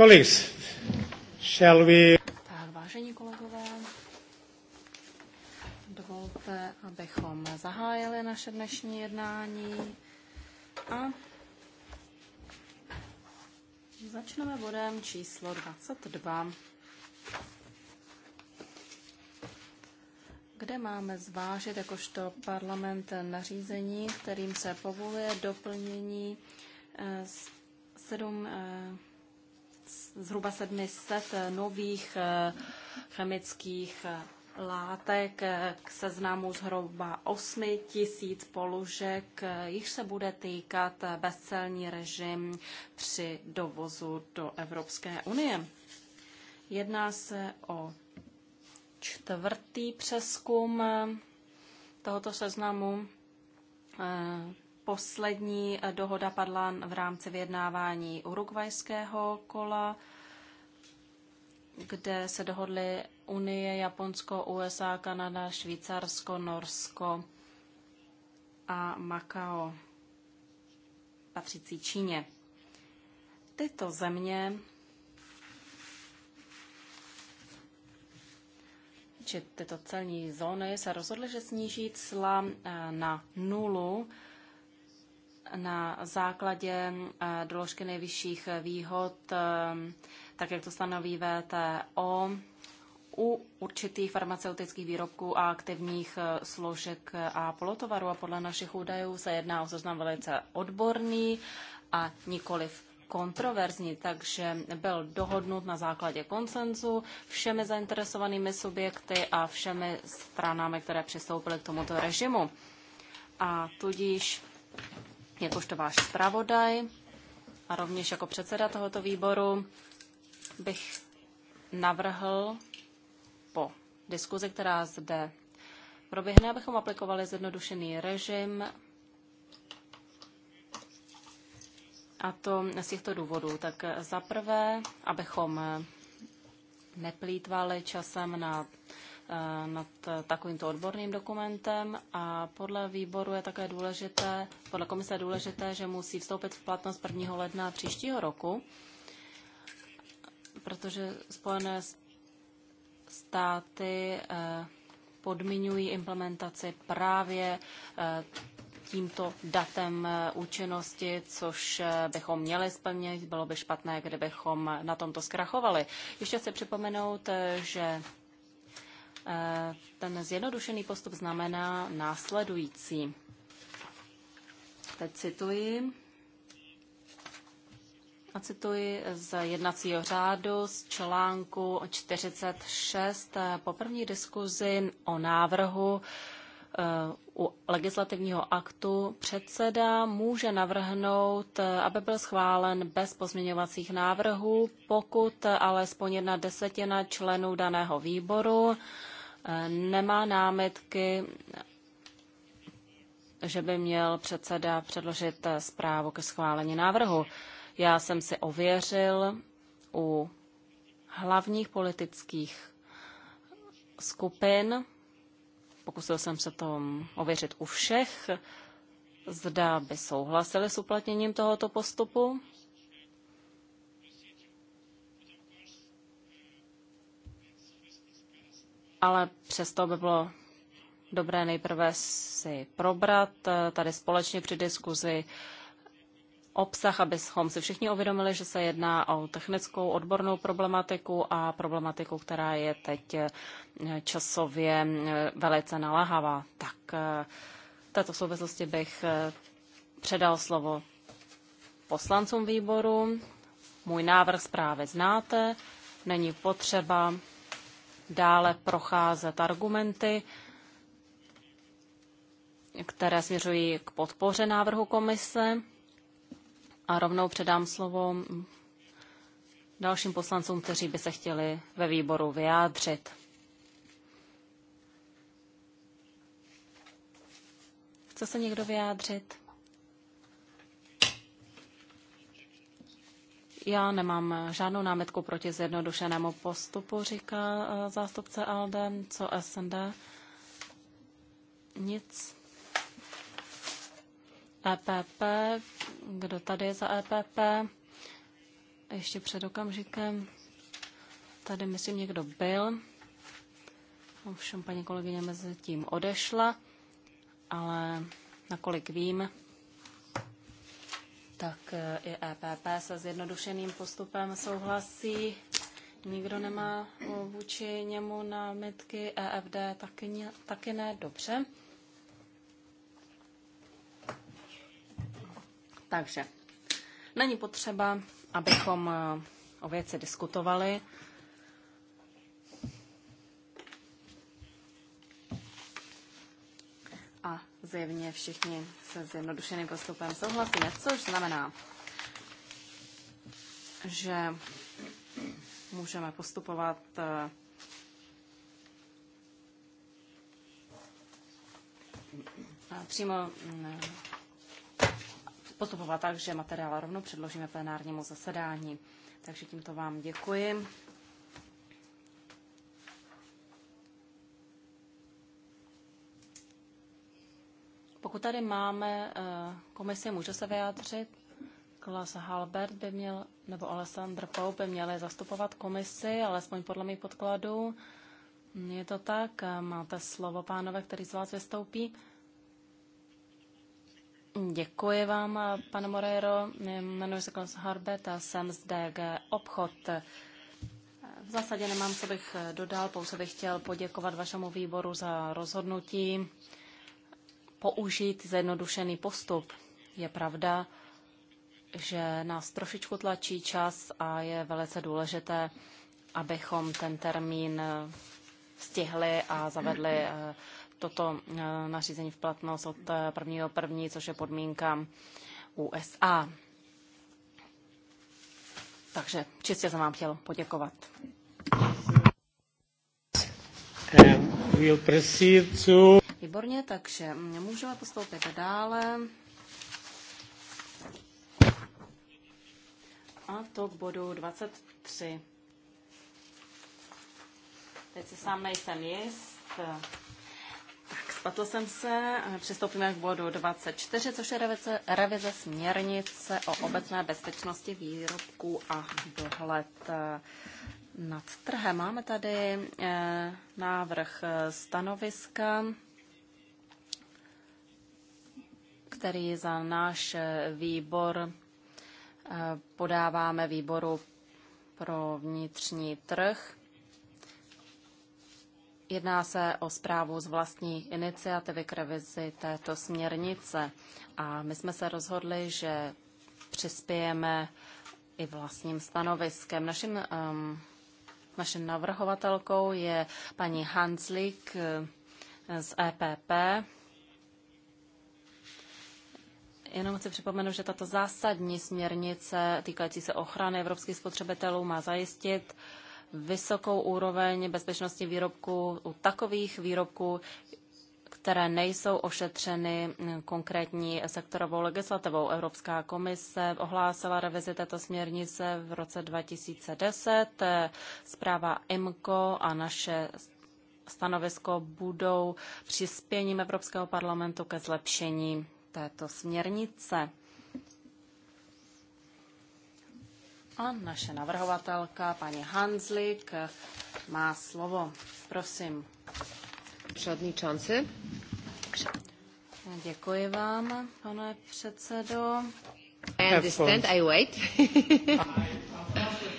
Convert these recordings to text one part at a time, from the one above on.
Colleagues, shall we... Tak, vážení kolegové, dovolte, abychom zahájili naše dnešní jednání a začneme bodem číslo 22, kde máme zvážit jakožto parlament nařízení, kterým se povoluje doplnění 7 eh, zhruba 700 eh, nových eh, chemických eh, látek k seznamu zhruba 8 tisíc položek, jich se bude týkat bezcelní režim při dovozu do Evropské unie. Jedná se o čtvrtý přeskum tohoto seznamu Poslední eh, dohoda padla v rámci vyjednávání urugvajského kola, kde se dohodly Unie, Japonsko, USA, Kanada, Švýcarsko, Norsko a Makao, patřící Číně. Tyto země či tyto celní zóny se rozhodly, že sníží cla eh, na nulu na základě eh, doložky nejvyšších výhod, eh, tak jak to stanoví VTO, u určitých farmaceutických výrobků a aktivních eh, složek a polotovaru. A podle našich údajů se jedná o seznam velice odborný a nikoliv kontroverzní, takže byl dohodnut na základě konsenzu všemi zainteresovanými subjekty a všemi stranami, které přistoupily k tomuto režimu. A tudíž jakožto váš zpravodaj a rovněž jako předseda tohoto výboru bych navrhl po diskuzi, která zde proběhne, abychom aplikovali zjednodušený režim a to z těchto důvodů. Tak zaprvé abychom neplýtvali časem na Eh, nad eh, takovýmto odborným dokumentem a podle výboru je také důležité, podle komise je důležité, že musí vstoupit v platnost 1. ledna příštího roku, protože Spojené státy eh, podmiňují implementaci právě tímto datem účinnosti, což bychom měli splnit. Bylo by špatné, kdybychom na tomto zkrachovali. Ještě chci připomenout, že ten zjednodušený postup znamená následující. Teď cituji a cituji z jednacího řádu z článku 46 po první diskuzi o návrhu eh, u legislativního aktu předseda může navrhnout, eh, aby byl schválen bez pozměňovacích návrhů, pokud alespoň jedna desetina členů daného výboru Eh, nemá námitky, že by měl předseda předložit eh, zprávu ke schválení návrhu. Já jsem si ověřil u hlavních politických skupin, pokusil jsem se to ověřit u všech, zda by souhlasili s uplatněním tohoto postupu. ale přesto by bylo dobré nejprve si probrat eh, tady společně při diskuzi obsah, abychom si všichni uvědomili, že se jedná o technickou odbornou problematiku a problematiku, která je teď eh, časově eh, velice naléhavá. Tak v této souvislosti bych předal slovo poslancům výboru. Můj návrh zprávy znáte, není potřeba dále procházet argumenty, které směřují k podpoře návrhu komise. A rovnou předám slovo dalším poslancům, kteří by se chtěli ve výboru vyjádřit. Chce se někdo vyjádřit? Já nemám žádnou námitku proti zjednodušenému postupu, říká eh, zástupce ALDE, co SND. Nic. EPP, kdo tady je za EPP? Ještě před okamžikem tady, myslím, někdo byl. Ovšem paní kolegyně mezi tím odešla, ale nakolik vím, tak eh, i EPP se zjednodušeným postupem souhlasí. Nikdo nemá vůči němu námitky, EFD taky, taky ne, dobře. Takže není potřeba, abychom eh, o věci diskutovali. zjevně všichni se zjednodušeným postupem souhlasíme, což znamená, že můžeme postupovat eh, přímo mm, postupovat tak, že materiál rovnou předložíme plenárnímu zasedání. Takže tímto vám děkuji. Pokud tady máme eh, komisi, může se vyjádřit. Klas Halbert by měl, nebo Alessandr Pou by měli zastupovat komisi, alespoň podle mých podkladů. Je to tak, eh, máte slovo, pánové, který z vás vystoupí. Děkuji vám, eh, pane Moreiro. Jmenuji se Klaus Harbet a jsem z DG Obchod. V zásadě nemám, co bych dodal, pouze bych chtěl poděkovat vašemu výboru za rozhodnutí použít zjednodušený postup. Je pravda, že nás trošičku tlačí čas a je velice důležité, abychom ten termín eh, stihli a zavedli eh, toto eh, nařízení v platnost od 1.1., což je podmínka USA. Takže čistě jsem vám chtěl poděkovat. And um, we'll proceed to Výborně, takže můžeme postoupit dále. A to k bodu 23. Teď se sám nejsem jist. Tak, spatl jsem se. Přistoupíme k bodu 24, což je revize, revize směrnice o obecné bezpečnosti výrobků a dohled nad trhem. Máme tady eh, návrh stanoviska který za náš eh, výbor eh, podáváme výboru pro vnitřní trh. Jedná se o zprávu z vlastní iniciativy k revizi této směrnice a my jsme se rozhodli, že přispějeme i vlastním stanoviskem. Naším, um, naším navrhovatelkou je paní Hanslik eh, z EPP, Jenom chci připomenout, že tato zásadní směrnice týkající se ochrany evropských spotřebitelů má zajistit vysokou úroveň bezpečnosti výrobků u takových výrobků, které nejsou ošetřeny konkrétní sektorovou legislativou. Evropská komise ohlásila revizi této směrnice v roce 2010. Zpráva IMCO a naše stanovisko budou přispěním Evropského parlamentu ke zlepšení této směrnice. A naše navrhovatelka, paní Hanslik, má slovo. Prosím. Předničanci. Děkuji vám, pane předsedo. I understand, I wait.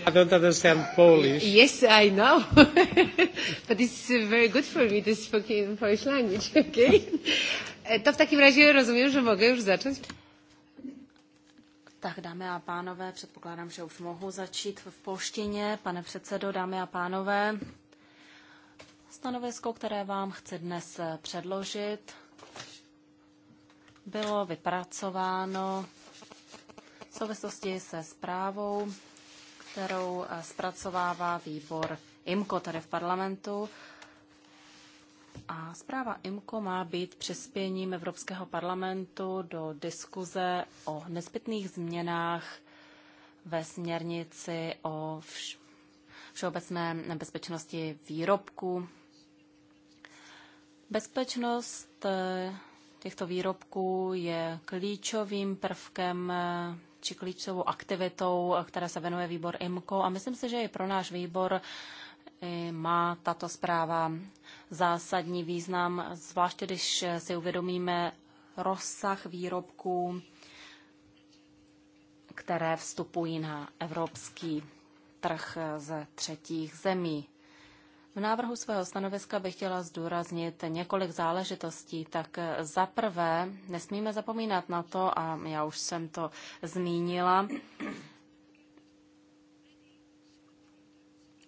I don't understand Polish. Yes, I know. But it's very good for me, this spoken Polish language, okay? E, to v takém razie rozumím, že mogę už začít. Tak, dámy a pánové, předpokládám, že už mohu začít v polštině. Pane předsedo, dámy a pánové, stanovisko, které vám chci dnes e, předložit, bylo vypracováno v souvislosti se zprávou, kterou e, zpracovává výbor IMCO tady v parlamentu a zpráva IMCO má být přispěním Evropského parlamentu do diskuze o nezbytných změnách ve směrnici o všeobecné bezpečnosti výrobků. Bezpečnost eh, těchto výrobků je klíčovým prvkem eh, či klíčovou aktivitou, eh, které se věnuje výbor IMCO a myslím si, že i pro náš výbor má tato zpráva zásadní význam, zvláště když eh, si uvědomíme rozsah výrobků, které vstupují na evropský trh eh, ze třetích zemí. V návrhu svého stanoviska bych chtěla zdůraznit několik záležitostí. Tak eh, za prvé, nesmíme zapomínat na to, a já už jsem to zmínila,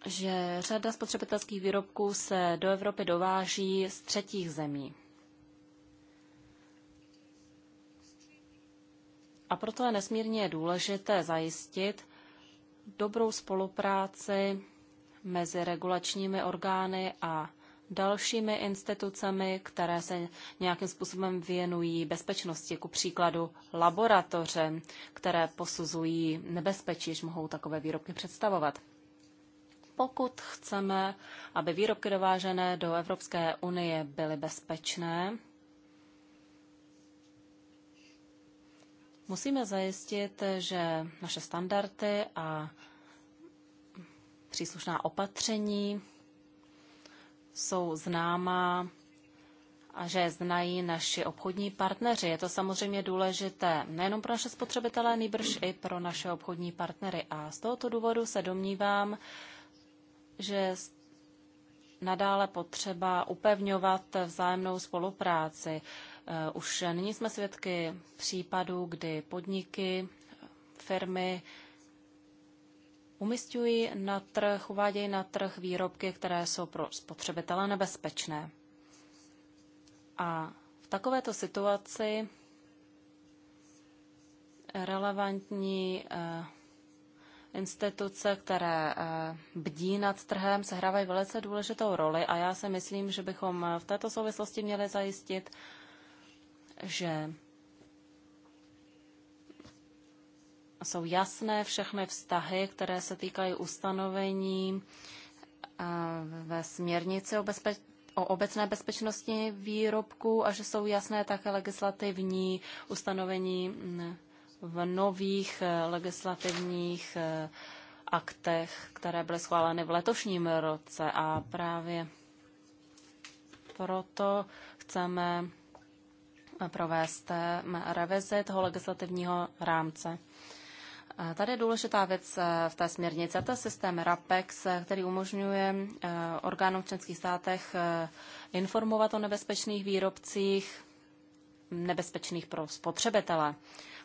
že řada spotřebitelských výrobků se do Evropy dováží z třetích zemí. A proto je nesmírně důležité zajistit dobrou spolupráci mezi regulačními orgány a dalšími institucemi, které se nějakým způsobem věnují bezpečnosti, ku příkladu laboratoře, které posuzují nebezpečí, že mohou takové výrobky představovat pokud chceme, aby výrobky dovážené do Evropské unie byly bezpečné, musíme zajistit, že naše standardy a příslušná opatření jsou známá a že znají naši obchodní partneři. Je to samozřejmě důležité nejenom pro naše spotřebitelé, nýbrž i pro naše obchodní partnery. A z tohoto důvodu se domnívám, že nadále potřeba upevňovat vzájemnou spolupráci. E, už nyní jsme svědky případů, kdy podniky, firmy umistují na trh, uvádějí na trh výrobky, které jsou pro spotřebitele nebezpečné. A v takovéto situaci relevantní e, instituce, které eh, bdí nad trhem, sehrávají velice důležitou roli a já si myslím, že bychom eh, v této souvislosti měli zajistit, že jsou jasné všechny vztahy, které se týkají ustanovení eh, ve směrnici o, bezpe- o obecné bezpečnosti výrobků a že jsou jasné také legislativní ustanovení mm, v nových eh, legislativních eh, aktech, které byly schváleny v letošním roce a právě proto chceme provést eh, revizi toho legislativního rámce. Tady je důležitá věc v té směrnici, to je systém RAPEX, který umožňuje orgánům v členských státech informovat o nebezpečných výrobcích, nebezpečných pro spotřebitele.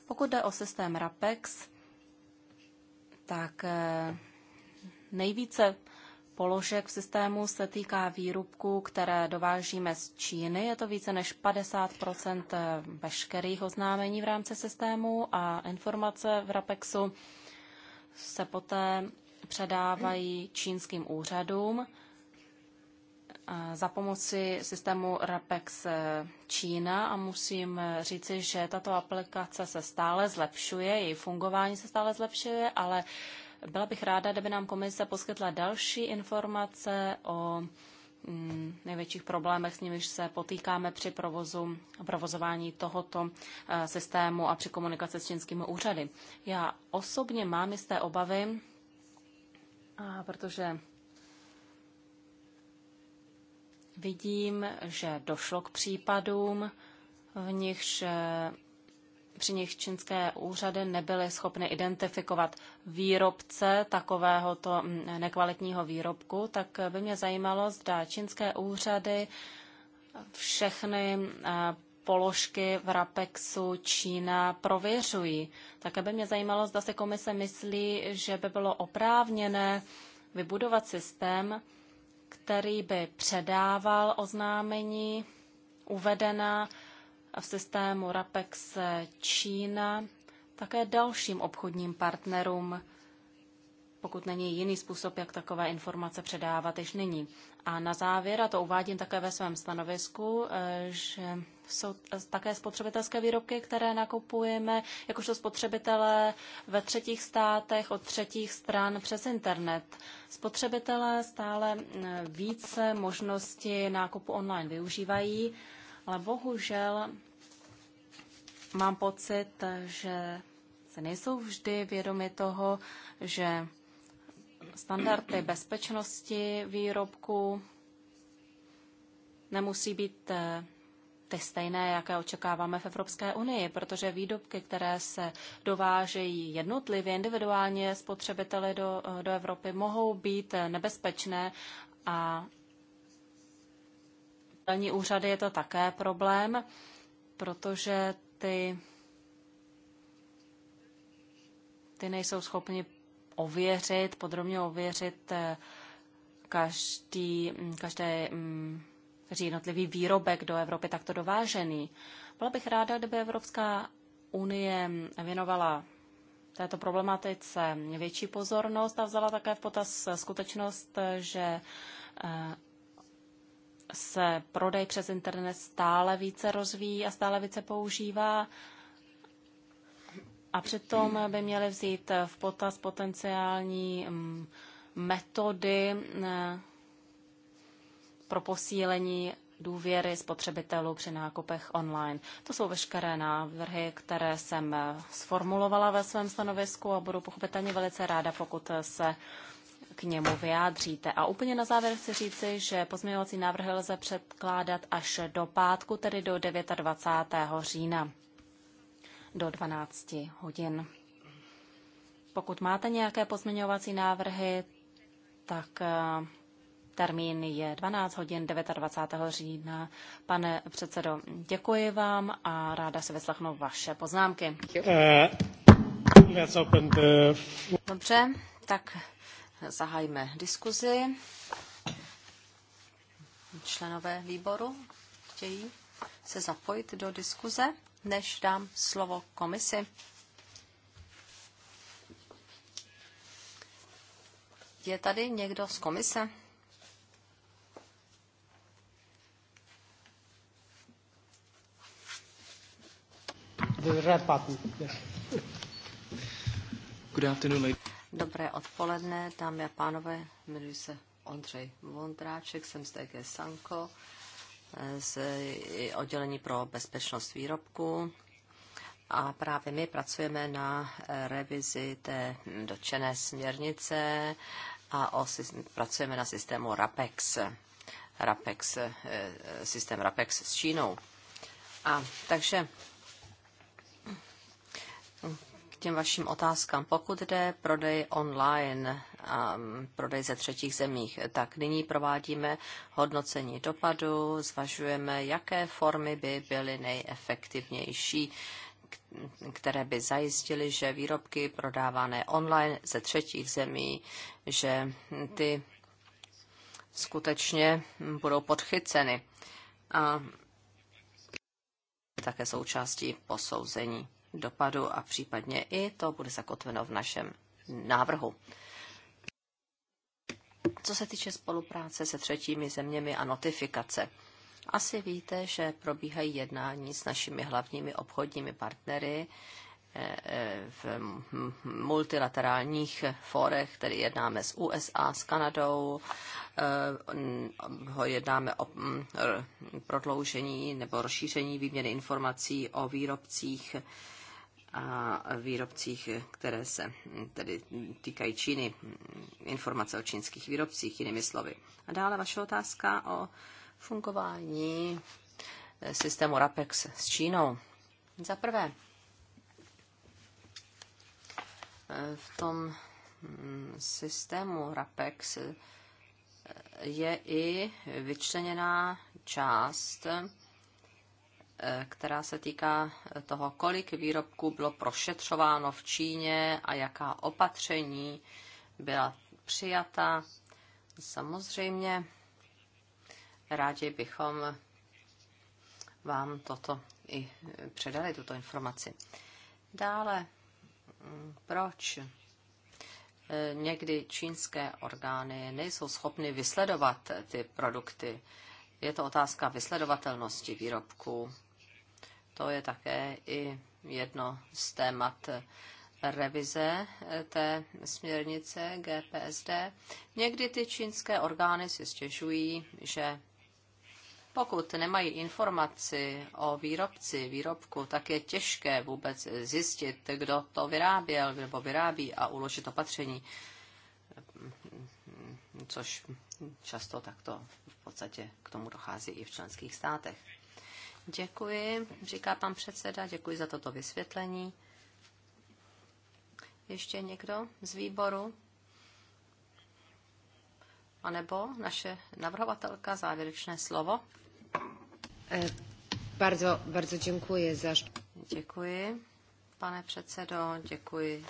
Pokud jde o systém RAPEX, tak eh, nejvíce položek v systému se týká výrobků, které dovážíme z Číny. Je to více než 50 eh, veškerých oznámení v rámci systému a informace v RAPEXu se poté předávají čínským úřadům za pomoci systému RAPEX Čína a musím říci, že tato aplikace se stále zlepšuje, její fungování se stále zlepšuje, ale byla bych ráda, kdyby nám komise poskytla další informace o mm, největších problémech, s nimiž se potýkáme při provozu, provozování tohoto eh, systému a při komunikaci s čínskými úřady. Já osobně mám jisté obavy, protože Vidím, že došlo k případům, v nichž eh, při nich čínské úřady nebyly schopny identifikovat výrobce takovéhoto mm, nekvalitního výrobku, tak eh, by mě zajímalo, zda čínské úřady všechny eh, položky v RAPEXu Čína prověřují. Také by mě zajímalo, zda se komise myslí, že by bylo oprávněné vybudovat systém, který by předával oznámení uvedená v systému RAPEX Čína také dalším obchodním partnerům pokud není jiný způsob, jak takové informace předávat již nyní. A na závěr, a to uvádím také ve svém stanovisku, eh, že jsou také spotřebitelské výrobky, které nakupujeme jakožto spotřebitelé ve třetích státech od třetích stran přes internet. Spotřebitelé stále eh, více možnosti nákupu online využívají, ale bohužel mám pocit, že se nejsou vždy vědomi toho, že standardy bezpečnosti výrobku nemusí být eh, ty stejné, jaké očekáváme v Evropské unii, protože výrobky, které se dovážejí jednotlivě, individuálně spotřebiteli do, eh, do Evropy, mohou být eh, nebezpečné a celní úřady je to také problém, protože ty, ty nejsou schopni ověřit, podrobně ověřit eh, každý, mm, každé, mm, každý jednotlivý výrobek do Evropy takto dovážený. Byla bych ráda, kdyby Evropská unie věnovala této problematice větší pozornost a vzala také v potaz skutečnost, že eh, se prodej přes internet stále více rozvíjí a stále více používá a přitom by měly vzít eh, v potaz potenciální mm, metody eh, pro posílení důvěry spotřebitelů při nákupech online. To jsou veškeré návrhy, které jsem eh, sformulovala ve svém stanovisku a budu pochopitelně velice ráda, pokud se k němu vyjádříte. A úplně na závěr chci říci, že pozměňovací návrhy lze předkládat až do pátku, tedy do 29. října do 12 hodin. Pokud máte nějaké pozměňovací návrhy, tak eh, termín je 12 hodin 29. října. Pane předsedo, děkuji vám a ráda se vyslechnu vaše poznámky. Dobře, tak zahajme diskuzi. Členové výboru chtějí se zapojit do diskuze než dám slovo komisi. Je tady někdo z komise? Dobré odpoledne, dámy a pánové, jmenuji se Ondřej Vondráček, jsem z DG Sanko z oddělení pro bezpečnost výrobku. A právě my pracujeme na revizi té dotčené směrnice a o, pracujeme na systému RAPEX. RAPEX, eh, systém RAPEX s Čínou. A takže těm vašim otázkám. Pokud jde prodej online a prodej ze třetích zemích, tak nyní provádíme hodnocení dopadu, zvažujeme, jaké formy by byly nejefektivnější které by zajistily, že výrobky prodávané online ze třetích zemí, že ty skutečně budou podchyceny. A také součástí posouzení dopadu a případně i to bude zakotveno v našem návrhu. Co se týče spolupráce se třetími zeměmi a notifikace, asi víte, že probíhají jednání s našimi hlavními obchodními partnery eh, eh, v multilaterálních fórech, tedy jednáme s USA, s Kanadou, eh, Ho jednáme o prodloužení nebo rozšíření výměny informací o výrobcích a výrobcích, které se tedy týkají Číny, informace o čínských výrobcích, jinými slovy. A dále vaše otázka o fungování systému RAPEX s Čínou. Za prvé, v tom systému RAPEX je i vyčleněná část která se týká toho, kolik výrobků bylo prošetřováno v Číně a jaká opatření byla přijata. Samozřejmě rádi bychom vám toto i předali, tuto informaci. Dále, proč někdy čínské orgány nejsou schopny vysledovat ty produkty? Je to otázka vysledovatelnosti výrobků to je také i jedno z témat revize té směrnice GPSD. Někdy ty čínské orgány si stěžují, že pokud nemají informaci o výrobci výrobku, tak je těžké vůbec zjistit, kdo to vyráběl nebo vyrábí a uložit opatření, což často takto v podstatě k tomu dochází i v členských státech. Děkuji, říká pan předseda, děkuji za toto vysvětlení. Ještě někdo z výboru? A nebo naše navrhovatelka závěrečné slovo? Eh, bardzo, bardzo děkuji za... Děkuji, pane předsedo, děkuji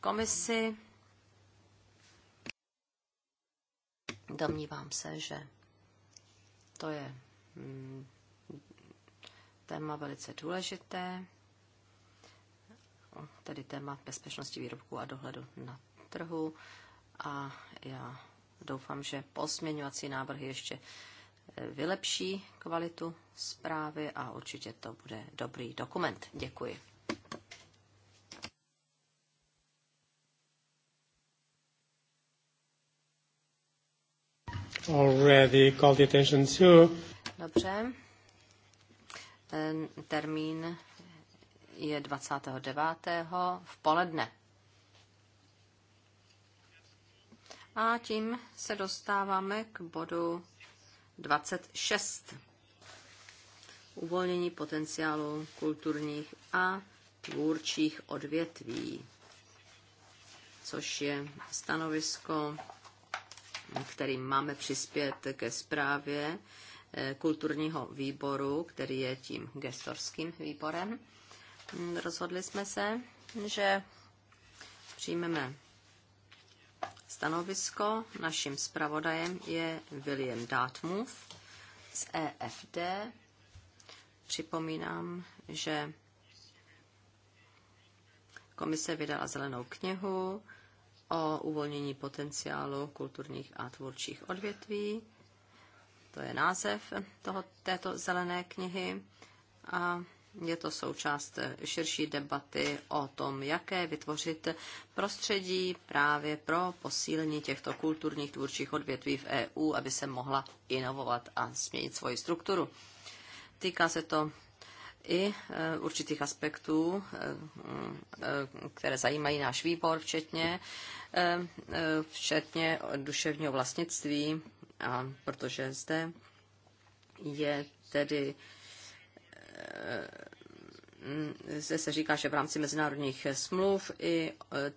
komisi. Domnívám se, že to je mm, téma velice důležité, tedy téma bezpečnosti výrobků a dohledu na trhu. A já doufám, že pozměňovací návrhy ještě e, vylepší kvalitu zprávy a určitě to bude dobrý dokument. Děkuji. Already called attention to. Dobře, Termín je 29. v poledne. A tím se dostáváme k bodu 26. Uvolnění potenciálu kulturních a tvůrčích odvětví, což je stanovisko, kterým máme přispět ke zprávě kulturního výboru, který je tím gestorským výborem, rozhodli jsme se, že přijmeme stanovisko. Naším zpravodajem je William Dartmouth z EFD. Připomínám, že komise vydala zelenou knihu o uvolnění potenciálu kulturních a tvůrčích odvětví to je název toho, této zelené knihy a je to součást širší debaty o tom, jaké vytvořit prostředí právě pro posílení těchto kulturních tvůrčích odvětví v EU, aby se mohla inovovat a změnit svoji strukturu. Týká se to i e, určitých aspektů, e, e, které zajímají náš výbor, včetně, včetně duševního vlastnictví a protože zde je tedy eh, zde se říká, že v rámci mezinárodních smluv i eh,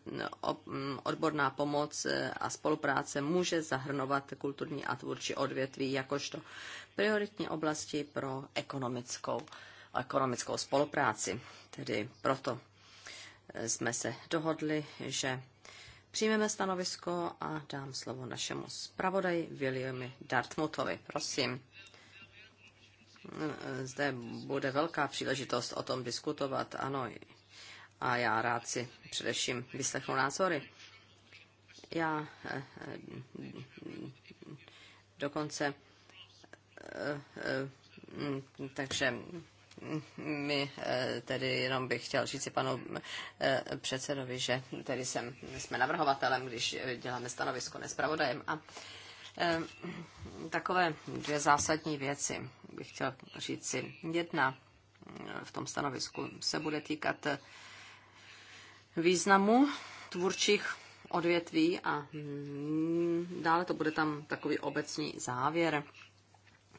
mm, odborná pomoc eh, a spolupráce může zahrnovat kulturní a tvůrčí odvětví jakožto prioritní oblasti pro ekonomickou, ekonomickou spolupráci. Tedy proto jsme se dohodli, že Přijmeme stanovisko a dám slovo našemu zpravodaji Williami Dartmutovi. Prosím. Zde bude velká příležitost o tom diskutovat, ano. A já rád si především vyslechnu názory. Já eh, eh, dokonce eh, takže my eh, tedy jenom bych chtěl říct si panu eh, předsedovi, že tedy jsem, jsme navrhovatelem, když děláme stanovisko nespravodajem. A eh, takové dvě zásadní věci bych chtěl říct si. Jedna v tom stanovisku se bude týkat významu tvůrčích odvětví a mm, dále to bude tam takový obecný závěr.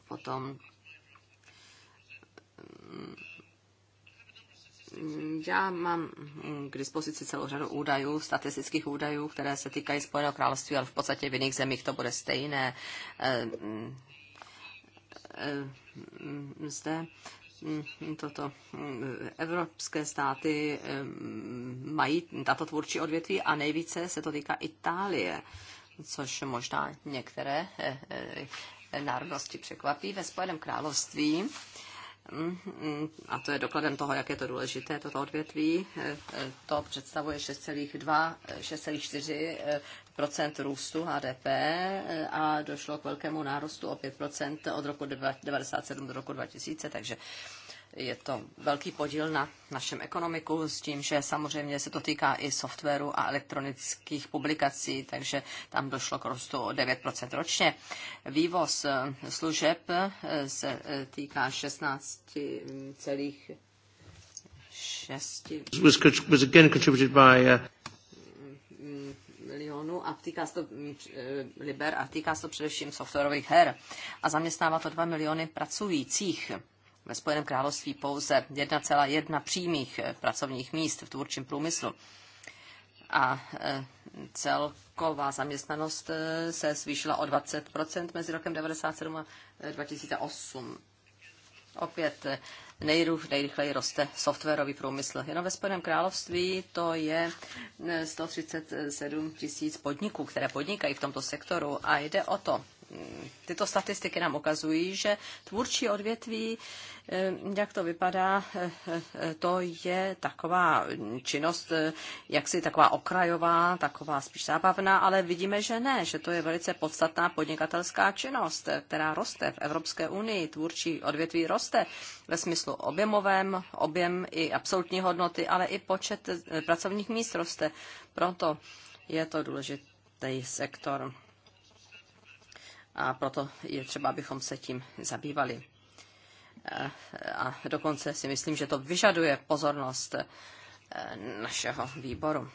Potom já mám mm, k dispozici celou řadu údajů, statistických údajů, které se týkají Spojeného království, ale v podstatě v jiných zemích to bude stejné. Eh, mm, eh, mm, zde toto evropské státy mají tato tvůrčí odvětví a nejvíce se to týká Itálie, což možná některé eh, národnosti překvapí ve Spojeném království. Mm-hmm. a to je dokladem toho, jak je to důležité, toto odvětví, eh, eh, to představuje 6,2-6,4 eh, růstu HDP a došlo k velkému nárostu o 5 od roku 1997 do roku 2000, takže je to velký podíl na našem ekonomiku, s tím, že samozřejmě se to týká i softwaru a elektronických publikací, takže tam došlo k rostu o 9 ročně. Vývoz eh, služeb eh, se eh, týká 16 celých uh, milionů a týká se to mm, liber a týká se to především softwarových her a zaměstnává to 2 miliony pracujících ve Spojeném království pouze 1,1 přímých eh, pracovních míst v tvůrčím průmyslu. A eh, celková zaměstnanost eh, se zvýšila o 20 mezi rokem 1997 a 2008. Opět nejruch, nejrychleji roste softwarový průmysl. Jenom ve Spojeném království to je 137 tisíc podniků, které podnikají v tomto sektoru a jde o to, tyto statistiky nám ukazují, že tvůrčí odvětví, eh, jak to vypadá, eh, eh, to je taková činnost, jaksi taková okrajová, taková spíš zábavná, ale vidíme, že ne, že to je velice podstatná podnikatelská činnost, která roste v Evropské unii. Tvůrčí odvětví roste ve smyslu objemovém, objem i absolutní hodnoty, ale i počet pracovních míst roste. Proto je to důležitý sektor a proto je třeba, abychom se tím zabývali. Eh, a dokonce si myslím, že to vyžaduje pozornost eh, našeho výboru.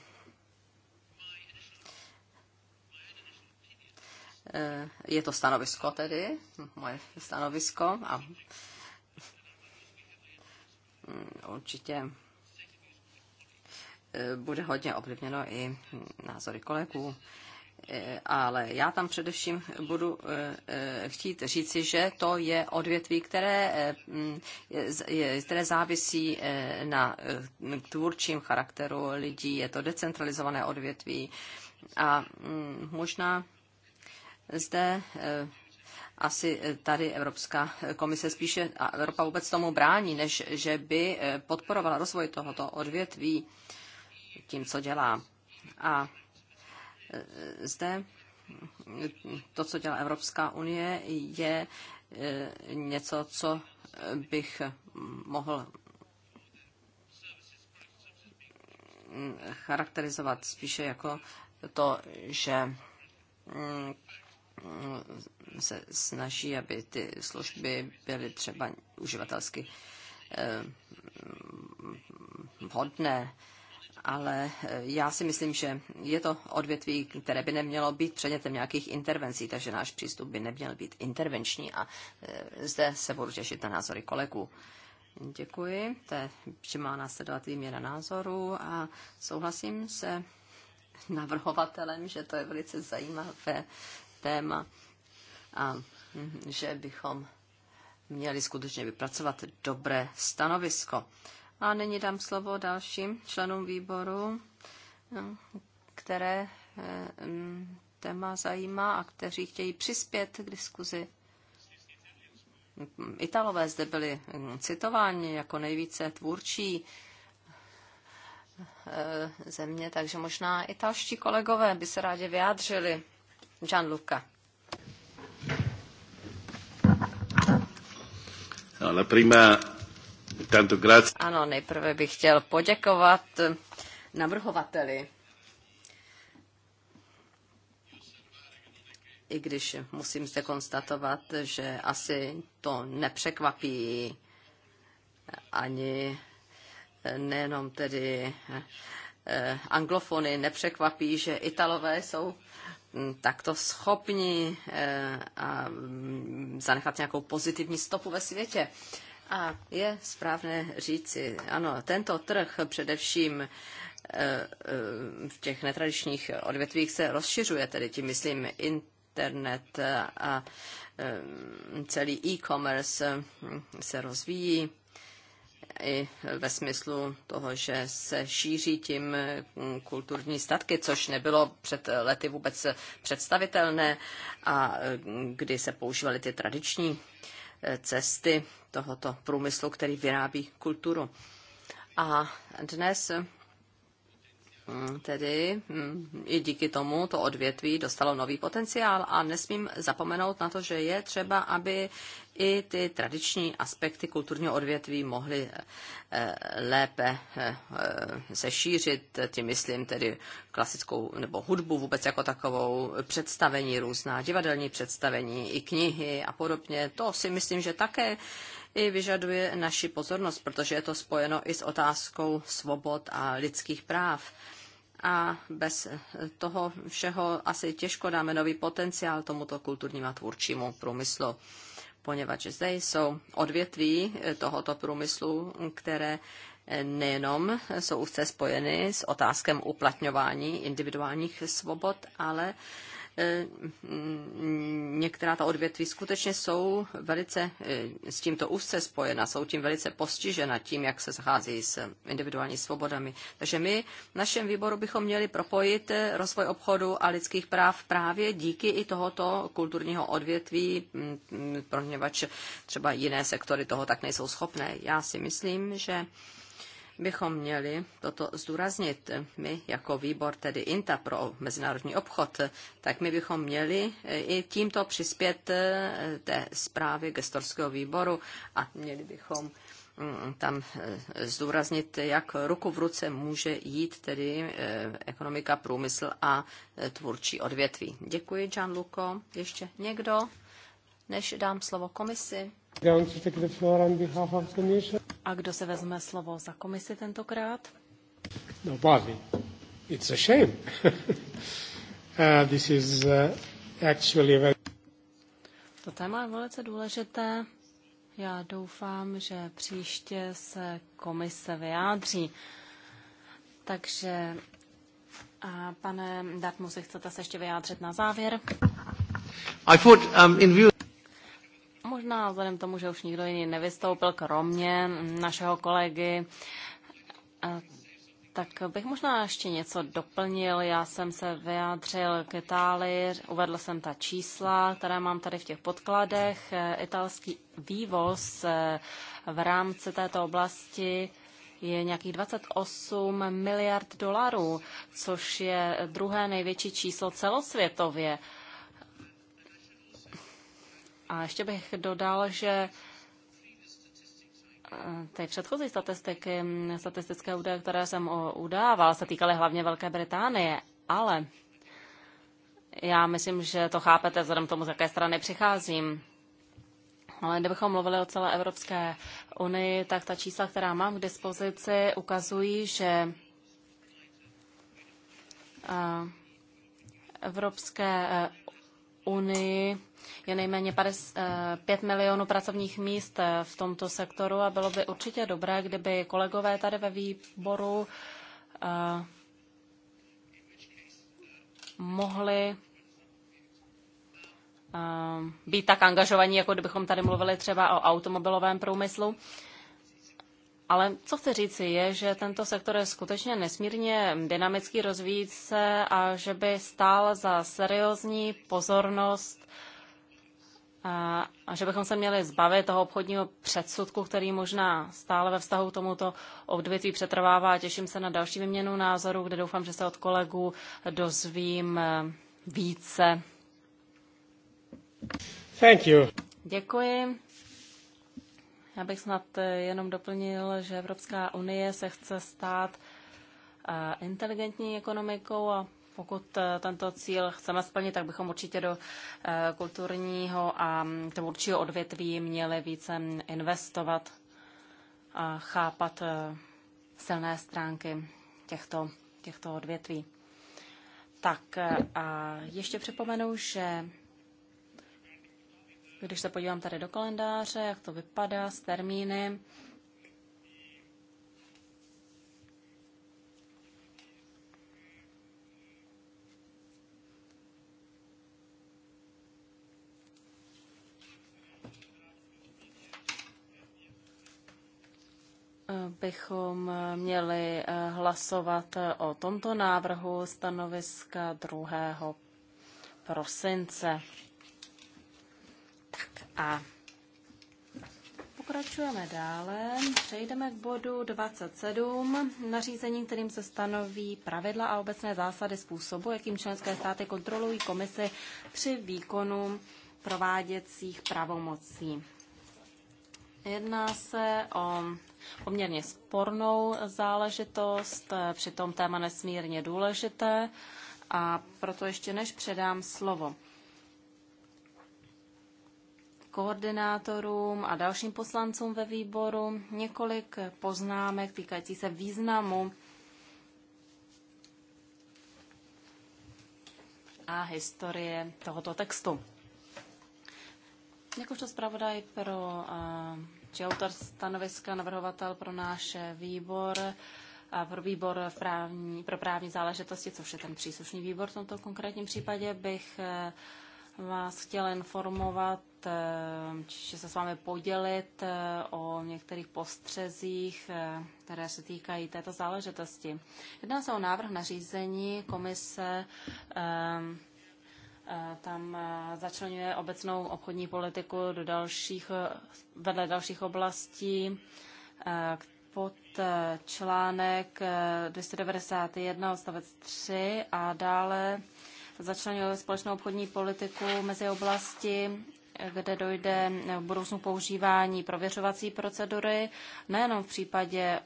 Eh, je to stanovisko tedy, moje stanovisko a mm, určitě bude hodně ovlivněno i názory kolegů. Eh, ale já tam především budu eh, eh, chtít říci, že to je odvětví, které, mm, které závisí na tvůrčím charakteru lidí, je to decentralizované odvětví a mm, možná zde asi tady Evropská komise spíše a Evropa vůbec tomu brání, než že by podporovala rozvoj tohoto odvětví tím, co dělá. A Eh, zde to, co dělá Evropská unie, je eh, něco, co eh, bych mohl charakterizovat spíše jako to, že mm, se snaží, aby ty služby byly třeba uživatelsky vhodné. Eh, ale eh, já si myslím, že je to odvětví, které by nemělo být předmětem nějakých intervencí, takže náš přístup by neměl být intervenční a eh, zde se budu těšit na názory kolegů. Děkuji, je, má následovat výměna názoru a souhlasím se navrhovatelem, že to je velice zajímavé téma a hm, že bychom měli skutečně vypracovat dobré stanovisko. A nyní dám slovo dalším členům výboru, které eh, mm, téma zajímá a kteří chtějí přispět k diskuzi. Italové zde byli mm, citováni jako nejvíce tvůrčí eh, země, takže možná italští kolegové by se rádi vyjádřili. Gianluca. No, la prima ano, nejprve bych chtěl poděkovat navrhovateli. I když musím se konstatovat, že asi to nepřekvapí ani nejenom tedy eh, anglofony nepřekvapí, že Italové jsou hm, takto schopni eh, hm, zanechat nějakou pozitivní stopu ve světě. A je správné říci, ano, tento trh především eh, eh, v těch netradičních odvětvích se rozšiřuje, tedy tím myslím internet a eh, celý e-commerce hm, se rozvíjí i ve smyslu toho, že se šíří tím hm, kulturní statky, což nebylo před lety vůbec představitelné a hm, kdy se používaly ty tradiční cesty tohoto průmyslu, který vyrábí kulturu. A dnes Mm, tedy mm, i díky tomu to odvětví dostalo nový potenciál a nesmím zapomenout na to, že je třeba, aby i ty tradiční aspekty kulturního odvětví mohly eh, eh, lépe eh, se šířit, tím myslím tedy klasickou nebo hudbu vůbec jako takovou, představení různá, divadelní představení, i knihy a podobně. To si myslím, že také i vyžaduje naši pozornost, protože je to spojeno i s otázkou svobod a lidských práv a bez eh, toho všeho asi těžko dáme nový potenciál tomuto kulturnímu a tvůrčímu průmyslu, poněvadž zde jsou odvětví eh, tohoto průmyslu, které eh, nejenom jsou úzce spojeny s otázkem uplatňování individuálních svobod, ale Eh, některá ta odvětví skutečně jsou velice eh, s tímto úzce spojena, jsou tím velice postižena tím, jak se zachází s individuální svobodami. Takže my v našem výboru bychom měli propojit eh, rozvoj obchodu a lidských práv právě díky i tohoto kulturního odvětví, mm, mm, poněvadž třeba jiné sektory toho tak nejsou schopné. Já si myslím, že bychom měli toto zdůraznit. My jako výbor, tedy INTA pro mezinárodní obchod, tak my bychom měli eh, i tímto přispět eh, té zprávy gestorského výboru a měli bychom mm, tam eh, zdůraznit, jak ruku v ruce může jít tedy ekonomika, průmysl a tvůrčí odvětví. Děkuji, Gianluco. Ještě někdo, než dám slovo komisi? A kdo se vezme slovo za komisi tentokrát? No, Bobby, it's a shame. uh, this is uh, actually very... To téma je velice důležité. Já doufám, že příště se komise vyjádří. Takže, a pane Dartmuse, chcete se ještě vyjádřit na závěr? I thought, um, in view možná vzhledem tomu, že už nikdo jiný nevystoupil, kromě našeho kolegy, tak bych možná ještě něco doplnil. Já jsem se vyjádřil k Itálii, uvedl jsem ta čísla, která mám tady v těch podkladech. Italský vývoz eh, v rámci této oblasti je nějakých 28 miliard dolarů, což je druhé největší číslo celosvětově. A ještě bych dodal, že eh, ty předchozí statistiky, statistické údaje, které jsem udával, se týkaly hlavně Velké Británie, ale já myslím, že to chápete vzhledem k tomu, z jaké strany přicházím. Ale kdybychom mluvili o celé Evropské unii, tak ta čísla, která mám k dispozici, ukazují, že eh, Evropské eh, unii je nejméně 5 eh, milionů pracovních míst eh, v tomto sektoru a bylo by určitě dobré, kdyby kolegové tady ve výboru eh, mohli být tak angažovaní, jako kdybychom tady mluvili třeba o automobilovém průmyslu. Ale co chci říci je, že tento sektor je skutečně nesmírně dynamicky rozvíjící se a že by stál za seriózní pozornost a, a že bychom se měli zbavit toho obchodního předsudku, který možná stále ve vztahu k tomuto odvětví přetrvává. Těším se na další vyměnu názorů, kde doufám, že se od kolegů dozvím e, více. Thank you. Děkuji. Já bych snad eh, jenom doplnil, že Evropská unie se chce stát eh, inteligentní ekonomikou a pokud eh, tento cíl chceme splnit, tak bychom určitě do kulturního a mm, tvůrčího odvětví měli více investovat a chápat silné stránky těchto, těchto odvětví. Tak a ještě připomenu, že když se podívám tady do kalendáře, jak to vypadá s termíny, bychom měli eh, hlasovat eh, o tomto návrhu stanoviska 2. prosince. A pokračujeme dále. Přejdeme k bodu 27, nařízení, kterým se stanoví pravidla a obecné zásady způsobu, jakým členské státy kontrolují komisi při výkonu prováděcích pravomocí. Jedná se o poměrně spornou záležitost, přitom téma nesmírně důležité a proto ještě než předám slovo koordinátorům a dalším poslancům ve výboru několik poznámek týkající se významu a historie tohoto textu. Jakožto zpravodaj pro či autor stanoviska, navrhovatel pro náš výbor, a pro výbor v právní, pro právní záležitosti, což je ten příslušný výbor v tomto konkrétním případě, bych e, vás chtěla informovat Eh, čiže se s vámi podělit eh, o některých postřezích, eh, které se týkají této záležitosti. Jedná se o návrh nařízení komise tam začlenuje obecnou obchodní politiku do dalších, vedle dalších oblastí pod článek 291 odstavec 3 a dále začlenuje společnou obchodní politiku mezi oblasti kde dojde v budoucnu používání prověřovací procedury, nejenom v případě e,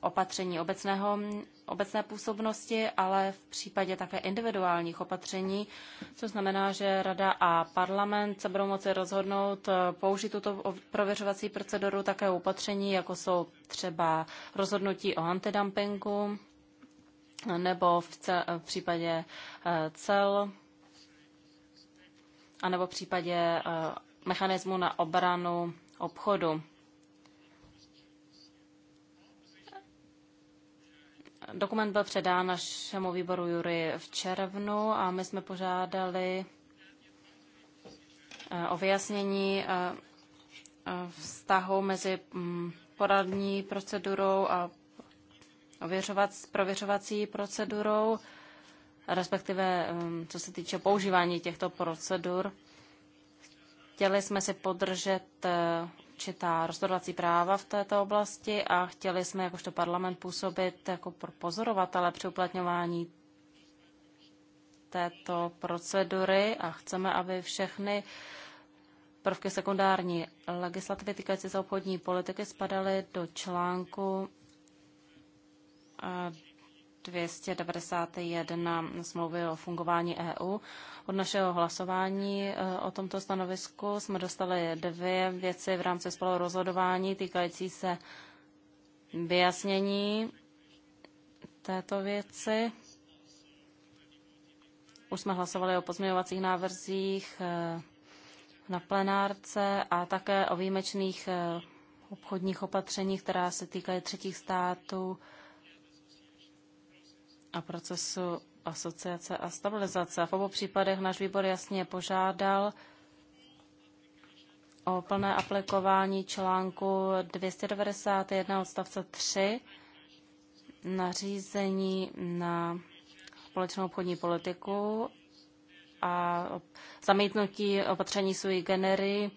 opatření obecného, obecné působnosti, ale v případě také individuálních opatření, což znamená, že Rada a parlament se budou moci rozhodnout e, použít tuto prověřovací proceduru také opatření, jako jsou třeba rozhodnutí o antidumpingu nebo v, v případě e, cel anebo v případě eh, mechanismu na obranu obchodu. Dokument byl předán našemu výboru Jury v červnu a my jsme požádali eh, o vyjasnění eh, vztahu mezi mm, poradní procedurou a prověřovací procedurou respektive um, co se týče používání těchto procedur, chtěli jsme si podržet uh, určitá rozhodovací práva v této oblasti a chtěli jsme jakožto parlament působit jako pozorovatele při uplatňování této procedury a chceme, aby všechny prvky sekundární legislativy týkající se obchodní politiky spadaly do článku eh, 291 smlouvy o fungování EU. Od našeho hlasování eh, o tomto stanovisku jsme dostali dvě věci v rámci spolurozhodování týkající se vyjasnění této věci. Už jsme hlasovali o pozměňovacích návrzích eh, na plenárce a také o výjimečných eh, obchodních opatřeních, která se týkají třetích států a procesu asociace a stabilizace. V obou případech náš výbor jasně požádal o plné aplikování článku 291 odstavce 3 nařízení na společnou obchodní politiku a zamítnutí opatření sui genery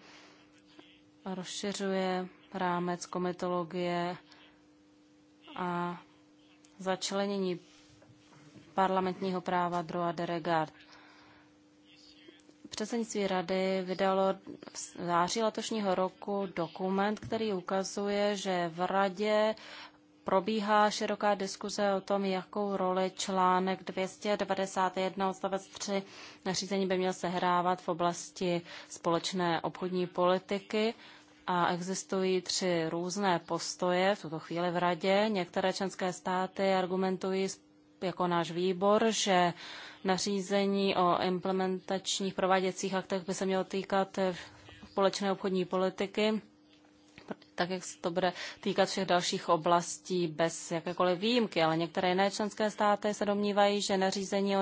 rozšiřuje rámec komitologie a začlenění parlamentního práva Droa de Regard. Předsednictví rady vydalo v září letošního roku dokument, který ukazuje, že v radě probíhá široká diskuze o tom, jakou roli článek 291 odstavec 3 nařízení by měl sehrávat v oblasti společné obchodní politiky. A existují tři různé postoje v tuto chvíli v radě. Některé členské státy argumentují s jako náš výbor, že nařízení o implementačních prováděcích aktech by se mělo týkat eh, společné obchodní politiky, tak jak se to bude týkat všech dalších oblastí bez jakékoliv výjimky, ale některé jiné členské státy se domnívají, že nařízení o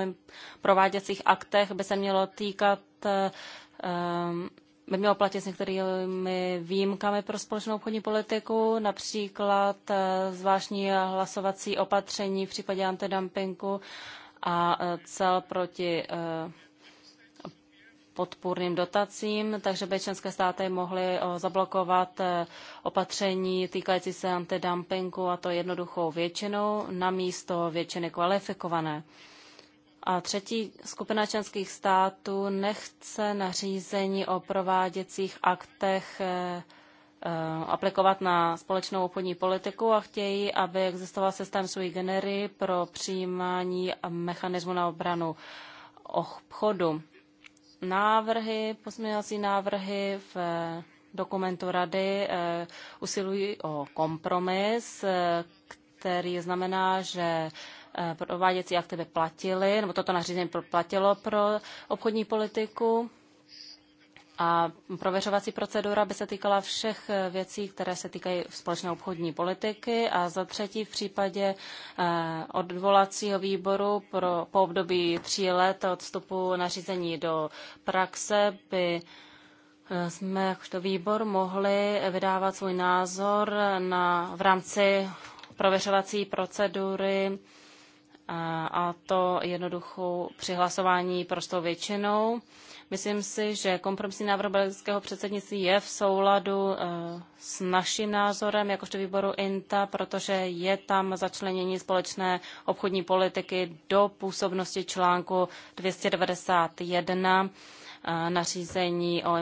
prováděcích aktech by se mělo týkat um, by mělo platit s některými výjimkami pro společnou obchodní politiku, například eh, zvláštní hlasovací opatření v případě antidumpingu a eh, cel proti eh, podpůrným dotacím, takže by členské státy mohly zablokovat opatření týkající se antidumpingu a to jednoduchou většinou na místo většiny kvalifikované. A třetí skupina členských států nechce nařízení o prováděcích aktech eh, eh, aplikovat na společnou obchodní politiku a chtějí, aby existoval systém sui genery pro přijímání mechanismu na obranu obchodu. Návrhy, pozměňovací návrhy v eh, dokumentu Rady usilují o kompromis, který znamená, že Eh, prováděcí by platily, nebo toto nařízení platilo pro obchodní politiku. A prověřovací procedura by se týkala všech eh, věcí, které se týkají společné obchodní politiky. A za třetí v případě eh, odvolacího výboru pro, po období tří let od vstupu nařízení do praxe by jsme jakožto výbor mohli vydávat svůj názor na, v rámci prověřovací procedury a to jednoduchou přihlasování prostou většinou. Myslím si, že kompromisní návrh belgického předsednictví je v souladu e, s naším názorem jakožto výboru INTA, protože je tam začlenění společné obchodní politiky do působnosti článku 291 Eh, nařízení o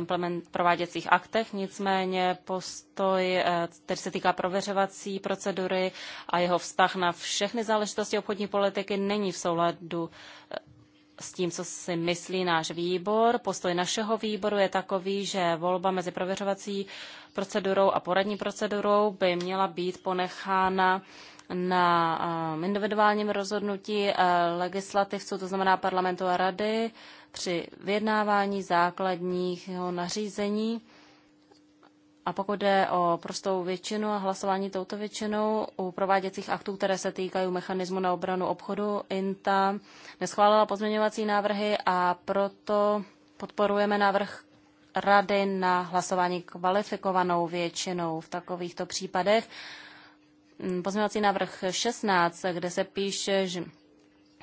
prováděcích aktech, nicméně postoj, eh, který se týká prověřovací procedury a jeho vztah na všechny záležitosti obchodní politiky, není v souladu eh, s tím, co si myslí náš výbor. Postoj našeho výboru je takový, že volba mezi prověřovací procedurou a poradní procedurou by měla být ponechána na eh, individuálním rozhodnutí eh, legislativců, to znamená parlamentu a rady, při vyjednávání základního nařízení. A pokud jde o prostou většinu a hlasování touto většinou u prováděcích aktů, které se týkají mechanismu na obranu obchodu, INTA neschválila pozměňovací návrhy a proto podporujeme návrh rady na hlasování kvalifikovanou většinou v takovýchto případech Mm, pozměňovací návrh 16, kde se píše, že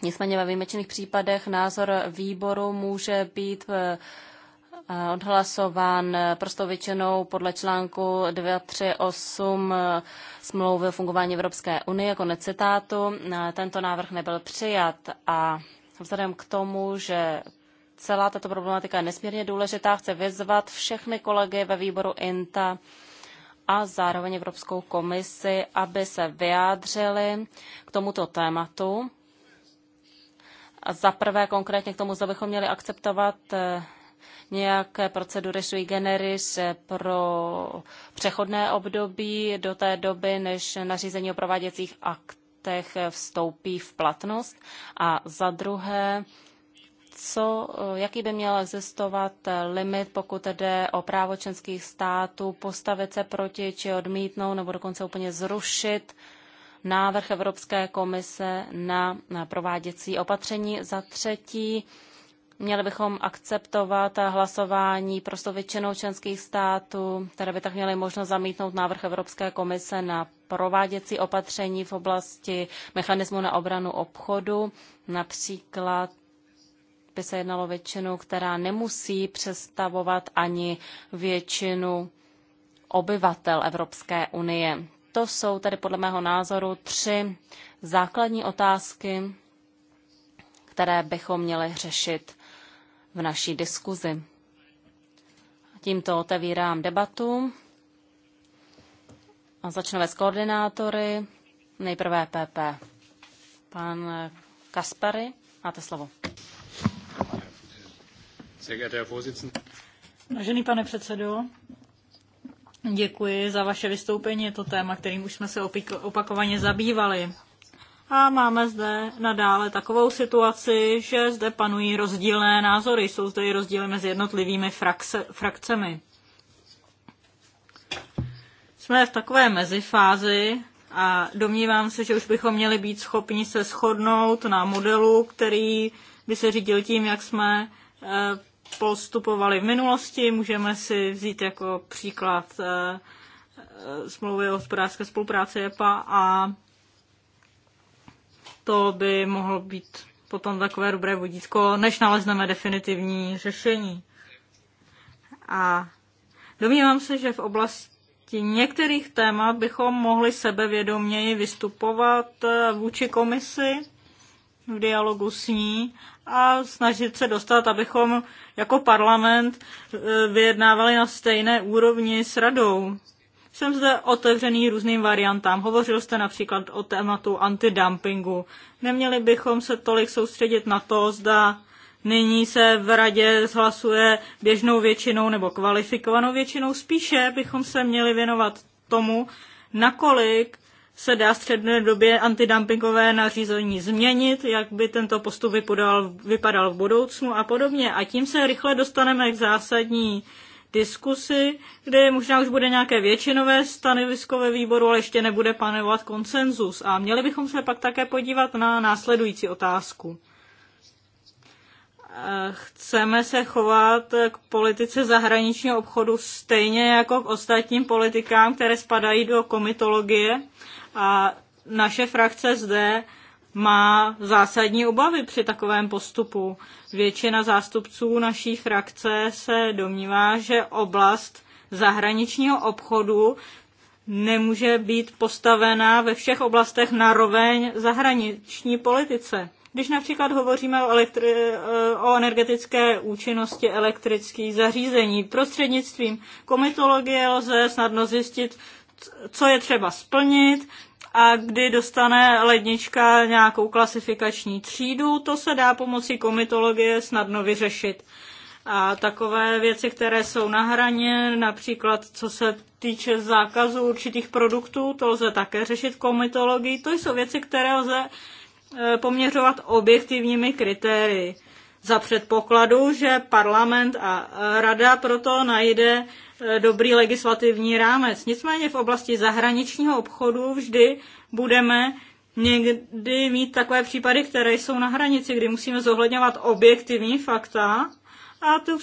nicméně ve výjimečných případech názor výboru může být eh, eh, odhlasován eh, prostou většinou podle článku 238 smlouvy o fungování Evropské unie, jako necitátu. Tento návrh nebyl přijat a vzhledem k tomu, že celá tato problematika je nesmírně důležitá, chce vyzvat všechny kolegy ve výboru INTA, a zároveň Evropskou komisi, aby se vyjádřili k tomuto tématu. Za prvé konkrétně k tomu, zda bychom měli akceptovat eh, nějaké procedury sui generis pro přechodné období do té doby, než nařízení o prováděcích aktech vstoupí v platnost. A za druhé, co, eh, jaký by měl existovat eh, limit, pokud jde o právo členských států postavit se proti či odmítnout nebo dokonce úplně zrušit návrh Evropské komise na, na prováděcí opatření. Za třetí, měli bychom akceptovat hlasování prostou většinou členských států, které by tak měly možnost zamítnout návrh Evropské komise na prováděcí opatření v oblasti mechanismu na obranu obchodu, například by se jednalo většinu, která nemusí představovat ani většinu obyvatel Evropské unie. To jsou tedy podle mého názoru tři základní otázky, které bychom měli řešit v naší diskuzi. Tímto otevírám debatu a začneme s koordinátory. Nejprve PP. Pan Kaspary, máte slovo. Vážený pane předsedo, děkuji za vaše vystoupení. Je to téma, kterým už jsme se opakovaně zabývali. A máme zde nadále takovou situaci, že zde panují rozdílné názory. Jsou zde i rozdíly mezi jednotlivými frakce, frakcemi. Jsme v takové mezifázi a domnívám se, že už bychom měli být schopni se shodnout na modelu, který by se řídil tím, jak jsme eh, postupovali v minulosti. Můžeme si vzít jako příklad eh, eh, smlouvy o hospodářské spolupráci EPA a to by mohlo být potom takové dobré vodítko, než nalezneme definitivní řešení. A domnívám se, že v oblasti některých témat bychom mohli sebevědoměji vystupovat eh, vůči komisi v dialogu s ní a snažit se dostat, abychom jako parlament e, vyjednávali na stejné úrovni s radou. Jsem zde otevřený různým variantám. Hovořil jste například o tématu antidumpingu. Neměli bychom se tolik soustředit na to, zda nyní se v radě zhlasuje běžnou většinou nebo kvalifikovanou většinou. Spíše bychom se měli věnovat tomu, nakolik se dá středné době antidumpingové nařízení změnit, jak by tento postup vypadal, vypadal v budoucnu a podobně. A tím se rychle dostaneme k zásadní diskusi, kde možná už bude nějaké většinové stanovisko ve výboru, ale ještě nebude panovat konsenzus. A měli bychom se pak také podívat na následující otázku. Eh, chceme se chovat k politice zahraničního obchodu stejně jako k ostatním politikám, které spadají do komitologie. A naše frakce zde má zásadní obavy při takovém postupu. Většina zástupců naší frakce se domnívá, že oblast zahraničního obchodu nemůže být postavená ve všech oblastech na roveň zahraniční politice. Když například hovoříme o, elektri- eh, o energetické účinnosti elektrických zařízení, prostřednictvím komitologie lze snadno zjistit, co je třeba splnit a kdy dostane lednička nějakou klasifikační třídu, to se dá pomocí komitologie snadno vyřešit. A takové věci, které jsou na hraně, například co se týče zákazu určitých produktů, to lze také řešit komitologií. To jsou věci, které lze e, poměřovat objektivními kritérii. Za předpokladu, že parlament a rada proto najde E, dobrý legislativní rámec. Nicméně v oblasti zahraničního obchodu vždy budeme někdy mít takové případy, které jsou na hranici, kdy musíme zohledňovat objektivní fakta a tu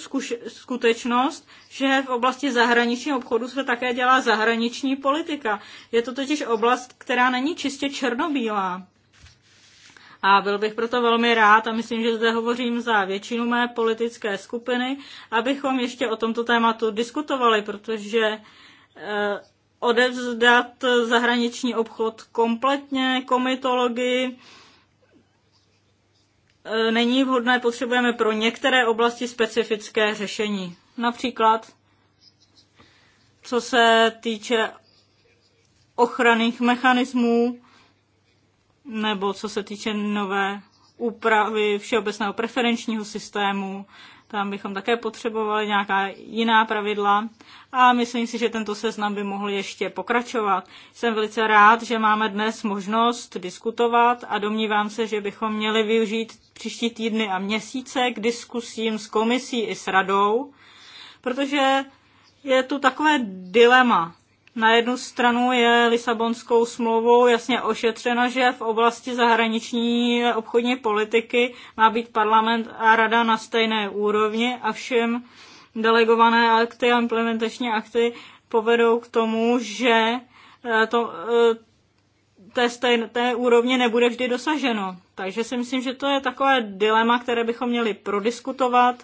skutečnost, že v oblasti zahraničního obchodu se také dělá zahraniční politika. Je to totiž oblast, která není čistě černobílá. A byl bych proto velmi rád, a myslím, že zde hovořím za většinu mé politické skupiny, abychom ještě o tomto tématu diskutovali, protože eh, odevzdat zahraniční obchod kompletně komitologii eh, není vhodné, potřebujeme pro některé oblasti specifické řešení. Například, co se týče ochranných mechanismů, nebo co se týče nové úpravy všeobecného preferenčního systému, tam bychom také potřebovali nějaká jiná pravidla a myslím si, že tento seznam by mohl ještě pokračovat. Jsem velice rád, že máme dnes možnost diskutovat a domnívám se, že bychom měli využít příští týdny a měsíce k diskusím s komisí i s radou, protože je tu takové dilema na jednu stranu je Lisabonskou smlouvou jasně ošetřena, že v oblasti zahraniční obchodní politiky má být parlament a rada na stejné úrovni a všem delegované akty a implementační akty povedou k tomu, že eh, to, eh, té stejné úrovně nebude vždy dosaženo. Takže si myslím, že to je takové dilema, které bychom měli prodiskutovat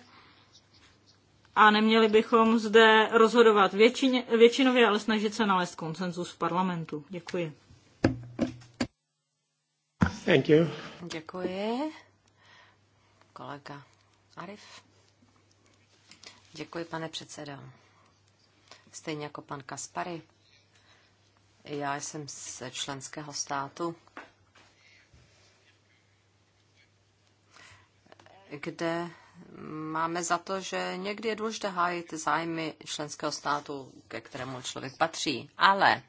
a neměli bychom zde rozhodovat většině, většinově, ale snažit se nalézt koncenzus v parlamentu. Děkuji. Thank you. Děkuji. Kolega Arif. Děkuji, pane předsedo. Stejně jako pan Kaspary. Já jsem z členského státu, kde máme za to, že někdy je důležité hájit zájmy členského státu, ke kterému člověk patří. Ale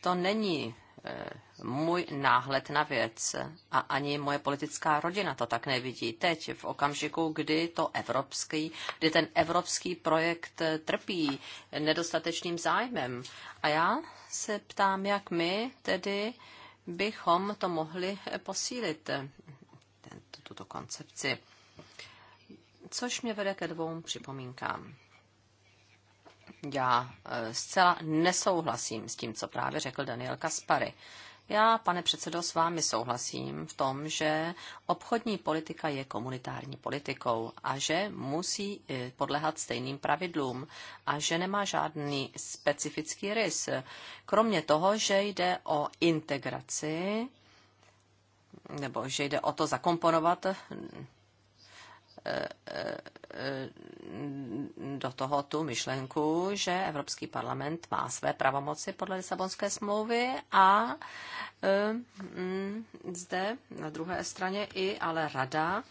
to není eh, můj náhled na věc a ani moje politická rodina to tak nevidí. Teď, v okamžiku, kdy to evropský, kdy ten evropský projekt eh, trpí nedostatečným zájmem. A já se ptám, jak my tedy bychom to mohli posílit, tento, eh, tuto koncepci. Což mě vede ke dvou připomínkám. Já e, zcela nesouhlasím s tím, co právě řekl Daniel Kaspary. Já, pane předsedo, s vámi souhlasím v tom, že obchodní politika je komunitární politikou a že musí e, podlehat stejným pravidlům a že nemá žádný specifický rys. Kromě toho, že jde o integraci nebo že jde o to zakomponovat do toho tu myšlenku, že Evropský parlament má své pravomoci podle Lisabonské smlouvy a eh, mm, zde na druhé straně i ale rada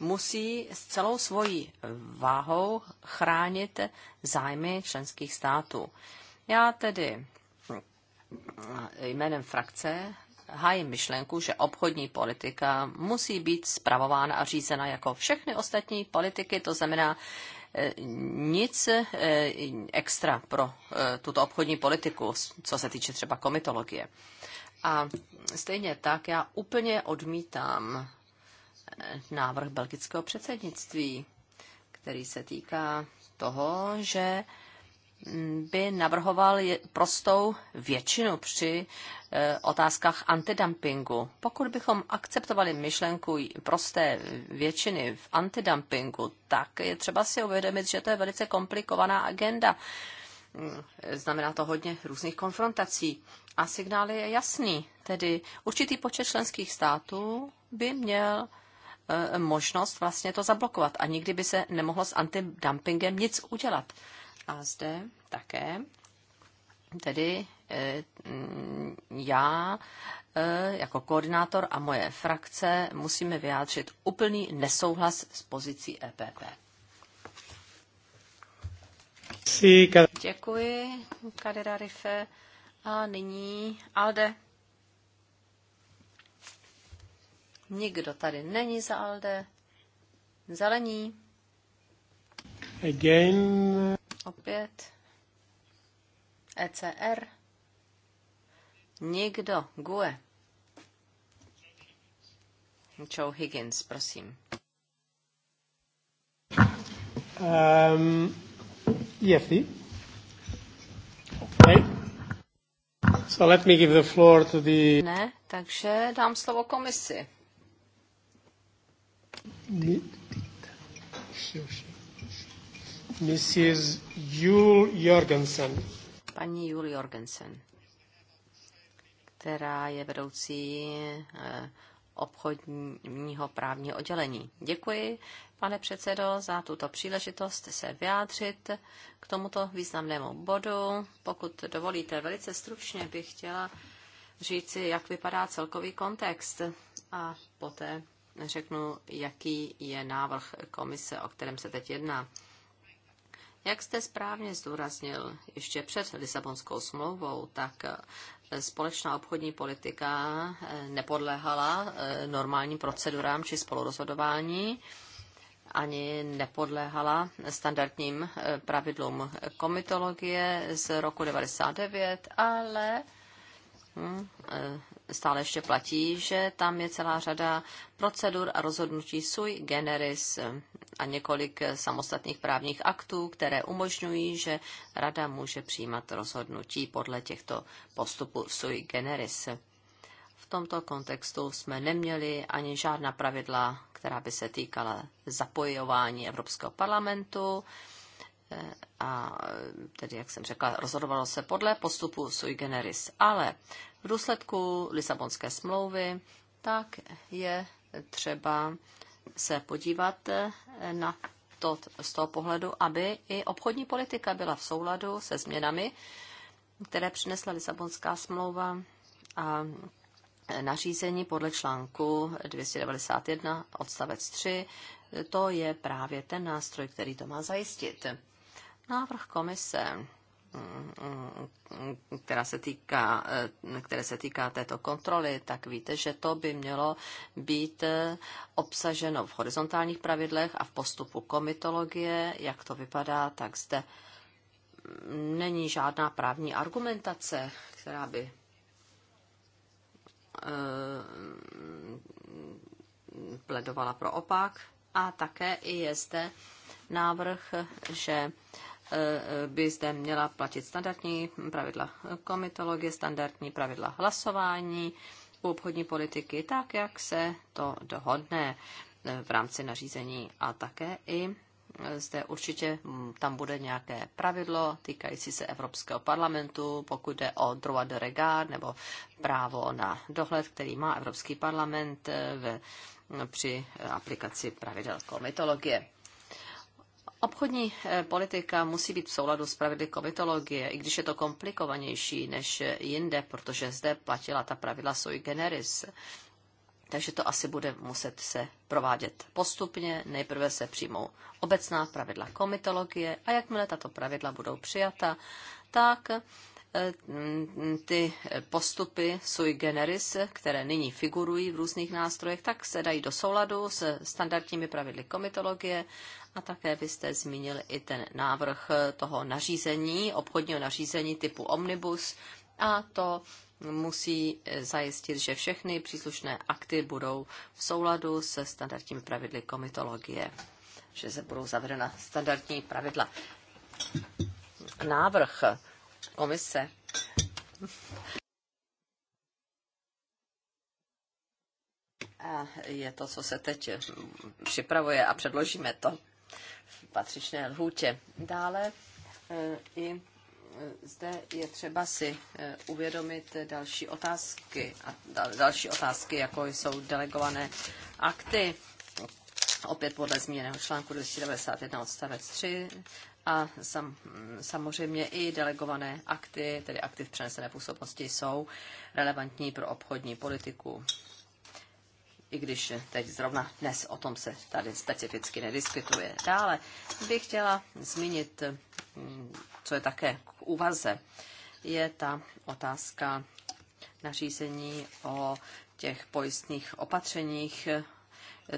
musí s celou svojí váhou chránit zájmy členských států. Já tedy jménem frakce hájím myšlenku, že obchodní politika musí být spravována a řízena jako všechny ostatní politiky, to znamená e, nic e, extra pro e, tuto obchodní politiku, co se týče třeba komitologie. A stejně tak já úplně odmítám návrh belgického předsednictví, který se týká toho, že by navrhoval prostou většinu při eh, otázkách antidumpingu. Pokud bychom akceptovali myšlenku prosté většiny v antidumpingu, tak je třeba si uvědomit, že to je velice komplikovaná agenda. Mm, znamená to hodně různých konfrontací. A signál je jasný, tedy určitý počet členských států by měl eh, možnost vlastně to zablokovat a nikdy by se nemohlo s antidumpingem nic udělat. A zde také tedy e, já e, jako koordinátor a moje frakce musíme vyjádřit úplný nesouhlas s pozicí EPP. Děkuji, Kadera Rife. A nyní Alde. Nikdo tady není za Alde. Zelení. Again opět. ECR. Nikdo. GUE. Joe Higgins, prosím. Um, EFT. Okay. So let me give the floor to the... Ne, takže dám slovo komisi. ne. Mrs. Jul Jorgensen. Paní Jul Jorgensen, která je vedoucí eh, obchodního právního oddělení. Děkuji, pane předsedo, za tuto příležitost se vyjádřit k tomuto významnému bodu. Pokud dovolíte, velice stručně bych chtěla říci, jak vypadá celkový kontext a poté řeknu, jaký je návrh komise, o kterém se teď jedná. Jak jste správně zdůraznil, ještě před Lisabonskou smlouvou, tak eh, společná obchodní politika eh, nepodléhala eh, normálním procedurám či spolurozhodování ani nepodléhala standardním pravidlům komitologie z roku 99, ale hm, stále ještě platí, že tam je celá řada procedur a rozhodnutí sui generis a několik samostatných právních aktů, které umožňují, že rada může přijímat rozhodnutí podle těchto postupů sui generis. V tomto kontextu jsme neměli ani žádná pravidla, která by se týkala zapojování Evropského parlamentu, a tedy, jak jsem řekla, rozhodovalo se podle postupu sui generis. Ale v důsledku Lisabonské smlouvy tak je třeba se podívat eh, na to z toho pohledu, aby i obchodní politika byla v souladu se změnami, které přinesla Lisabonská smlouva a nařízení podle článku 291 odstavec 3. To je právě ten nástroj, který to má zajistit. Návrh komise, mm, mm, která se týká, eh, které se týká této kontroly, tak víte, že to by mělo být eh, obsaženo v horizontálních pravidlech a v postupu komitologie. Jak to vypadá, tak zde není žádná právní argumentace, která by eh, pledovala pro opak. A také i je zde návrh, že by zde měla platit standardní pravidla komitologie, standardní pravidla hlasování u obchodní politiky, tak jak se to dohodne e, v rámci nařízení a také i zde určitě mm, tam bude nějaké pravidlo týkající se Evropského parlamentu, pokud jde o droit de regard nebo právo na dohled, který má Evropský parlament e, ve, při aplikaci pravidel komitologie. Obchodní eh, politika musí být v souladu s pravidly komitologie, i když je to komplikovanější než jinde, protože zde platila ta pravidla sui generis. Takže to asi bude muset se provádět postupně. Nejprve se přijmou obecná pravidla komitologie a jakmile tato pravidla budou přijata, tak Eh, ty postupy sui generis, které nyní figurují v různých nástrojech, tak se dají do souladu s standardními pravidly komitologie a také byste zmínil i ten návrh toho nařízení, obchodního nařízení typu omnibus a to musí zajistit, že všechny příslušné akty budou v souladu se standardními pravidly komitologie, že se budou zavedena standardní pravidla. Návrh komise. A je to, co se teď připravuje a předložíme to v patřičné lhůtě. Dále e, i e, zde je třeba si e, uvědomit další otázky, a další otázky, jako jsou delegované akty, opět podle zmíněného článku 291 odstavec 3 a sam, samozřejmě i delegované akty, tedy akty v přenesené působnosti, jsou relevantní pro obchodní politiku. I když teď zrovna dnes o tom se tady specificky nediskutuje. Dále bych chtěla zmínit, mm, co je také k úvaze, je ta otázka nařízení o těch pojistných opatřeních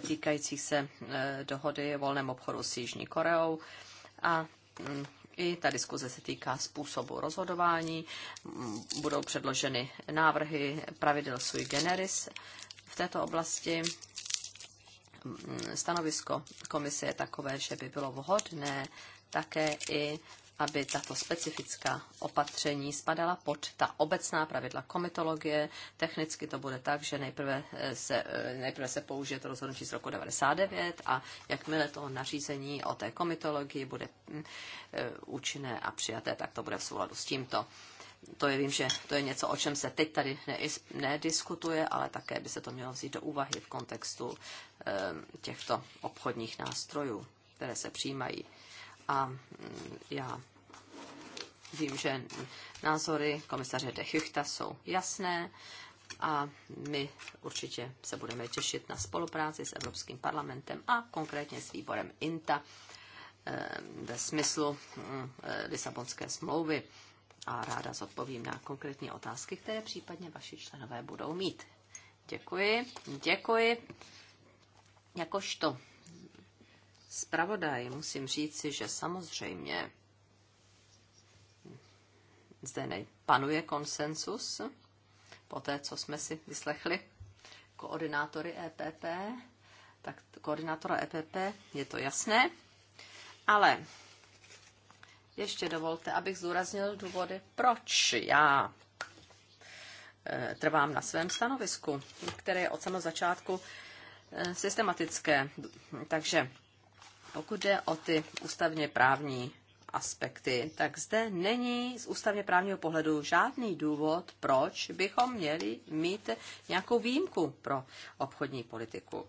týkajících se e, dohody o volném obchodu s Jižní Koreou a mm, i ta diskuze se týká způsobu rozhodování. Mm, budou předloženy návrhy pravidel sui generis v této oblasti. Mm, stanovisko komise je takové, že by bylo vhodné také i aby tato specifická opatření spadala pod ta obecná pravidla komitologie. Technicky to bude tak, že nejprve eh, se, eh, nejprve se použije to rozhodnutí z roku 99 a jakmile to nařízení o té komitologii bude hm, eh, účinné a přijaté, tak to bude v souladu s tímto. To je, vím, že to je něco, o čem se teď tady nediskutuje, ale také by se to mělo vzít do úvahy v kontextu těchto obchodních nástrojů, které se přijímají. A hm, já Vím, že názory komisaře de Chuchta jsou jasné a my určitě se budeme těšit na spolupráci s Evropským parlamentem a konkrétně s výborem INTA eh, ve smyslu hm, eh, Lisabonské smlouvy a ráda zodpovím na konkrétní otázky, které případně vaši členové budou mít. Děkuji, děkuji. Jakožto zpravodaj musím říci, že samozřejmě zde panuje konsensus, po té, co jsme si vyslechli koordinátory EPP, tak koordinátora EPP je to jasné, ale ještě dovolte, abych zdůraznil důvody, proč já eh, trvám na svém stanovisku, které je od samého začátku eh, systematické. Takže pokud jde o ty ústavně právní aspekty, tak zde není z ústavně právního pohledu žádný důvod, proč bychom měli mít nějakou výjimku pro obchodní politiku.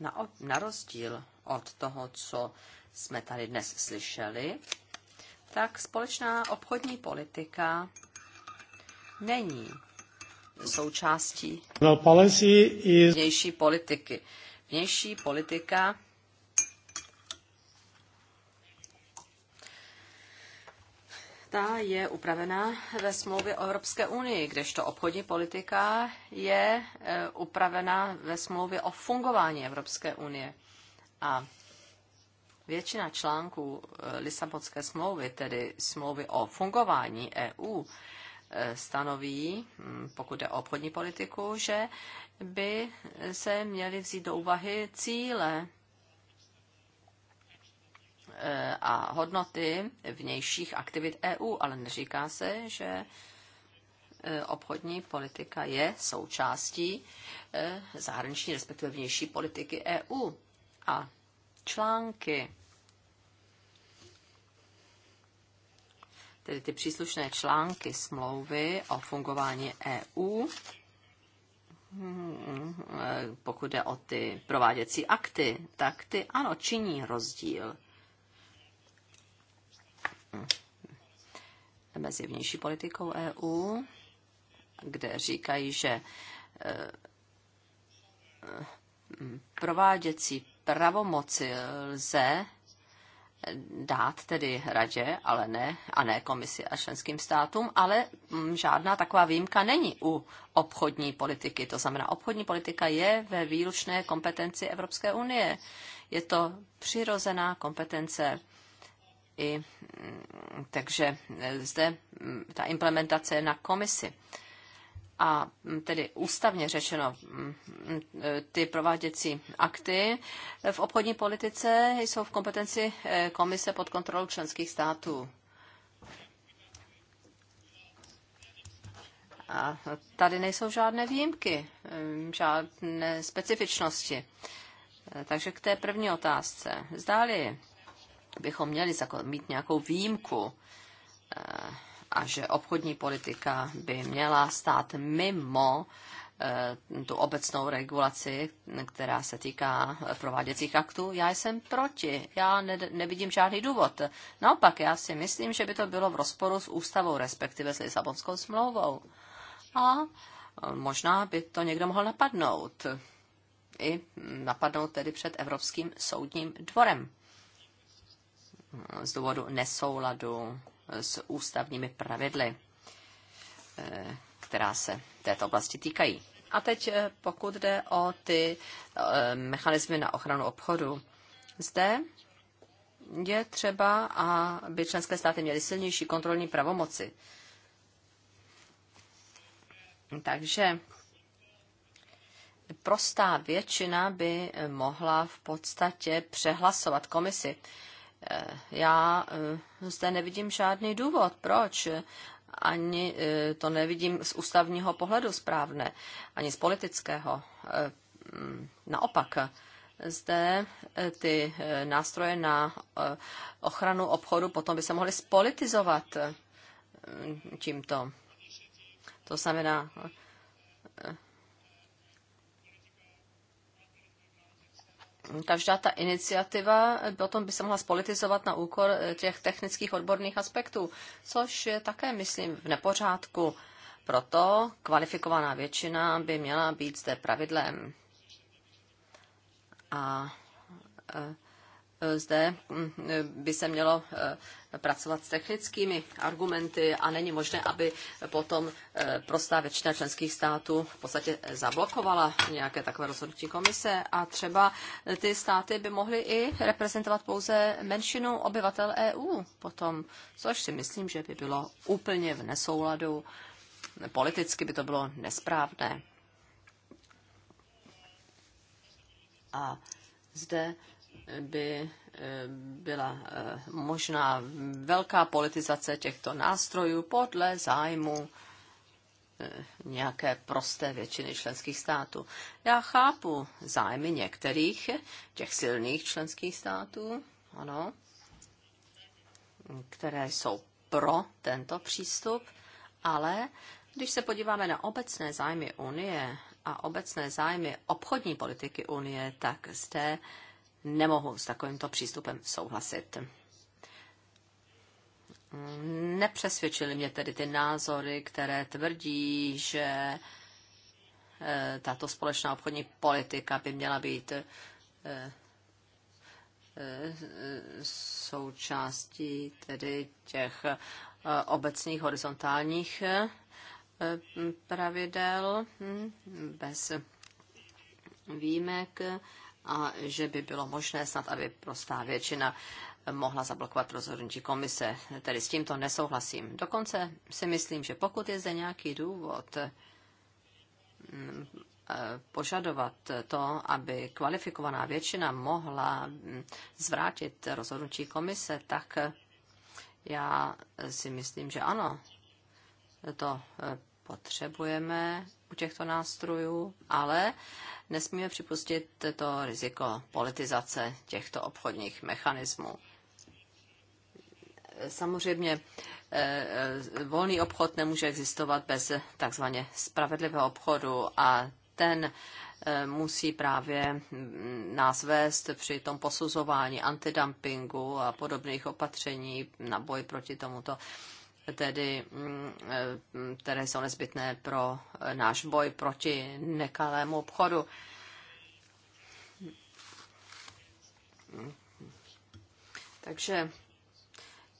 Na, na rozdíl od toho, co jsme tady dnes slyšeli, tak společná obchodní politika není součástí no, vnější politiky. Vnější politika ta je upravená ve smlouvě o Evropské unii, kdežto obchodní politika je e, upravená ve smlouvě o fungování Evropské unie. A většina článků e, Lisabonské smlouvy, tedy smlouvy o fungování EU, e, stanoví, pokud je o obchodní politiku, že by se měly vzít do úvahy cíle Eh, a hodnoty vnějších aktivit EU, ale neříká se, že eh, obchodní politika je součástí eh, zahraniční, respektive vnější politiky EU. A články, tedy ty příslušné články smlouvy o fungování EU, pokud jde o ty prováděcí akty, tak ty ano, činí rozdíl mezi vnější politikou EU, kde říkají, že eh, prováděcí pravomoci lze dát tedy radě, ale ne, a ne komisi a členským státům, ale mm, žádná taková výjimka není u obchodní politiky. To znamená, obchodní politika je ve výlučné kompetenci Evropské unie. Je to přirozená kompetence i takže zde ta implementace je na komisi. A tedy ústavně řečeno, ty prováděcí akty v obchodní politice jsou v kompetenci eh, komise pod kontrolou členských států. A tady nejsou žádné výjimky, eh, žádné specifičnosti. Eh, takže k té první otázce. Zdáli bychom měli mít nějakou výjimku eh, a že obchodní politika by měla stát mimo eh, tu obecnou regulaci, která se týká prováděcích aktů, já jsem proti. Já ne, nevidím žádný důvod. Naopak, já si myslím, že by to bylo v rozporu s ústavou, respektive s Lisabonskou smlouvou. A eh, možná by to někdo mohl napadnout. I napadnout tedy před Evropským soudním dvorem z důvodu nesouladu s ústavními pravidly, eh, která se této oblasti týkají. A teď eh, pokud jde o ty eh, mechanismy na ochranu obchodu, zde je třeba, aby členské státy měly silnější kontrolní pravomoci. Takže prostá většina by mohla v podstatě přehlasovat komisi Eh, já eh, zde nevidím žádný důvod, proč. Eh, ani to nevidím z ústavního pohledu správné, ani z politického. Mm, naopak, zde ty nástroje na ochranu obchodu potom by se mohly spolitizovat mm, tímto. To znamená, každá ta iniciativa potom by se mohla spolitizovat na úkor eh, těch technických odborných aspektů, což je také, myslím, v nepořádku. Proto kvalifikovaná většina by měla být zde pravidlem. A e, Eh, zde hm, by se mělo eh, pracovat s technickými argumenty a není možné, aby potom eh, prostá většina členských států v podstatě zablokovala nějaké takové rozhodnutí komise a třeba ty státy by mohly i reprezentovat pouze menšinu obyvatel EU potom, což si myslím, že by bylo úplně v nesouladu. Politicky by to bylo nesprávné. A zde by eh, byla eh, možná velká politizace těchto nástrojů podle zájmu eh, nějaké prosté většiny členských států. Já chápu zájmy některých těch silných členských států, ano, které jsou pro tento přístup, ale když se podíváme na obecné zájmy Unie a obecné zájmy obchodní politiky Unie, tak zde nemohu s takovýmto přístupem souhlasit. Nepřesvědčily mě tedy ty názory, které tvrdí, že eh, tato společná obchodní politika by měla být eh, eh, součástí tedy těch obecných horizontálních pravidel hm, bez výjimek a že by bylo možné snad, aby prostá většina mohla zablokovat rozhodnutí komise. Tedy s tímto nesouhlasím. Dokonce si myslím, že pokud je zde nějaký důvod mm, e, požadovat to, aby kvalifikovaná většina mohla mm, zvrátit rozhodnutí komise, tak já si myslím, že ano, to e, potřebujeme u těchto nástrojů, ale nesmíme připustit to riziko politizace těchto obchodních mechanismů. Samozřejmě eh, eh, volný obchod nemůže existovat bez takzvaně spravedlivého obchodu a ten eh, musí právě mm, nás vést při tom posuzování antidumpingu a podobných opatření na boj proti tomuto tedy, mm, eh, které jsou nezbytné pro eh, náš boj proti nekalému obchodu. Takže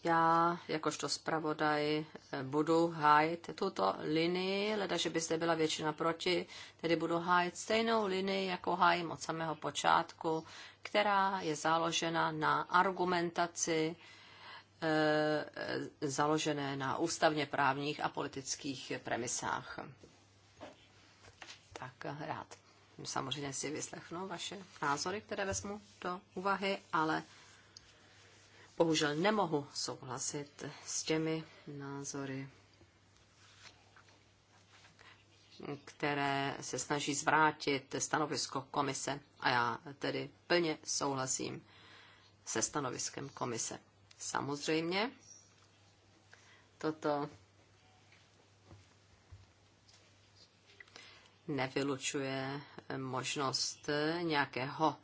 já, jakožto zpravodaj, eh, budu hájit tuto linii, leda, že by zde byla většina proti, tedy budu hájit stejnou linii, jako hájím od samého počátku, která je založena na argumentaci, Eh, založené na ústavně právních a politických premisách. Tak rád. Samozřejmě si vyslechnu vaše názory, které vezmu do úvahy, ale bohužel nemohu souhlasit s těmi názory, které se snaží zvrátit stanovisko komise. A já tedy plně souhlasím se stanoviskem komise. Samozřejmě, toto nevylučuje možnost nějakého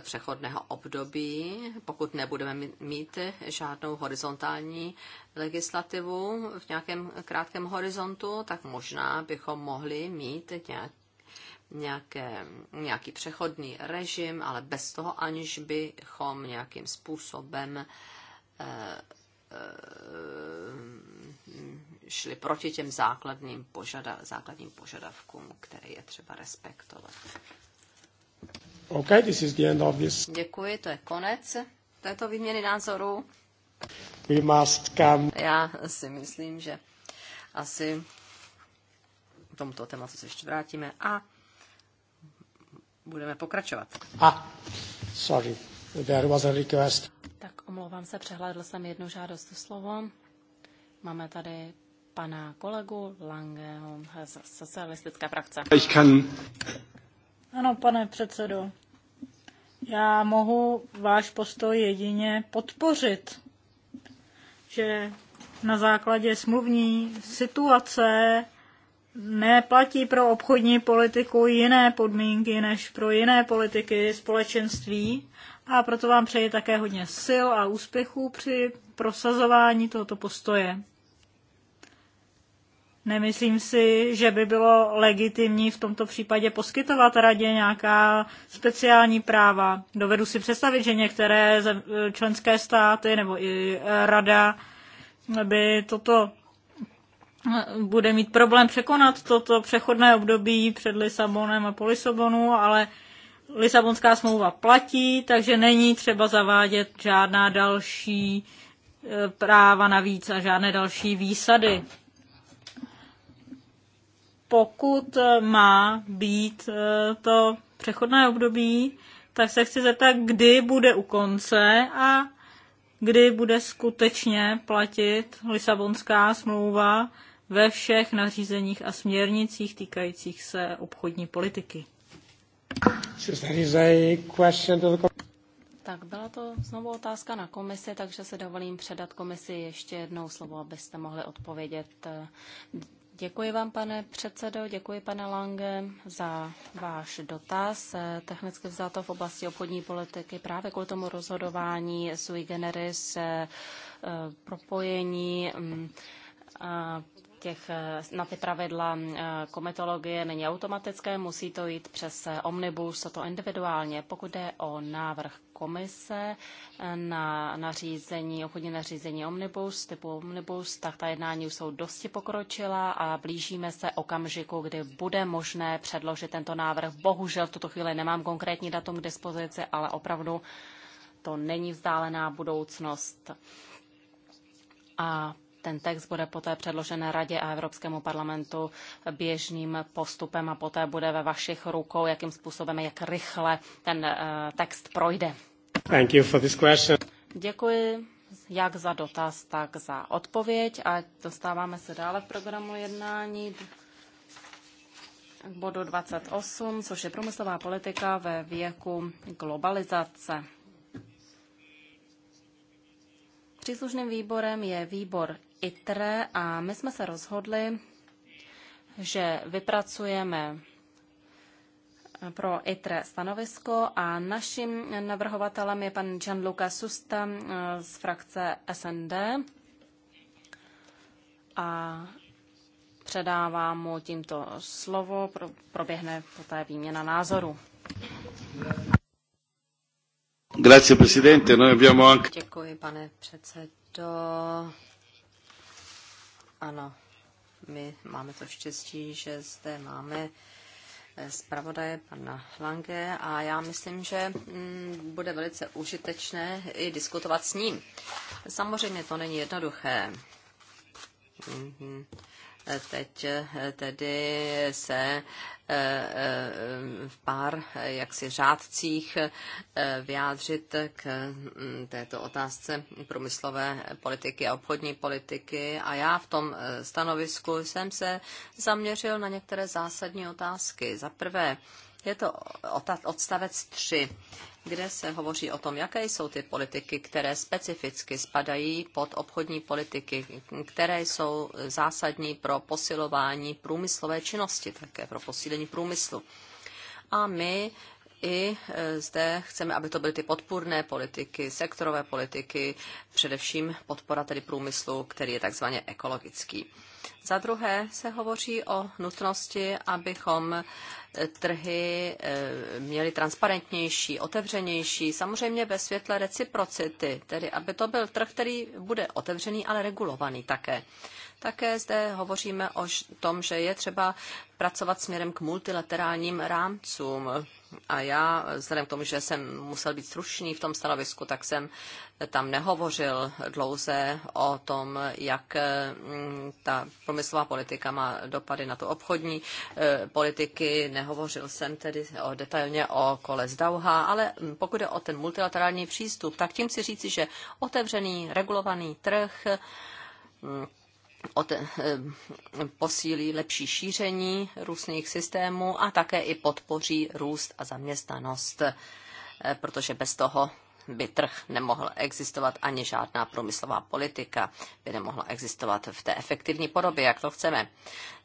přechodného období, pokud nebudeme mít žádnou horizontální legislativu v nějakém krátkém horizontu, tak možná bychom mohli mít nějaké, nějaký přechodný režim, ale bez toho, aniž bychom nějakým způsobem šli proti těm základním, požada, základním požadavkům, které je třeba respektovat. Okay, this is the end of this. Děkuji, to je konec této výměny názorů. We must come. Já si myslím, že asi k tomuto tématu se ještě vrátíme a budeme pokračovat. Ah, sorry, there was a request. Tak omlouvám se, přehlédl jsem jednu žádost o slovo. Máme tady pana kolegu Langeho z socialistické frakce. Ano, pane předsedo. Já mohu váš postoj jedině podpořit, že na základě smluvní situace neplatí pro obchodní politiku jiné podmínky než pro jiné politiky společenství a proto vám přeji také hodně sil a úspěchů při prosazování tohoto postoje. Nemyslím si, že by bylo legitimní v tomto případě poskytovat radě nějaká speciální práva. Dovedu si představit, že některé členské státy nebo i rada by toto bude mít problém překonat toto přechodné období před Lisabonem a po Lisabonu, ale Lisabonská smlouva platí, takže není třeba zavádět žádná další e, práva navíc a žádné další výsady. Pokud e, má být e, to přechodné období, tak se chci zeptat, kdy bude u konce a kdy bude skutečně platit Lisabonská smlouva ve všech nařízeních a směrnicích týkajících se obchodní politiky. Tak byla to znovu otázka na komisi, takže se dovolím předat komisi ještě jednou slovo, abyste mohli odpovědět. Děkuji vám, pane předsedo, děkuji, pane Lange, za váš dotaz. Technicky vzato v oblasti obchodní politiky právě kvůli tomu rozhodování sui generis eh, propojení mm, a těch, eh, na ty pravidla eh, kometologie není automatické, musí to jít přes eh, omnibus, toto individuálně. Pokud jde o návrh komise na nařízení, obchodní nařízení omnibus, typu omnibus, tak ta jednání už jsou dosti pokročila a blížíme se okamžiku, kdy bude možné předložit tento návrh. Bohužel v tuto chvíli nemám konkrétní datum k dispozici, ale opravdu to není vzdálená budoucnost. A ten text bude poté předložen Radě a Evropskému parlamentu běžným postupem a poté bude ve vašich rukou, jakým způsobem, jak rychle ten eh, text projde. Thank you for this question. Děkuji jak za dotaz, tak za odpověď a dostáváme se dále v programu jednání k bodu 28, což je průmyslová politika ve věku globalizace. Příslušným výborem je výbor ITRE a my jsme se rozhodli, že vypracujeme eh, pro ITRE stanovisko a naším navrhovatelem je pan Gianluca Susta eh, z frakce SND a předávám mu tímto slovo, proběhne poté výměna názoru. Grazie, presidente. Noi abbiamo anche... Děkuji, pane předsedo. Ano, my máme to štěstí, že zde máme eh, zpravodaje pana Lange a já myslím, že mm, bude velice užitečné i diskutovat s ním. Samozřejmě to není jednoduché. Mhm teď eh, tedy se eh, eh, v pár jaksi řádcích vyjádřit k mm, této otázce průmyslové politiky a obchodní politiky. A já v tom stanovisku jsem se zaměřil na některé zásadní otázky. Za prvé, je to odstavec 3 kde se hovoří o tom, jaké jsou ty politiky, které specificky spadají pod obchodní politiky, které jsou zásadní pro posilování průmyslové činnosti, také pro posílení průmyslu. A my i e, zde chceme, aby to byly ty podpůrné politiky, sektorové politiky, především podpora tedy průmyslu, který je takzvaně ekologický. Za druhé se hovoří o nutnosti, abychom e, trhy e, měli transparentnější, otevřenější, samozřejmě ve světle reciprocity, tedy aby to byl trh, který bude otevřený, ale regulovaný také. Také zde hovoříme o tom, že je třeba pracovat směrem k multilaterálním rámcům. A já, vzhledem k tomu, že jsem musel být stručný v tom stanovisku, tak jsem tam nehovořil dlouze o tom, jak mm, ta promyslová politika má dopady na tu obchodní e, politiky. Nehovořil jsem tedy o, detailně o kole z Dauha, ale pokud je o ten multilaterální přístup, tak tím si říci, že otevřený, regulovaný trh mm, od, eh, posílí lepší šíření různých systémů a také i podpoří růst a zaměstnanost, eh, protože bez toho by trh nemohl existovat, ani žádná průmyslová politika by nemohla existovat v té efektivní podobě, jak to chceme.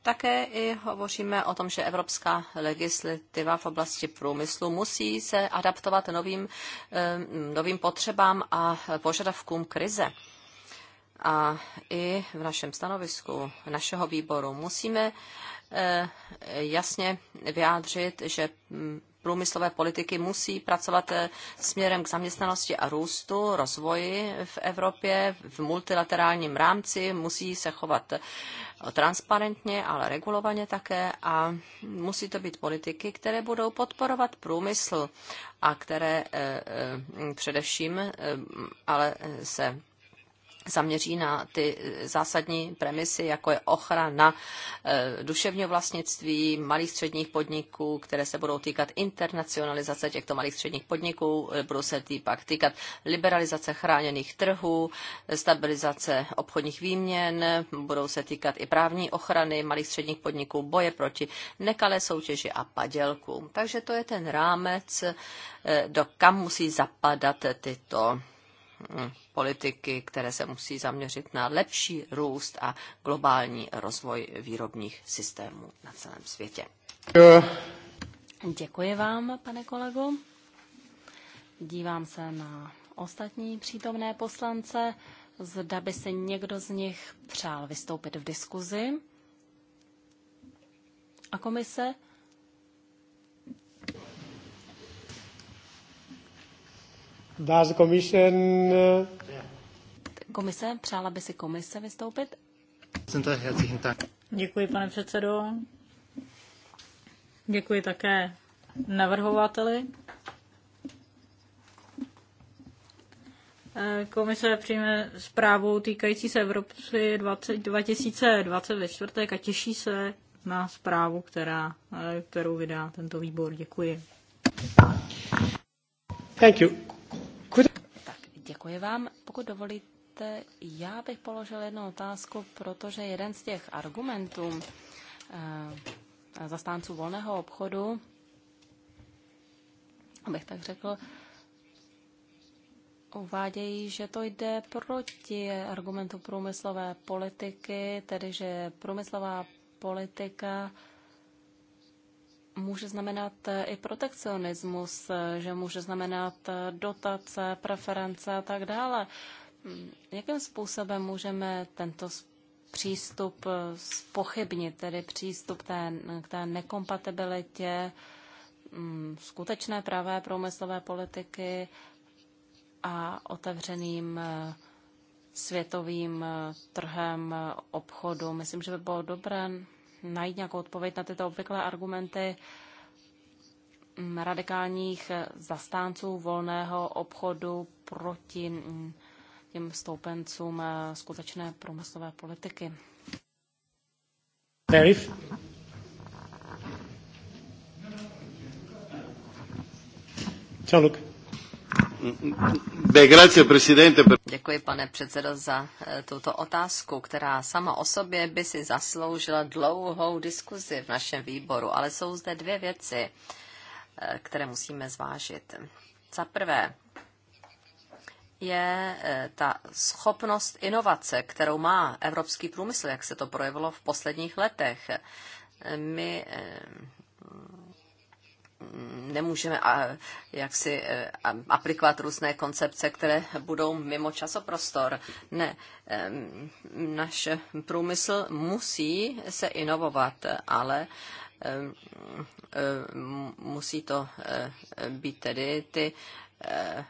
Také i hovoříme o tom, že evropská legislativa v oblasti průmyslu musí se adaptovat novým, eh, novým potřebám a požadavkům krize a i v našem stanovisku našeho výboru musíme eh, jasně vyjádřit, že mm, průmyslové politiky musí pracovat eh, směrem k zaměstnanosti a růstu, rozvoji v Evropě, v multilaterálním rámci, musí se chovat eh, transparentně, ale regulovaně také a musí to být politiky, které budou podporovat průmysl a které především ale se zaměří na ty eh, zásadní premisy, jako je ochrana eh, duševního vlastnictví malých středních podniků, které se budou týkat internacionalizace těchto malých středních podniků, eh, budou se pak týkat liberalizace chráněných trhů, stabilizace obchodních výměn, budou se týkat i právní ochrany malých středních podniků, boje proti nekalé soutěži a padělkům. Takže to je ten rámec, do kam musí zapadat tyto hm, politiky, které se musí zaměřit na lepší růst a globální rozvoj výrobních systémů na celém světě. Děkuji vám, pane kolego. Dívám se na ostatní přítomné poslance. Zda by se někdo z nich přál vystoupit v diskuzi. A komise? Does the commission... Eh, komise, přála by si komise vystoupit? Děkuji, pane předsedo. Děkuji také navrhovateli. Eh, komise přijme zprávu týkající se Evropy 20, 2020 ve čtvrtek a těší se na zprávu, která, eh, kterou vydá tento výbor. Děkuji. Thank you. Tak, děkuji vám. Pokud dovolíte, já bych položil jednu otázku, protože jeden z těch argumentů eh, zastánců volného obchodu, abych tak řekl, Uvádějí, že to jde proti argumentu průmyslové politiky, tedy že průmyslová politika může znamenat eh, i protekcionismus, eh, že může znamenat eh, dotace, preference a tak dále. Hmm, jakým způsobem můžeme tento přístup spochybnit, tedy přístup té, k té nekompatibilitě hmm, skutečné pravé průmyslové politiky a otevřeným světovým trhem obchodu. Myslím, že by bylo dobré najít nějakou odpověď na tyto obvyklé argumenty mm, radikálních eh, zastánců volného obchodu proti mm, těm stoupencům eh, skutečné průmyslové politiky. Tarif. Čau, Luke. Děkuji, pane předsedo, za eh, tuto otázku, která sama o sobě by si zasloužila dlouhou diskuzi v našem výboru, ale jsou zde dvě věci, eh, které musíme zvážit. Za prvé je eh, ta schopnost inovace, kterou má evropský průmysl, jak se to projevilo v posledních letech. My nemůžeme jaksi e, aplikovat různé koncepce, které budou mimo časoprostor. Ne, náš průmysl musí se inovovat, ale e, musí to e, být tedy ty Eh,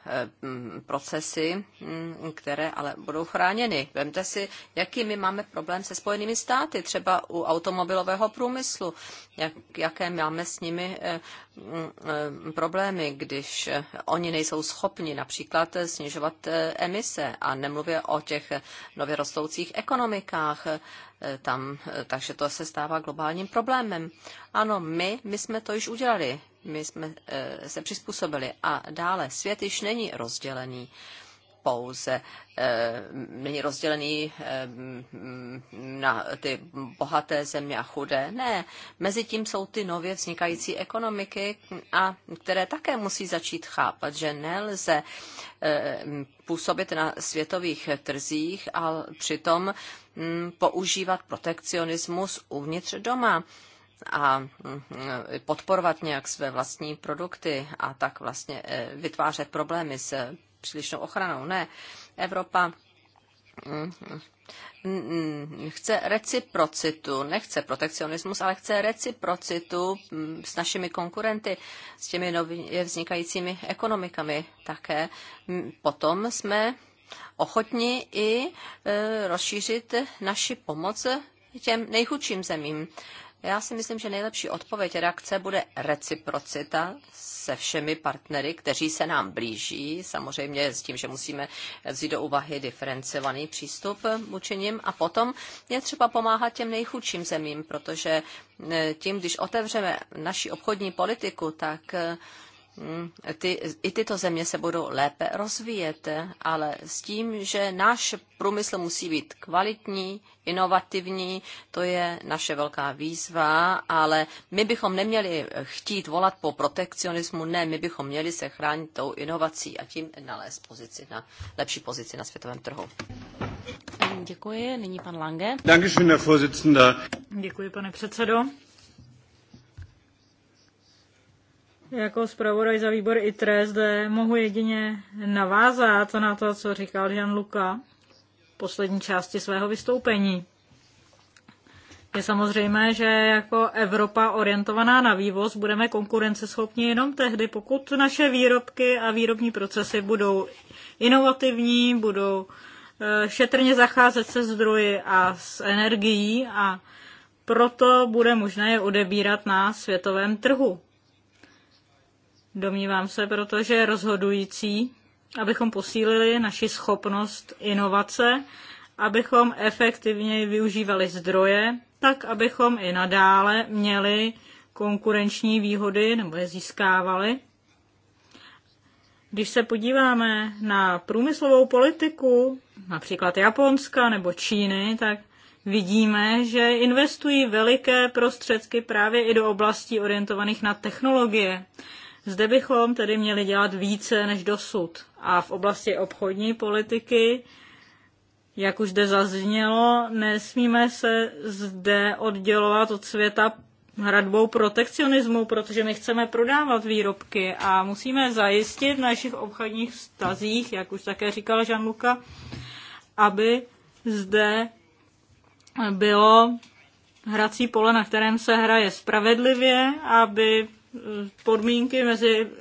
procesy, mm, které ale budou chráněny. Vemte si, jaký my máme problém se Spojenými státy, třeba u automobilového průmyslu, jak, jaké máme s nimi eh, mm, eh, problémy, když oni nejsou schopni například snižovat emise a nemluvě o těch nově rostoucích ekonomikách tam, takže to se stává globálním problémem. Ano, my, my jsme to již udělali my jsme eh, se přizpůsobili. A dále, svět již není rozdělený pouze eh, není rozdělený eh, na ty bohaté země a chudé. Ne, mezi tím jsou ty nově vznikající ekonomiky, a které také musí začít chápat, že nelze působit na světových trzích a přitom hm, používat protekcionismus uvnitř doma a mm, podporovat nějak své vlastní produkty a tak vlastně e, vytvářet problémy s přílišnou ochranou. Ne, Evropa mm, mm, chce reciprocitu, nechce protekcionismus, ale chce reciprocitu s našimi konkurenty, s těmi nově vznikajícími ekonomikami také. Potom jsme ochotni i e, rozšířit naši pomoc těm nejchudším zemím. Já si myslím, že nejlepší odpověď reakce bude reciprocita se všemi partnery, kteří se nám blíží, samozřejmě s tím, že musíme vzít do úvahy diferencovaný přístup učením a potom je třeba pomáhat těm nejchudším zemím, protože eh, tím, když otevřeme naši obchodní politiku, tak eh, Hmm, ty, i tyto země se budou lépe rozvíjet, ale s tím, že náš průmysl musí být kvalitní, inovativní, to je naše velká výzva, ale my bychom neměli chtít volat po protekcionismu, ne, my bychom měli se chránit tou inovací a tím nalézt pozici na, lepší pozici na světovém trhu. Děkuji, nyní pan Lange. Děkuji, pane předsedo. Jako zpravodaj za výbor ITRE zde mohu jedině navázat na to, co říkal Jan Luka v poslední části svého vystoupení. Je samozřejmé, že jako Evropa orientovaná na vývoz budeme konkurenceschopní jenom tehdy, pokud naše výrobky a výrobní procesy budou inovativní, budou eh, šetrně zacházet se zdroji a s energií a proto bude možné je odebírat na světovém trhu. Domnívám se, protože je rozhodující, abychom posílili naši schopnost inovace, abychom efektivněji využívali zdroje, tak abychom i nadále měli konkurenční výhody nebo je získávali. Když se podíváme na průmyslovou politiku, například Japonska nebo Číny, tak vidíme, že investují veliké prostředky právě i do oblastí orientovaných na technologie. Zde bychom tedy měli dělat více než dosud. A v oblasti obchodní politiky, jak už zde zaznělo, nesmíme se zde oddělovat od světa hradbou protekcionismu, protože my chceme prodávat výrobky a musíme zajistit v našich obchodních vztazích, jak už také říkal jean aby zde bylo hrací pole, na kterém se hraje spravedlivě, aby podmínky mezi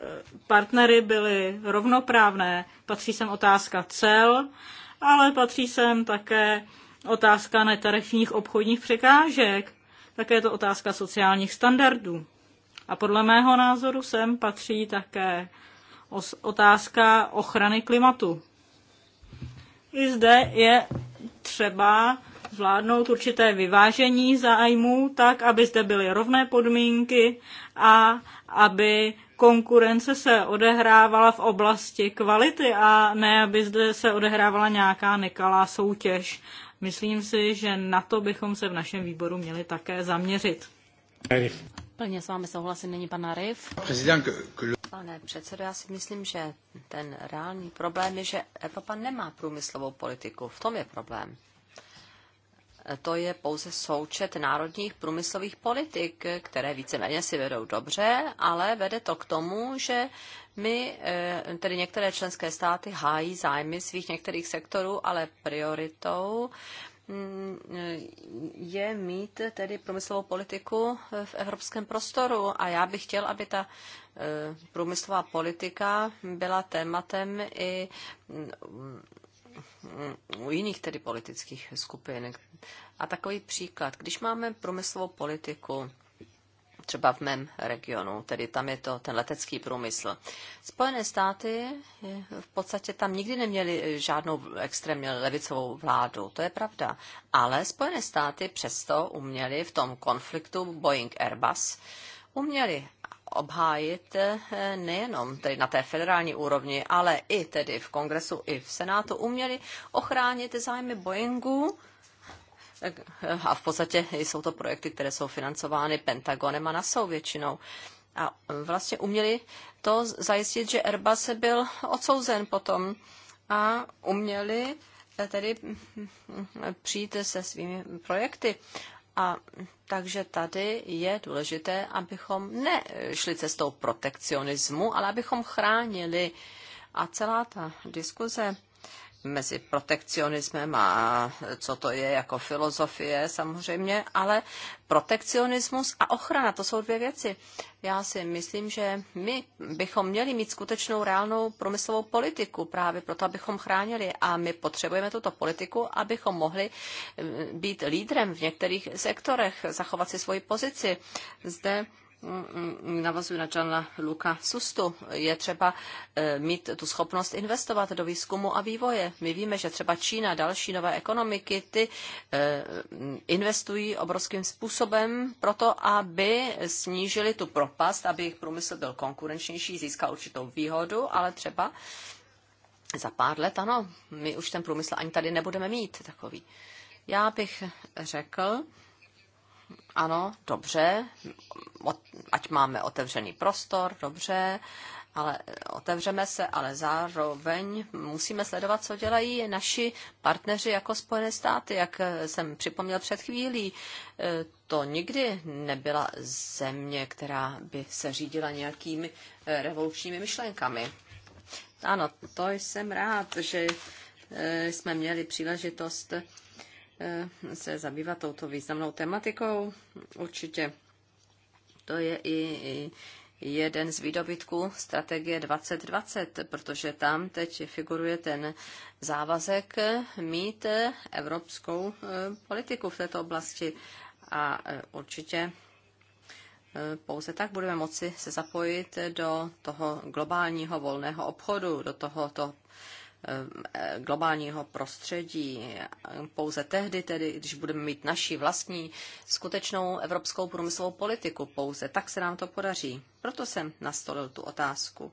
partnery byly rovnoprávné. Patří sem otázka cel, ale patří sem také otázka netarifních obchodních překážek, také je to otázka sociálních standardů. A podle mého názoru sem patří také otázka ochrany klimatu. I zde je třeba zvládnout určité vyvážení zájmů, tak aby zde byly rovné podmínky a aby konkurence se odehrávala v oblasti kvality a ne, aby zde se odehrávala nějaká nekalá soutěž. Myslím si, že na to bychom se v našem výboru měli také zaměřit. Plně s vámi souhlasím, není pan Arif. Pane předsedo, já si myslím, že ten reálný problém je, že Evropa nemá průmyslovou politiku. V tom je problém to je pouze součet národních průmyslových politik, které víceméně si vedou dobře, ale vede to k tomu, že my, eh, tedy některé členské státy, hájí zájmy svých některých sektorů, ale prioritou mm, je mít tedy průmyslovou politiku v evropském prostoru. A já bych chtěl, aby ta eh, průmyslová politika byla tématem i mm, u jiných tedy politických skupin. A takový příklad, když máme průmyslovou politiku, třeba v mém regionu, tedy tam je to ten letecký průmysl. Spojené státy v podstatě tam nikdy neměly žádnou extrémně levicovou vládu, to je pravda. Ale Spojené státy přesto uměly v tom konfliktu Boeing Airbus, uměli obhájit eh, nejenom tedy na té federální úrovni, ale i tedy v kongresu, i v senátu uměli ochránit zájmy Boeingu. Eh, a v podstatě jsou to projekty, které jsou financovány Pentagonem a NASA většinou. A vlastně uměli to zajistit, že Airbus byl odsouzen potom a uměli tedy přijít se svými projekty. A takže tady je důležité, abychom nešli cestou protekcionismu, ale abychom chránili. A celá ta diskuze mezi protekcionismem a co to je jako filozofie samozřejmě, ale protekcionismus a ochrana, to jsou dvě věci. Já si myslím, že my bychom měli mít skutečnou reálnou promyslovou politiku právě proto, abychom chránili a my potřebujeme tuto politiku, abychom mohli eh, být lídrem v některých sektorech, zachovat si svoji pozici. Zde Mm, mm, navazuji na Jana Luka. Sustu, je třeba eh, mít tu schopnost investovat do výzkumu a vývoje. My víme, že třeba Čína, další nové ekonomiky, ty eh, investují obrovským způsobem proto, aby snížili tu propast, aby jejich průmysl byl konkurenčnější, získal určitou výhodu, ale třeba za pár let, ano, my už ten průmysl ani tady nebudeme mít takový. Já bych řekl, ano, dobře, ať máme otevřený prostor, dobře, ale otevřeme se, ale zároveň musíme sledovat, co dělají naši partneři jako Spojené státy. Jak jsem připomněl před chvílí, eh, to nikdy nebyla země, která by se řídila nějakými eh, revolučními myšlenkami. Ano, to jsem rád, že eh, jsme měli příležitost Eh, se zabývat touto významnou tematikou. Určitě to je i jeden z výdobytků strategie 2020, protože tam teď figuruje ten závazek mít evropskou eh, politiku v této oblasti a eh, určitě pouze tak budeme moci se zapojit do toho globálního volného obchodu, do tohoto Eh, globálního prostředí. Pouze tehdy, tedy, když budeme mít naši vlastní skutečnou evropskou průmyslovou politiku, pouze tak se nám to podaří. Proto jsem nastolil tu otázku.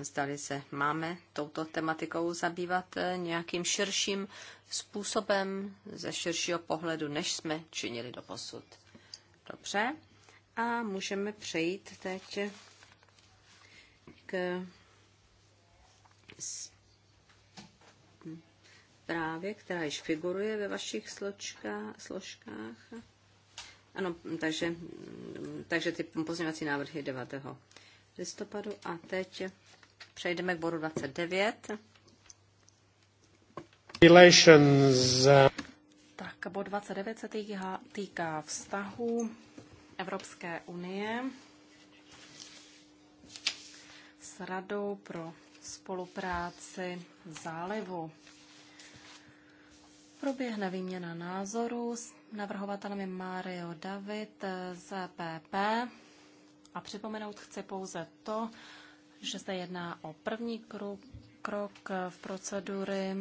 Zdali se máme touto tematikou zabývat eh, nějakým širším způsobem ze širšího pohledu, než jsme činili do posud. Dobře. A můžeme přejít teď k zprávě, která již figuruje ve vašich složka, složkách. Ano, takže, takže ty pozměňovací návrhy 9. listopadu. A teď přejdeme k bodu 29. Relations. Uh, tak bod 29 se týká, týká vztahu Evropské unie s Radou pro spolupráci zálivu proběhne výměna názorů s navrhovatelem Mario David z PP a připomenout chci pouze to, že se jedná o první krok, krok v procedury,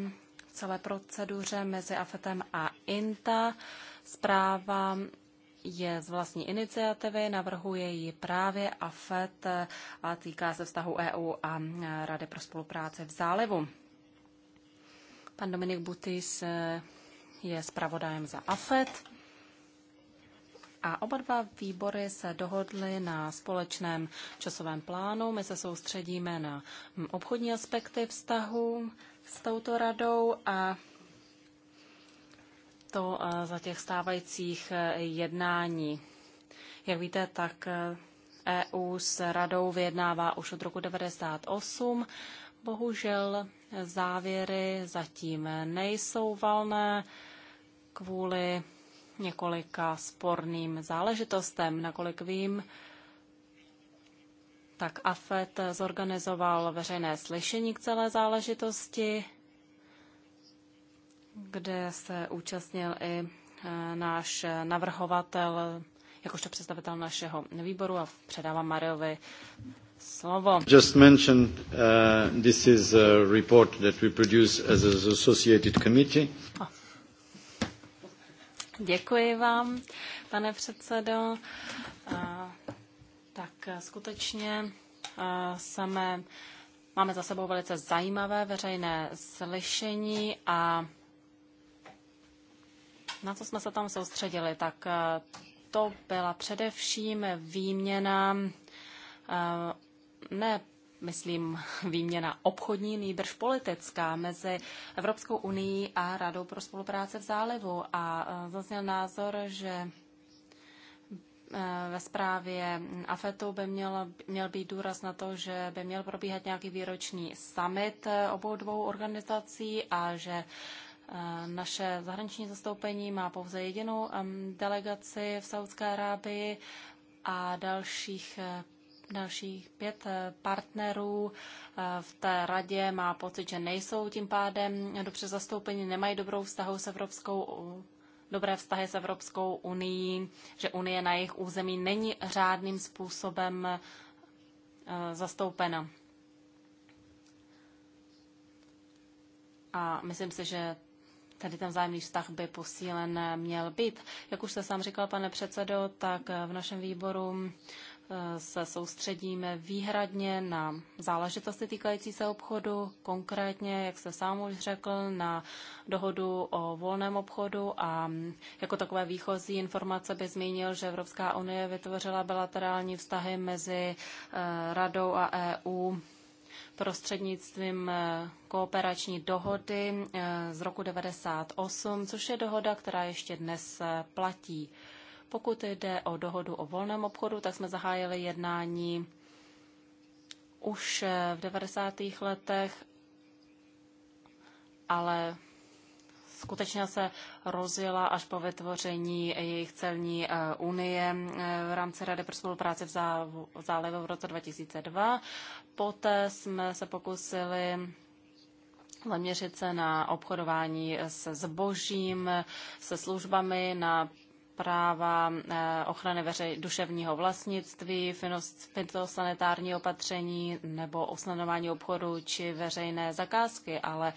v celé proceduře mezi AFETem a INTA. Zpráva je z vlastní iniciativy, navrhuje ji právě AFET a týká se vztahu EU a Rady pro spolupráci v zálivu. Pan Dominik Butis eh, je zpravodajem za AFET. A oba dva výbory se dohodly na společném časovém plánu. My se soustředíme na mm, obchodní aspekty vztahu s touto radou a to eh, za těch stávajících eh, jednání. Jak víte, tak EU e s radou vyjednává už od roku 1998 Bohužel závěry zatím nejsou valné kvůli několika sporným záležitostem. Nakolik vím, tak AFET zorganizoval veřejné slyšení k celé záležitosti, kde se účastnil i eh, náš navrhovatel, jakožto představitel našeho výboru a předávám Mariovi slovo. Just mentioned, uh, this is a report that we produce as an associated committee. Oh. Děkuji vám, pane předsedo. Uh, tak uh, skutečně uh, jsme, máme za sebou velice zajímavé veřejné slyšení a na co jsme se tam soustředili, tak uh, to byla především výměna uh, ne myslím, výměna obchodní, nýbrž politická mezi Evropskou unii a Radou pro spolupráce v zálivu. A e, zazněl názor, že e, ve zprávě AFETu by měl, měl být důraz na to, že by měl probíhat nějaký výroční summit e, obou dvou organizací a že naše zahraniční zastoupení má pouze jedinou delegaci v Saudské Arábii a dalších dalších pět eh, partnerů eh, v té radě má pocit, že nejsou tím pádem dobře zastoupeni, nemají dobrou vztahu s Evropskou dobré vztahy s Evropskou unii, že Unie na jejich území není řádným způsobem eh, zastoupena. A myslím si, že tady ten vzájemný vztah by posílen měl být. Jak už jste sám říkal, pane předsedo, tak v našem výboru se soustředíme výhradně na záležitosti týkající se obchodu, konkrétně, jak se sám už řekl, na dohodu o volném obchodu a jako takové výchozí informace by zmínil, že Evropská unie vytvořila bilaterální vztahy mezi eh, Radou a EU prostřednictvím eh, kooperační dohody eh, z roku 1998, což je dohoda, která ještě dnes platí. Pokud jde o dohodu o volném obchodu, tak jsme zahájili jednání už eh, v 90. letech, ale skutečně se rozjela až po vytvoření jejich celní eh, unie eh, v rámci Rady pro spolupráci v zálivu v roce 2002. Poté jsme se pokusili zaměřit se na obchodování se zbožím, se službami, na práva, eh, ochrany veřej, duševního vlastnictví, fitosanitární opatření nebo usnadňování obchodu či veřejné zakázky, ale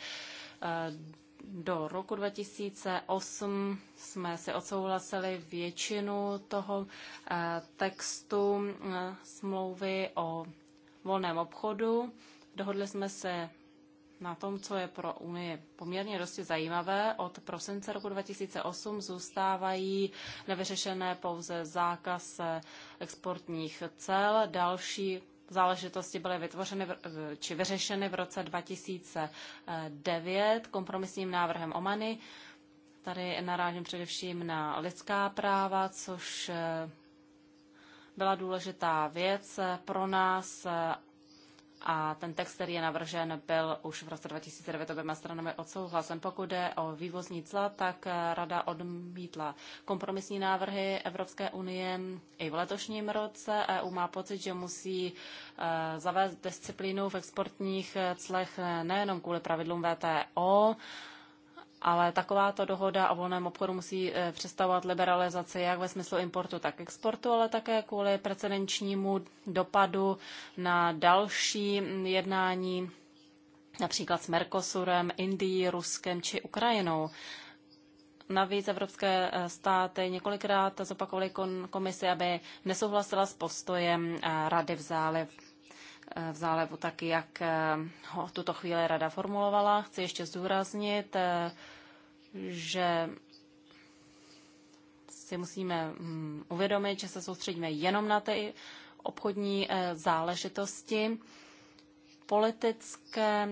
eh, do roku 2008 jsme si odsouhlasili většinu toho eh, textu smlouvy o volném obchodu. Dohodli jsme se na tom, co je pro Unii poměrně dosti zajímavé. Od prosince roku 2008 zůstávají nevyřešené pouze zákaz exportních cel. Další záležitosti byly vytvořeny či vyřešeny v roce 2009 kompromisním návrhem Omany. Tady narážím především na lidská práva, což eh, byla důležitá věc pro nás a ten text, který je navržen, byl už v roce 2009 oběma stranami odsouhlasen. Pokud jde o vývozní cla, tak eh, Rada odmítla kompromisní návrhy Evropské unie i v letošním roce. EU má pocit, že musí eh, zavést disciplínu v exportních eh, clech nejenom kvůli pravidlům VTO, ale takováto dohoda o volném obchodu musí eh, představovat liberalizaci jak ve smyslu importu, tak exportu, ale také kvůli precedenčnímu dopadu na další jednání například s Mercosurem, Indií, Ruskem či Ukrajinou. Navíc evropské eh, státy několikrát zopakovaly komisi, aby nesouhlasila s postojem eh, Rady v, záliv, v zálevu taky, jak eh, ho v tuto chvíli rada formulovala. Chci ještě zdůraznit, eh, že si musíme mm, uvědomit, že se soustředíme jenom na ty obchodní eh, záležitosti. Politické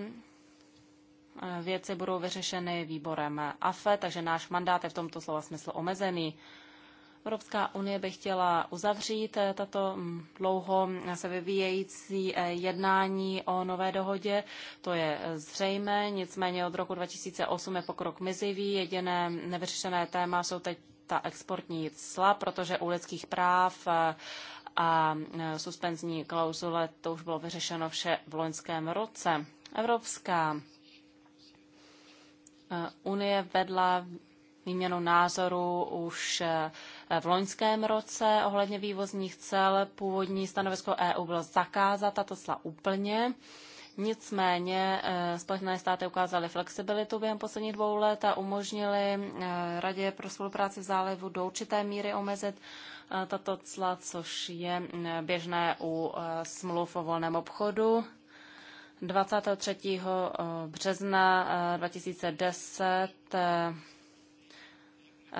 věci budou vyřešeny výborem AFE, takže náš mandát je v tomto slova smyslu omezený. Evropská unie by chtěla uzavřít eh, tato mm, dlouho eh, se vyvíjející eh, jednání o nové dohodě. To je zřejmé, nicméně od roku 2008 je pokrok mizivý. Jediné nevyřešené téma jsou teď ta exportní cla, protože u lidských práv a suspenzní klauzule to už bylo vyřešeno vše v loňském roce. Evropská unie vedla výměnu názoru už v loňském roce ohledně vývozních cel. Původní stanovisko EU bylo zakázat tato cla úplně. Nicméně eh, Spojené státy ukázaly flexibilitu během posledních dvou let a umožnili eh, Radě pro spolupráci v zálivu do určité míry omezit eh, tato cla, což je mm, běžné u smluv o volném obchodu. 23. března 2010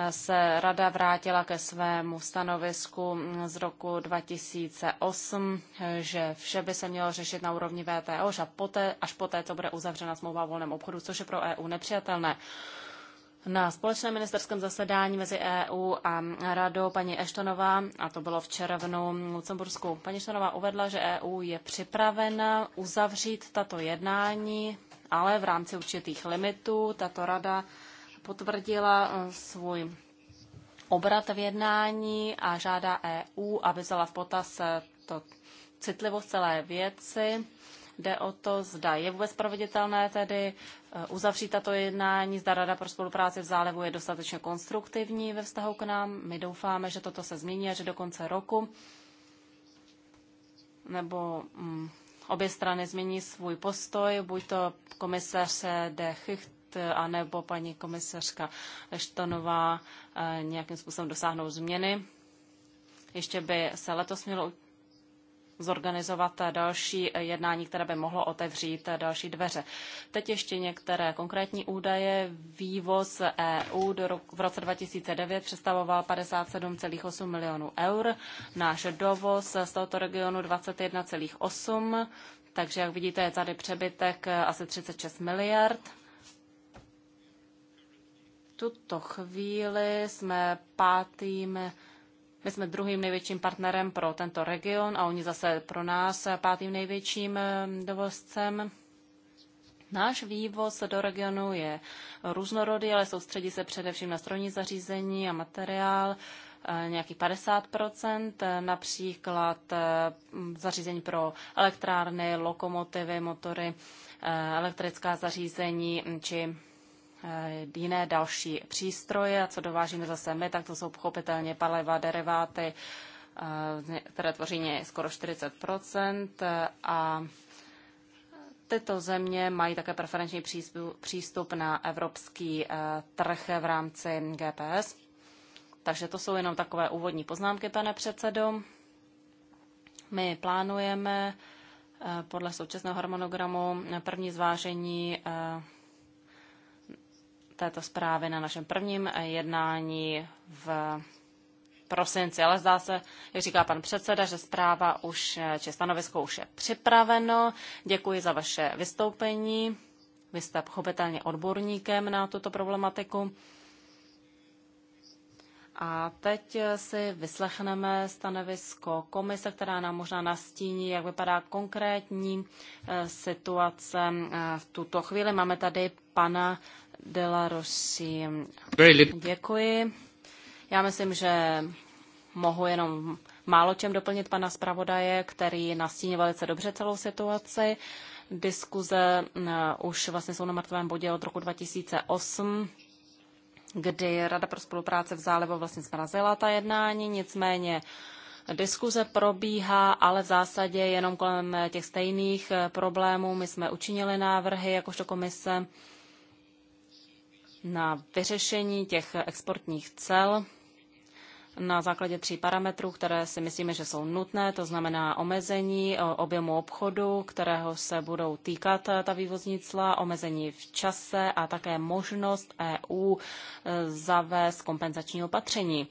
se rada vrátila ke svému stanovisku z roku 2008, že vše by se mělo řešit na úrovni VTO až poté, až poté co bude uzavřena smlouva o volném obchodu, což je pro EU nepřijatelné. Na společném ministerském zasedání mezi EU a radou paní Eštonová, a to bylo v červnu v Lucembursku, paní Eštonová uvedla, že EU je připravena uzavřít tato jednání, ale v rámci určitých limitů. Tato rada potvrdila eh, svůj obrat v jednání a žádá EU, aby vzala v potaz eh, to citlivost celé věci. Jde o to, zda je vůbec proveditelné tedy eh, uzavřít tato jednání, zda Rada pro spolupráci v zálevu je dostatečně konstruktivní ve vztahu k nám. My doufáme, že toto se změní a že do konce roku nebo mm, obě strany změní svůj postoj, buď to komisař De Chicht Eh, anebo paní komisařka Štonová eh, nějakým způsobem dosáhnou změny. Ještě by se letos mělo zorganizovat eh, další jednání, které by mohlo otevřít další dveře. Teď ještě některé konkrétní údaje. Vývoz EU do roku, v roce 2009 představoval 57,8 milionů eur, náš dovoz z tohoto regionu 21,8, takže jak vidíte, je tady přebytek asi 36 miliard tuto chvíli jsme pátým my jsme druhým největším partnerem pro tento region a oni zase pro nás pátým největším ehm, dovozcem. Náš vývoz do regionu je různorodý, ale soustředí se především na strojní zařízení a materiál eh, nějakých 50 eh, například eh, zařízení pro elektrárny, lokomotivy, motory, elektrická zařízení či Eh, jiné další přístroje a co dovážíme zase my, tak to jsou pochopitelně paliva, deriváty, eh, které tvoří skoro 40 eh, a tyto země mají také preferenční přístup na evropský trh v rámci GPS. Takže to jsou jenom takové úvodní poznámky, pane předsedo. My plánujeme podle současného harmonogramu první zvážení této zprávy na našem prvním jednání v prosinci, ale zdá se, jak říká pan předseda, že zpráva už, či stanovisko už je připraveno. Děkuji za vaše vystoupení. Vy jste pochopitelně odborníkem na tuto problematiku. A teď si vyslechneme stanovisko komise, která nám možná nastíní, jak vypadá konkrétní eh, situace eh, v tuto chvíli. Máme tady pana La Rossi. Děkuji. Já myslím, že mohu jenom málo čem doplnit pana zpravodaje, který nastíní velice dobře celou situaci. Diskuze eh, už vlastně jsou na mrtvém bodě od roku 2008 kdy Rada pro spolupráce v zálevo vlastně zmrazila ta jednání, nicméně Diskuze probíhá, ale v zásadě jenom kolem těch stejných eh, problémů. My jsme učinili návrhy jakožto komise na vyřešení těch exportních cel na základě tří parametrů, které si myslíme, že jsou nutné, to znamená omezení objemu obchodu, kterého se budou týkat eh, ta vývozní cla, omezení v čase a také možnost EU eh, zavést kompenzační opatření.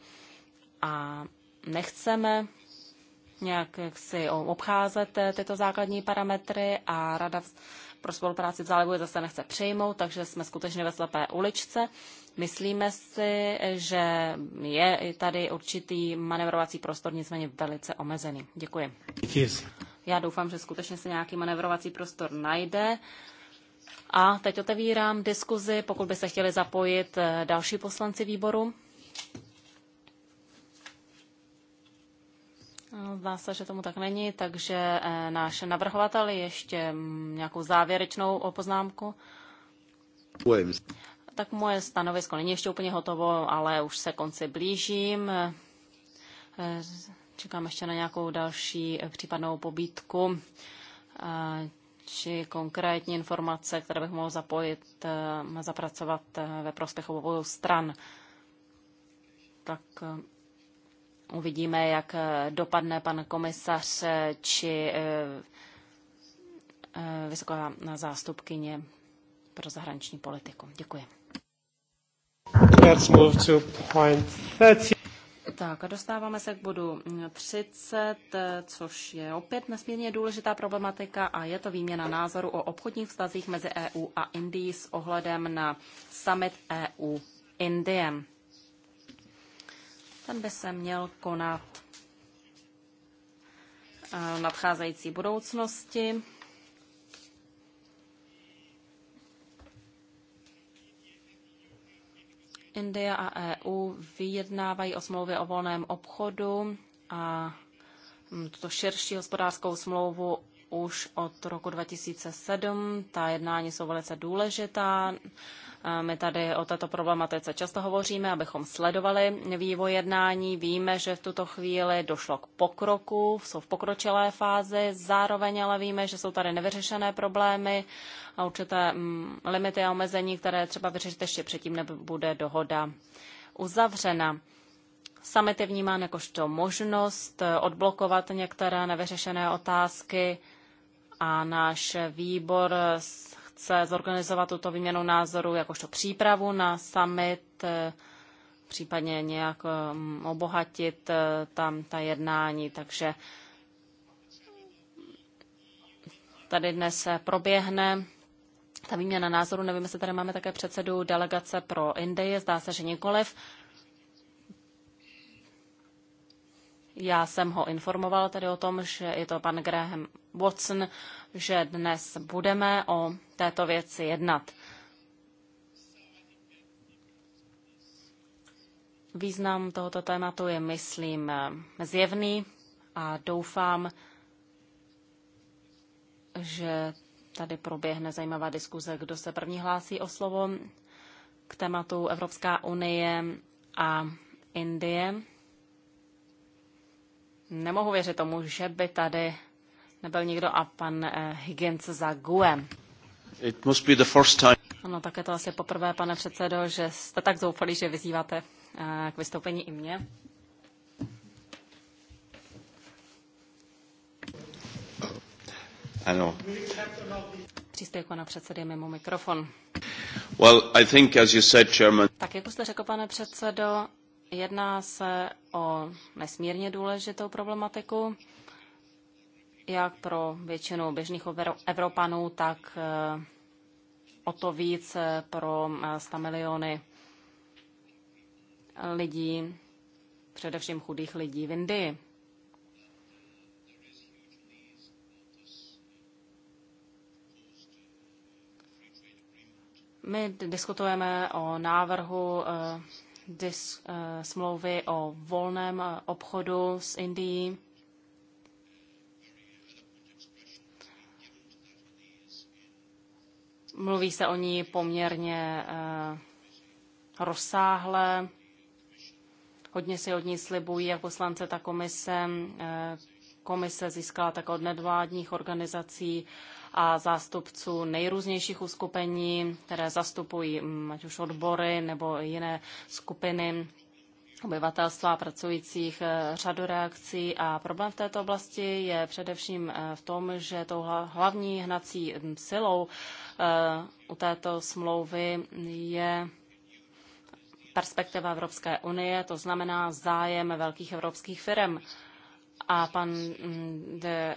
A nechceme nějak si obcházet eh, tyto základní parametry a Rada pro spolupráci v zálivu je zase nechce přejmout, takže jsme skutečně ve slepé uličce Myslíme si, že je tady určitý manevrovací prostor, nicméně velice omezený. Děkuji. Já doufám, že skutečně se nějaký manevrovací prostor najde. A teď otevírám diskuzi, pokud by se chtěli zapojit eh, další poslanci výboru. Zdá se, že tomu tak není, takže eh, náš navrhovatel ještě mm, nějakou závěrečnou poznámku tak moje stanovisko není ještě úplně hotovo, ale už se konci blížím. Eh, čekám ještě na nějakou další eh, případnou pobídku eh, či konkrétní informace, které bych mohl zapojit, zapracovat ve prospěch obou stran. Tak uvidíme, jak dopadne pan komisař či vysoká zástupkyně pro zahraniční politiku. Děkuji. Tak a dostáváme se k bodu 30, což je opět nesmírně důležitá problematika a je to výměna názoru o obchodních vztazích mezi EU a Indií s ohledem na summit EU Indie. Ten by se měl konat eh, v nadcházející budoucnosti. Indie a EU vyjednávají o smlouvě o volném obchodu a mm, tuto širší hospodářskou smlouvu už od roku 2007. Ta jednání jsou velice důležitá. My tady o této problematice často hovoříme, abychom sledovali vývoj jednání. Víme, že v tuto chvíli došlo k pokroku, jsou v pokročilé fázi, zároveň ale víme, že jsou tady nevyřešené problémy a určité mm, limity a omezení, které třeba vyřešit ještě předtím, nebude dohoda uzavřena. Summit je jakožto možnost odblokovat některé nevyřešené otázky a náš výbor chce zorganizovat tuto výměnu názoru jakožto přípravu na summit, případně nějak mm, obohatit eh, tam ta jednání, takže tady dnes proběhne ta výměna názoru. Nevím, jestli tady máme také předsedu delegace pro Indie. zdá se, že nikoliv. Já jsem ho informoval tedy o tom, že je to pan Graham Watson, že dnes budeme o této věci jednat. Význam tohoto tématu je, myslím, zjevný a doufám, že tady proběhne zajímavá diskuze, kdo se první hlásí o slovo k tématu Evropská unie a Indie. Nemohu věřit tomu, že by tady nebyl nikdo a pan eh, Higgins za GUEM. It must be the first time. Ano, tak je to asi poprvé, pane předsedo, že jste tak zoufali, že vyzýváte eh, k vystoupení i mě. Ano. Příspěvek pana předsedy mimo mikrofon. Well, I think, as you said, Chairman... Tak jak jste řekl, pane předsedo, jedná se o nesmírně důležitou problematiku jak pro většinu běžných Evropanů, tak eh, o to víc eh, pro 100 eh, miliony lidí, především chudých lidí v Indii. My diskutujeme o návrhu dis, smlouvy o volném obchodu s Indií. Mluví se o ní poměrně eh, rozsáhle. Hodně si od ní slibují jak poslance, tak komise. Eh, komise získala tak od nedvádních organizací a zástupců nejrůznějších uskupení, které zastupují hm, ať už odbory nebo jiné skupiny obyvatelstva a pracujících eh, řadu reakcí a problém v této oblasti je především eh, v tom, že tou hlavní hnací hm, silou eh, u této smlouvy je perspektiva Evropské unie, to znamená zájem velkých evropských firm. A pan hm, de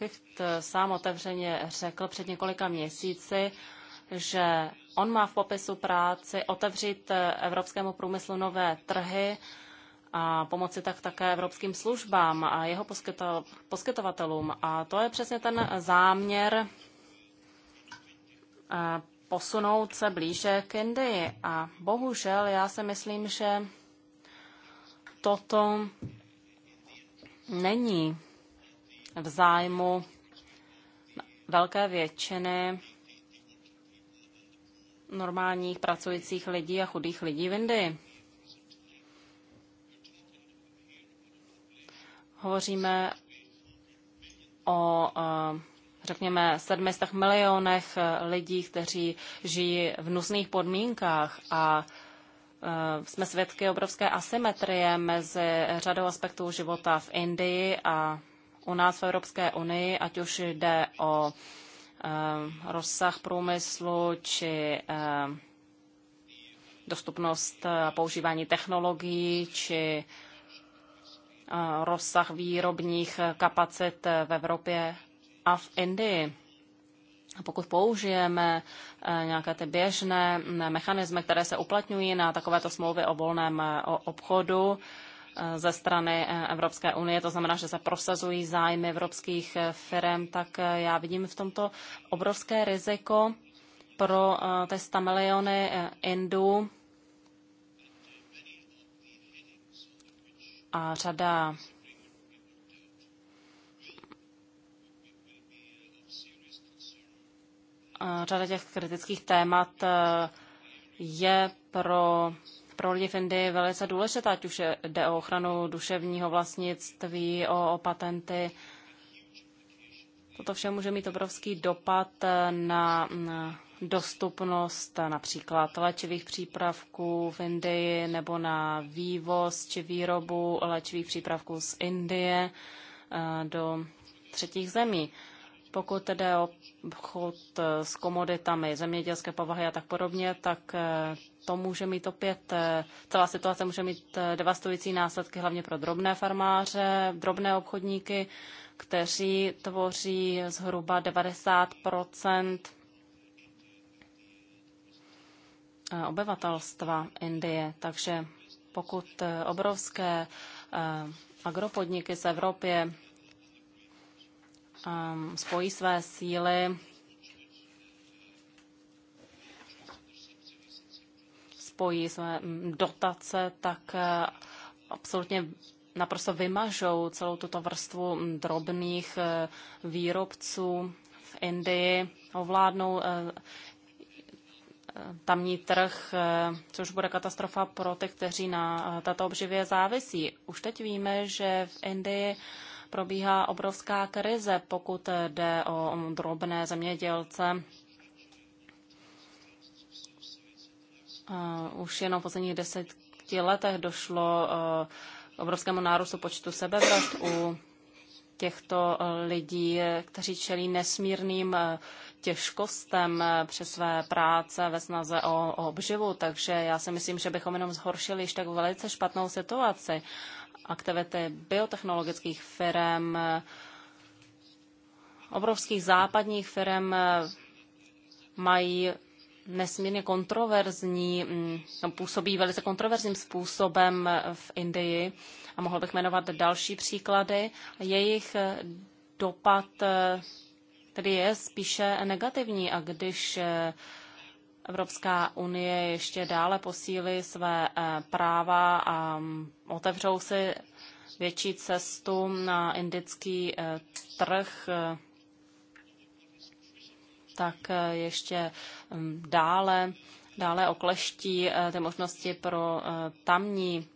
Hicht sám otevřeně řekl před několika měsíci, že On má v popisu práci otevřít eh, evropskému průmyslu nové trhy a pomoci tak také evropským službám a jeho poskytovatelům. A to je přesně ten záměr eh, posunout se blíže k Indii. A bohužel já si myslím, že toto není v zájmu velké většiny normálních pracujících lidí a chudých lidí v Indii. Hovoříme o, eh, řekněme, 700 milionech lidí, kteří žijí v nuzných podmínkách a eh, jsme svědky obrovské asymetrie mezi řadou aspektů života v Indii a u nás v Evropské unii, ať už jde o Eh, rozsah průmyslu či eh, dostupnost eh, používání technologií či rozsah výrobních kapacit v Evropě a v Indii. Pokud použijeme nějaké ty běžné mm, mechanismy, které se uplatňují na takovéto smlouvy o volném obchodu, ze strany eh, Evropské unie, to znamená, že se prosazují zájmy evropských eh, firm, tak eh, já vidím v tomto obrovské riziko pro ty 100 miliony Indů a řada řada těch kritických témat je pro pro lidi v Indii velice důležitá, ať už jde o ochranu duševního vlastnictví, o, o patenty. Toto vše může mít obrovský dopad na, na dostupnost například léčivých přípravků v Indii nebo na vývoz či výrobu léčivých přípravků z Indie eh, do třetích zemí. Pokud jde o obchod eh, s komoditami zemědělské povahy a tak podobně, tak eh, to může mít opět, eh, celá situace může mít devastující následky hlavně pro drobné farmáře, drobné obchodníky, kteří tvoří zhruba 90 obyvatelstva Indie. Takže pokud obrovské agropodniky z Evropy Ehm, spojí své síly, spojí své mm, dotace, tak eh, absolutně naprosto vymažou celou tuto vrstvu mm, drobných eh, výrobců v Indii, ovládnou eh, tamní trh, což bude katastrofa pro ty, kteří na tato obživě závisí. Už teď víme, že v Indii probíhá obrovská krize, pokud jde o drobné zemědělce. Už jenom v posledních deseti letech došlo k eh, obrovskému nárůstu počtu sebevrat u těchto eh, lidí, kteří čelí nesmírným eh, těžkostem při své práce ve snaze o, o obživu. Takže já si myslím, že bychom jenom zhoršili již tak velice špatnou situaci aktivity biotechnologických firm, obrovských západních firm mají nesmírně kontroverzní, mm, působí velice kontroverzním způsobem v Indii a mohl bych jmenovat další příklady. Jejich dopad eh, tedy je spíše negativní a když eh, Evropská unie ještě dále posílí své eh, práva a mm, otevřou si větší cestu na indický eh, trh, eh, tak ještě mm, dále, dále okleští ty možnosti pro tamní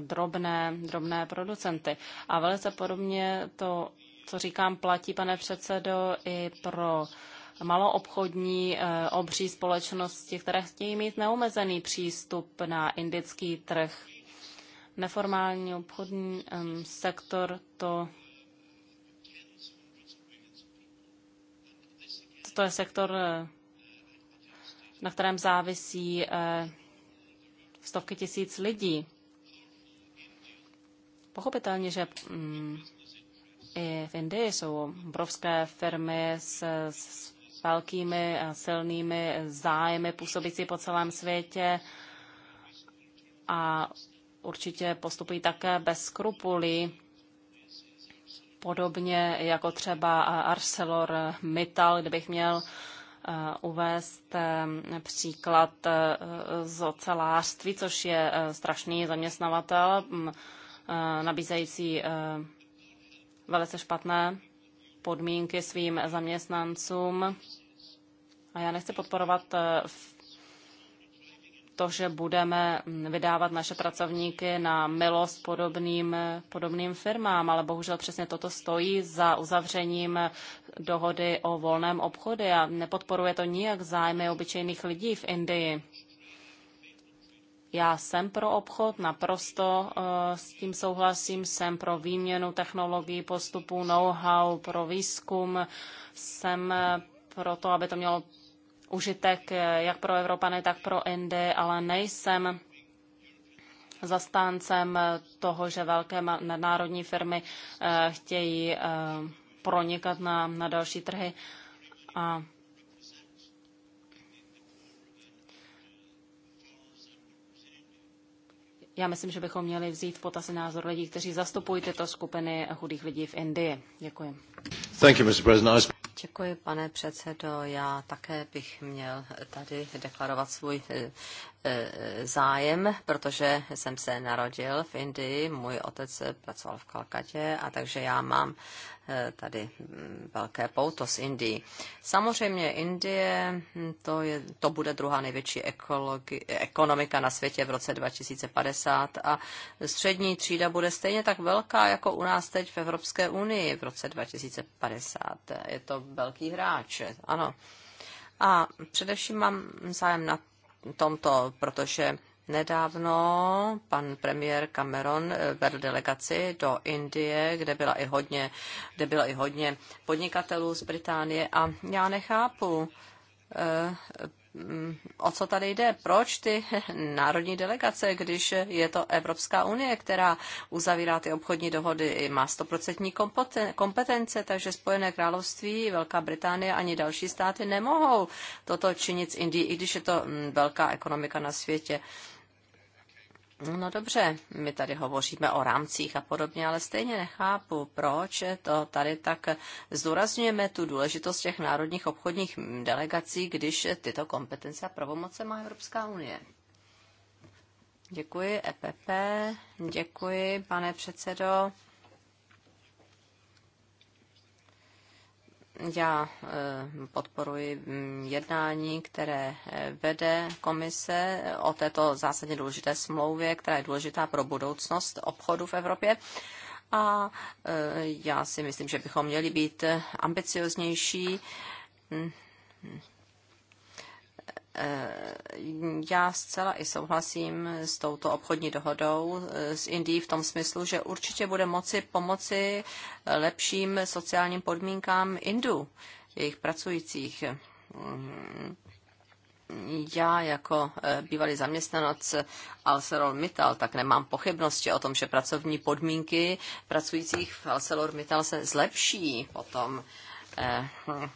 drobné, drobné producenty. A velice podobně to, co říkám, platí, pane předsedo, i pro uh, maloobchodní eh, obří společnosti, které chtějí mít neomezený přístup na indický trh. Neformální obchodní sektor to to je sektor, eh, na kterém závisí eh, stovky tisíc lidí. Pochopitelně, že mm, i v Indii jsou obrovské firmy s, s velkými eh, silnými zájmy působící po celém světě a určitě postupují také bez skrupulí, podobně jako třeba eh, Arcelor Mittal, kdybych měl eh, uvést příklad z ocelářství, což je strašný zaměstnavatel, mm, nabízející velice špatné podmínky svým zaměstnancům. A já nechci podporovat eh, to, že budeme vydávat naše pracovníky na milost podobným, eh, podobným firmám, ale bohužel přesně toto stojí za uzavřením eh, dohody o volném obchodu a nepodporuje to nijak zájmy obyčejných lidí v Indii. Já jsem pro obchod, naprosto eh, s tím souhlasím, jsem pro výměnu technologií, postupů, know-how, pro výzkum, jsem eh, pro to, aby to mělo užitek eh, jak pro Evropany, tak pro Indy, ale nejsem zastáncem toho, že velké nadnárodní firmy chtějí pronikat na, na další trhy. A Já myslím, že bychom měli vzít v potaz názor lidí, kteří zastupují tyto skupiny chudých lidí v Indii. Děkuji. Thank you, Mr. President. Děkuji, pane předsedo. Já také bych měl tady deklarovat svůj eh, eh, zájem, protože jsem se narodil v Indii, můj otec pracoval v Kalkatě a takže já mám eh, tady mm, velké pouto s Indií. Samozřejmě Indie, hm, to, je, to bude druhá největší ekologi, ekonomika na světě v roce 2050 50 a střední třída bude stejně tak velká jako u nás teď v Evropské unii v roce 2050. Je to velký hráč, ano. A především mám zájem na tomto, protože Nedávno pan premiér Cameron vedl delegaci do Indie, kde, byla i hodně, kde bylo i hodně podnikatelů z Británie a já nechápu, eh, Mm, o co tady jde, proč ty národní delegace, když je to Evropská unie, která uzavírá ty obchodní dohody, má stoprocentní kompetence, takže Spojené království, Velká Británie ani další státy nemohou toto činit s Indií, i když je to mm, velká ekonomika na světě. No dobře, my tady hovoříme o rámcích a podobně, ale stejně nechápu, proč to tady tak zdůrazňujeme tu důležitost těch národních obchodních delegací, když tyto kompetence a pravomoce má Evropská unie. Děkuji, EPP, děkuji, pane předsedo. já eh, podporuji mm, jednání, které eh, vede komise eh, o této zásadně důležité smlouvě, která je důležitá pro budoucnost obchodu v Evropě. A já si myslím, že bychom měli být ambicioznější mm. Eh, já zcela i souhlasím s touto obchodní dohodou eh, s Indií v tom smyslu, že určitě bude moci pomoci lepším sociálním podmínkám Indů, jejich pracujících. Mm, já jako eh, bývalý zaměstnanec Alcelor Mittal, tak nemám pochybnosti o tom, že pracovní podmínky pracujících v Alcelor Mittal se zlepší potom hm,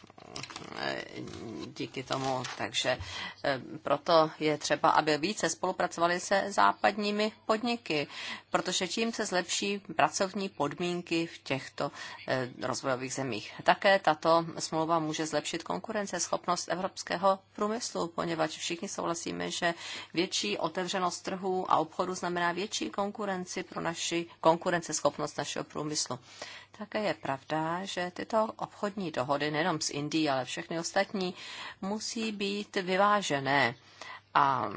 díky tomu. Takže eh, proto je třeba, aby více spolupracovali se západními podniky, protože tím se zlepší pracovní podmínky v těchto eh, rozvojových zemích. Také tato smlouva může zlepšit konkurenceschopnost evropského průmyslu, poněvadž všichni souhlasíme, že větší otevřenost trhu a obchodu znamená větší konkurenci pro naši konkurenceschopnost našeho průmyslu. Také je pravda, že tyto obchodní dohody, nejenom s Indií, ale všechny ostatní, musí být vyvážené. A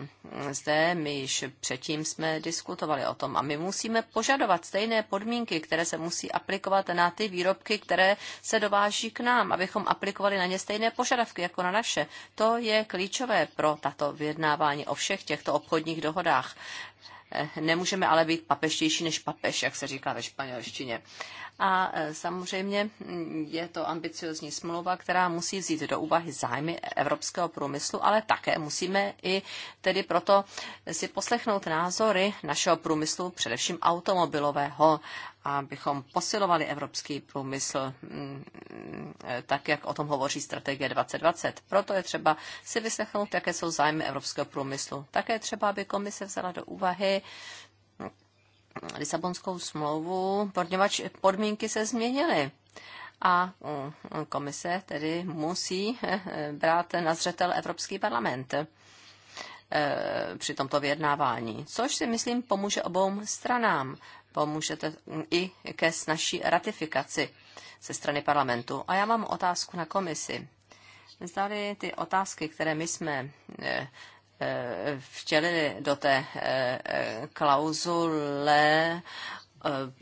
zde my již předtím jsme diskutovali o tom a my musíme požadovat stejné podmínky, které se musí aplikovat na ty výrobky, které se dováží k nám, abychom aplikovali na ně stejné požadavky jako na naše. To je klíčové pro tato vyjednávání o všech těchto obchodních dohodách. Eh, nemůžeme ale být papeštější než papež, jak se říká ve španělštině. A eh, samozřejmě mm, je to ambiciozní smlouva, která musí vzít do úvahy zájmy evropského průmyslu, ale také musíme i tedy proto si poslechnout názory našeho průmyslu, především automobilového abychom posilovali evropský průmysl, mm, mm, tak jak o tom hovoří strategie 2020. Proto je třeba si vyslechnout, jaké jsou zájmy evropského průmyslu. Také třeba, aby komise vzala do úvahy Lisabonskou smlouvu, poněvadž podmínky se změnily. A mm, komise tedy musí eh, brát na zřetel Evropský parlament eh, při tomto vyjednávání, což si myslím pomůže obou stranám, pomůžete i ke snažší ratifikaci ze strany parlamentu. A já mám otázku na komisi. Zdali ty otázky, které my jsme eh, eh, vtělili do té eh, klauzule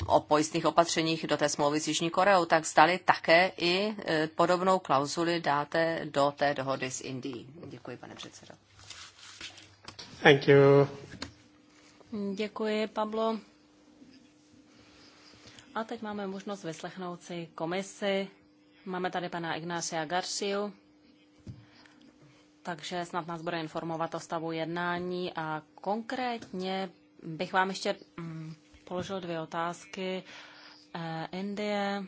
o pojistných opatřeních do té smlouvy s Jižní Koreou, tak zdali také i podobnou klauzuli dáte do té dohody s Indií. Děkuji, pane předsedo. Thank you. Děkuji, Pablo. A teď máme možnost vyslechnout si komisi. Máme tady pana Ignácia Garciu, takže snad nás bude informovat o stavu jednání a konkrétně bych vám ještě mm, položil dvě otázky. Eh, Indie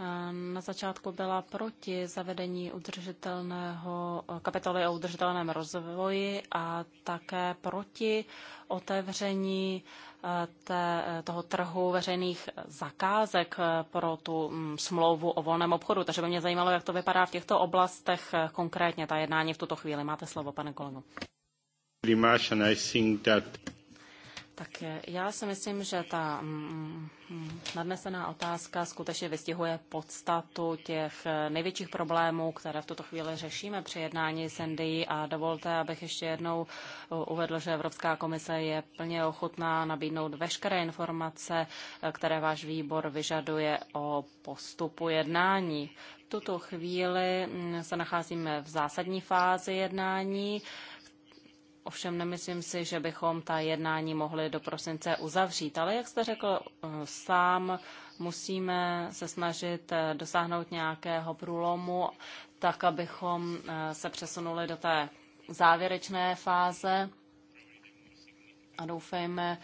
Ehm, na začátku byla proti zavedení udržitelného eh, kapitoly o udržitelném rozvoji a také proti otevření eh, té, eh, toho trhu veřejných zakázek pro tu mm, smlouvu o volném obchodu. Takže by mě zajímalo, jak to vypadá v těchto oblastech konkrétně ta jednání v tuto chvíli. Máte slovo, pane kolego. Tak já si myslím, že ta mm, mm, nadnesená otázka skutečně vystihuje podstatu těch eh, největších problémů, které v tuto chvíli řešíme při jednání s NDI a dovolte, abych ještě jednou eh, uvedl, že Evropská komise je plně ochotná nabídnout veškeré informace, eh, které váš výbor vyžaduje o postupu jednání. V tuto chvíli mm, se nacházíme v zásadní fázi jednání. Ovšem nemyslím si, že bychom ta jednání mohli do prosince uzavřít, ale jak jste řekl eh, sám, musíme se snažit eh, dosáhnout nějakého průlomu, tak abychom eh, se přesunuli do té závěrečné fáze a doufejme,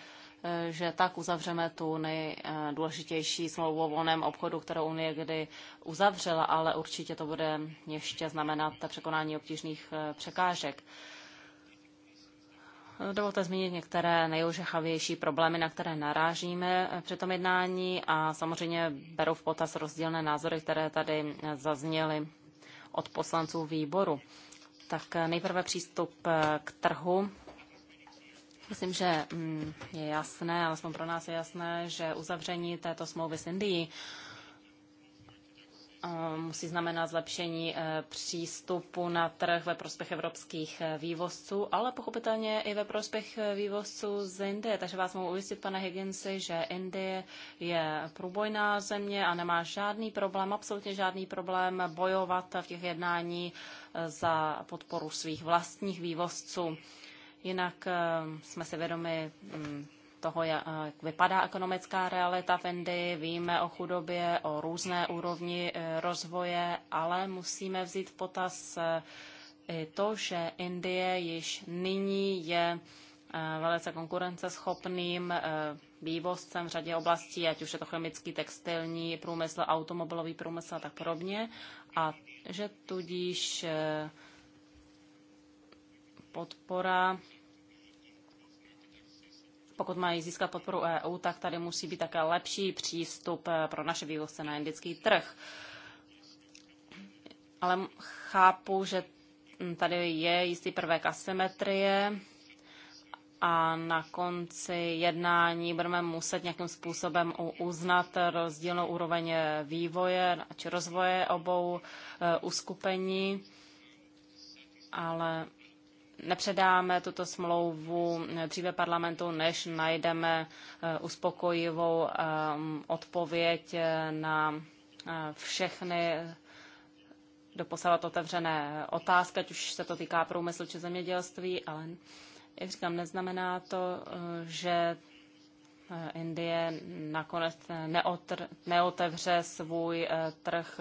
že tak uzavřeme tu nejdůležitější smlouvu o volném obchodu, kterou Unie kdy uzavřela, ale určitě to bude ještě znamenat překonání obtížných překážek. Dovolte zmínit některé nejožehavější problémy, na které narážíme při tom jednání a samozřejmě beru v potaz rozdílné názory, které tady zazněly od poslanců výboru. Tak nejprve přístup k trhu. Myslím, že mm, je jasné, alespoň pro nás je jasné, že uzavření této smlouvy s Indií musí znamenat zlepšení eh, přístupu na trh ve prospěch evropských eh, vývozců, ale pochopitelně i ve prospěch eh, vývozců z Indie. Takže vás mohu ujistit, pane Higginsi, že Indie je průbojná země a nemá žádný problém, absolutně žádný problém bojovat v těch jednání za podporu svých vlastních vývozců. Jinak jsme si vědomi mm, toho, jak vypadá ekonomická realita v Indii, víme o chudobě, o různé úrovni eh, rozvoje, ale musíme vzít v potaz eh, i to, že Indie již nyní je eh, velice konkurenceschopným vývozcem v řadě oblastí, ať už je to chemický, textilní průmysl, automobilový průmysl a tak podobně. A že tudíž podpora pokud mají získat podporu EU, tak tady musí být také lepší přístup eh, pro naše vývozce na indický trh. Ale chápu, že hm, tady je jistý prvek asymetrie a na konci jednání budeme muset nějakým způsobem uznat rozdílnou úroveň eh, vývoje či rozvoje obou eh, uskupení, ale nepředáme tuto smlouvu eh, dříve parlamentu, než najdeme eh, uspokojivou eh, odpověď na všechny doposavat otevřené otázky, ať už se to týká průmyslu či zemědělství, ale jak říkám, neznamená to, že Indie nakonec neotr, neotevře svůj trh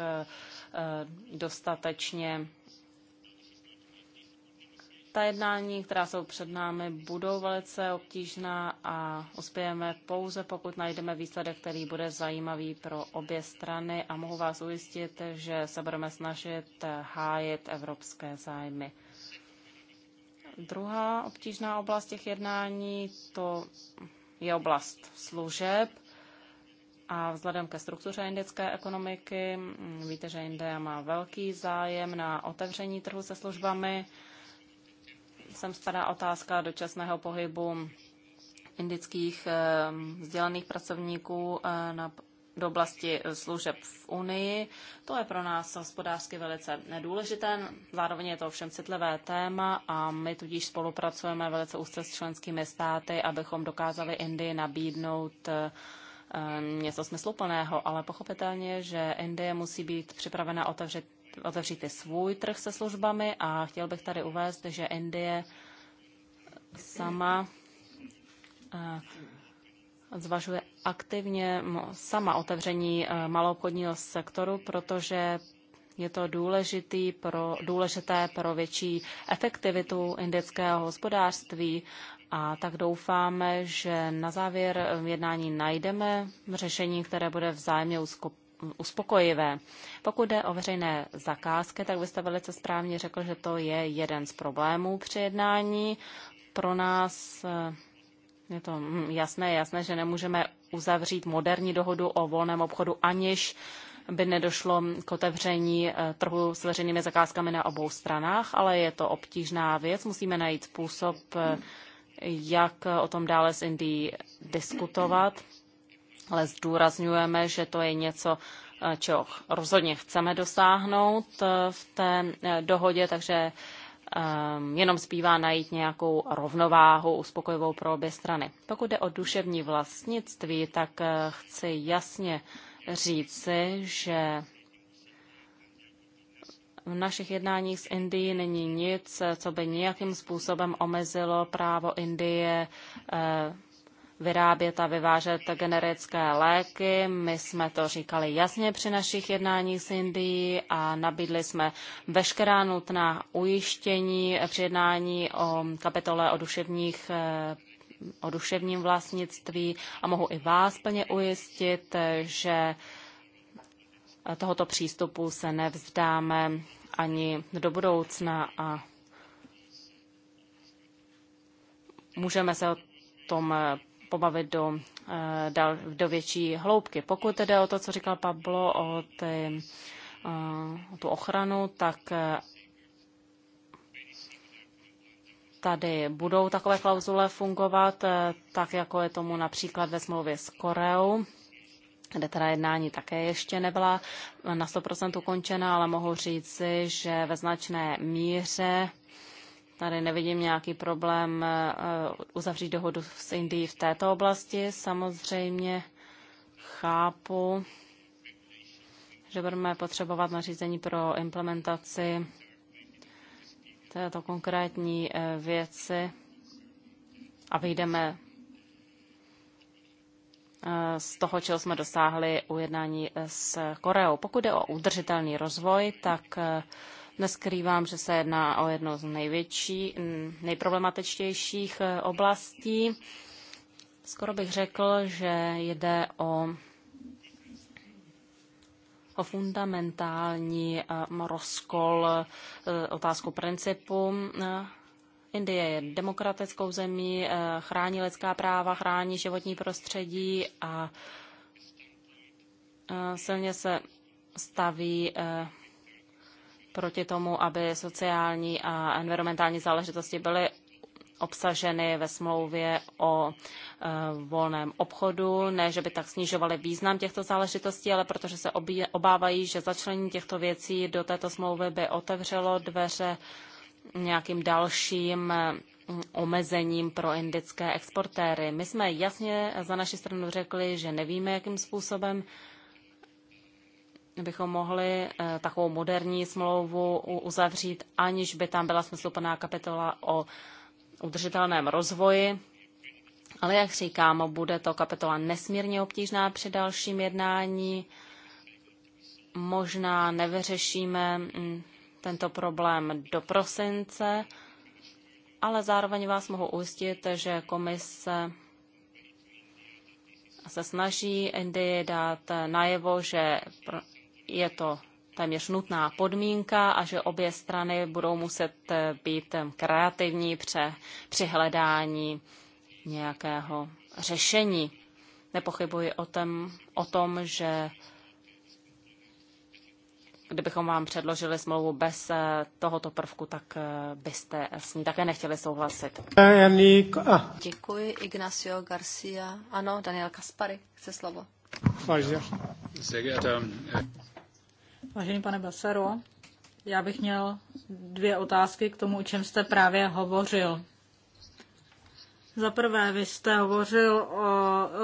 dostatečně ta jednání, která jsou před námi, budou velice obtížná a uspějeme pouze, pokud najdeme výsledek, který bude zajímavý pro obě strany a mohu vás ujistit, že se budeme snažit hájit evropské zájmy. Druhá obtížná oblast těch jednání to je oblast služeb. A vzhledem ke struktuře indické ekonomiky, víte, že Indie má velký zájem na otevření trhu se službami sem spadá otázka dočasného pohybu indických eh, vzdělaných pracovníků eh, na do oblasti eh, služeb v Unii. To je pro nás hospodářsky velice nedůležité. zároveň je to ovšem citlivé téma a my tudíž spolupracujeme velice úzce s členskými státy, abychom dokázali Indii nabídnout něco smysluplného, ale pochopitelně, že Indie musí být připravena otevřet otevřít i svůj trh se službami a chtěl bych tady uvést, že Indie sama eh, zvažuje aktivně sama otevření eh, maloobchodního sektoru, protože je to důležitý pro, důležité pro větší efektivitu indického hospodářství a tak doufáme, že na závěr jednání najdeme řešení, které bude vzájemně uspokojivé. Pokud jde o veřejné zakázky, tak byste velice správně řekl, že to je jeden z problémů při jednání. Pro nás eh, je to hm, jasné, jasné, že nemůžeme uzavřít moderní dohodu o volném obchodu, aniž by nedošlo k otevření eh, trhu s veřejnými zakázkami na obou stranách, ale je to obtížná věc. Musíme najít způsob, eh, jak o tom dále s Indií diskutovat ale zdůrazňujeme, že to je něco, eh, čeho rozhodně chceme dosáhnout eh, v té eh, dohodě, takže ehm, jenom zbývá najít nějakou rovnováhu uspokojivou pro obě strany. Pokud jde o duševní vlastnictví, tak chci jasně říci, že v našich jednáních s Indií není nic, co by nějakým způsobem omezilo právo Indie vyrábět a vyvážet generické léky. My jsme to říkali jasně při našich jednáních s Indií a nabídli jsme veškerá nutná ujištění při jednání o kapitole o duševních eh, o duševním vlastnictví a mohu i vás plně ujistit, že tohoto přístupu se nevzdáme ani do budoucna a můžeme se o tom pobavit do, eh, do větší hloubky. Pokud jde o to, co říkal Pablo, o, ty, eh, o tu ochranu, tak eh, tady budou takové klauzule fungovat, tak jako je tomu například ve smlouvě s Koreou kde teda jednání také ještě nebyla na 100% ukončena, ale mohu říci, že ve značné míře Tady nevidím nějaký problém eh, eh, uzavřít dohodu s Indií v této oblasti. Samozřejmě chápu, že budeme potřebovat nařízení pro implementaci této konkrétní eh, věci a vyjdeme z toho, čeho jsme dosáhli ujednání s Koreou. Pokud jde o udržitelný rozvoj, tak Neskrývám, že se jedná o jedno z největší, nejproblematičtějších e, oblastí. Skoro bych řekl, že jde o, o fundamentální e, rozkol e, otázku principu Indie je demokratickou zemí, chrání lidská práva, chrání životní prostředí a silně se staví proti tomu, aby sociální a environmentální záležitosti byly obsaženy ve smlouvě o e, volném obchodu. Ne, že by tak snižovaly význam těchto záležitostí, ale protože se obávají, že začlenění těchto věcí do této smlouvy by otevřelo dveře nějakým dalším eh, omezením pro indické exportéry. My jsme jasně za naši stranu řekli, že nevíme, jakým způsobem bychom mohli eh, takovou moderní smlouvu uzavřít, aniž by tam byla smysluplná kapitola o udržitelném rozvoji. Ale jak říkám, bude to kapitola nesmírně obtížná při dalším jednání. Možná nevyřešíme mm, tento problém do prosince, ale zároveň vás mohu ujistit, že komise se snaží Indii dát najevo, že je to téměř nutná podmínka a že obě strany budou muset být kreativní při při hledání nějakého řešení. Nepochybuji o, tém, o tom, že kdybychom vám předložili smlouvu bez eh, tohoto prvku, tak eh, byste s ní také nechtěli souhlasit. Děkuji, Ignacio Garcia. Ano, Daniel Kaspary chce slovo. Vážně. Eh, Vážený pane Basaro, já bych měl dvě otázky k tomu, o čem jste právě hovořil. Za prvé, vy jste hovořil o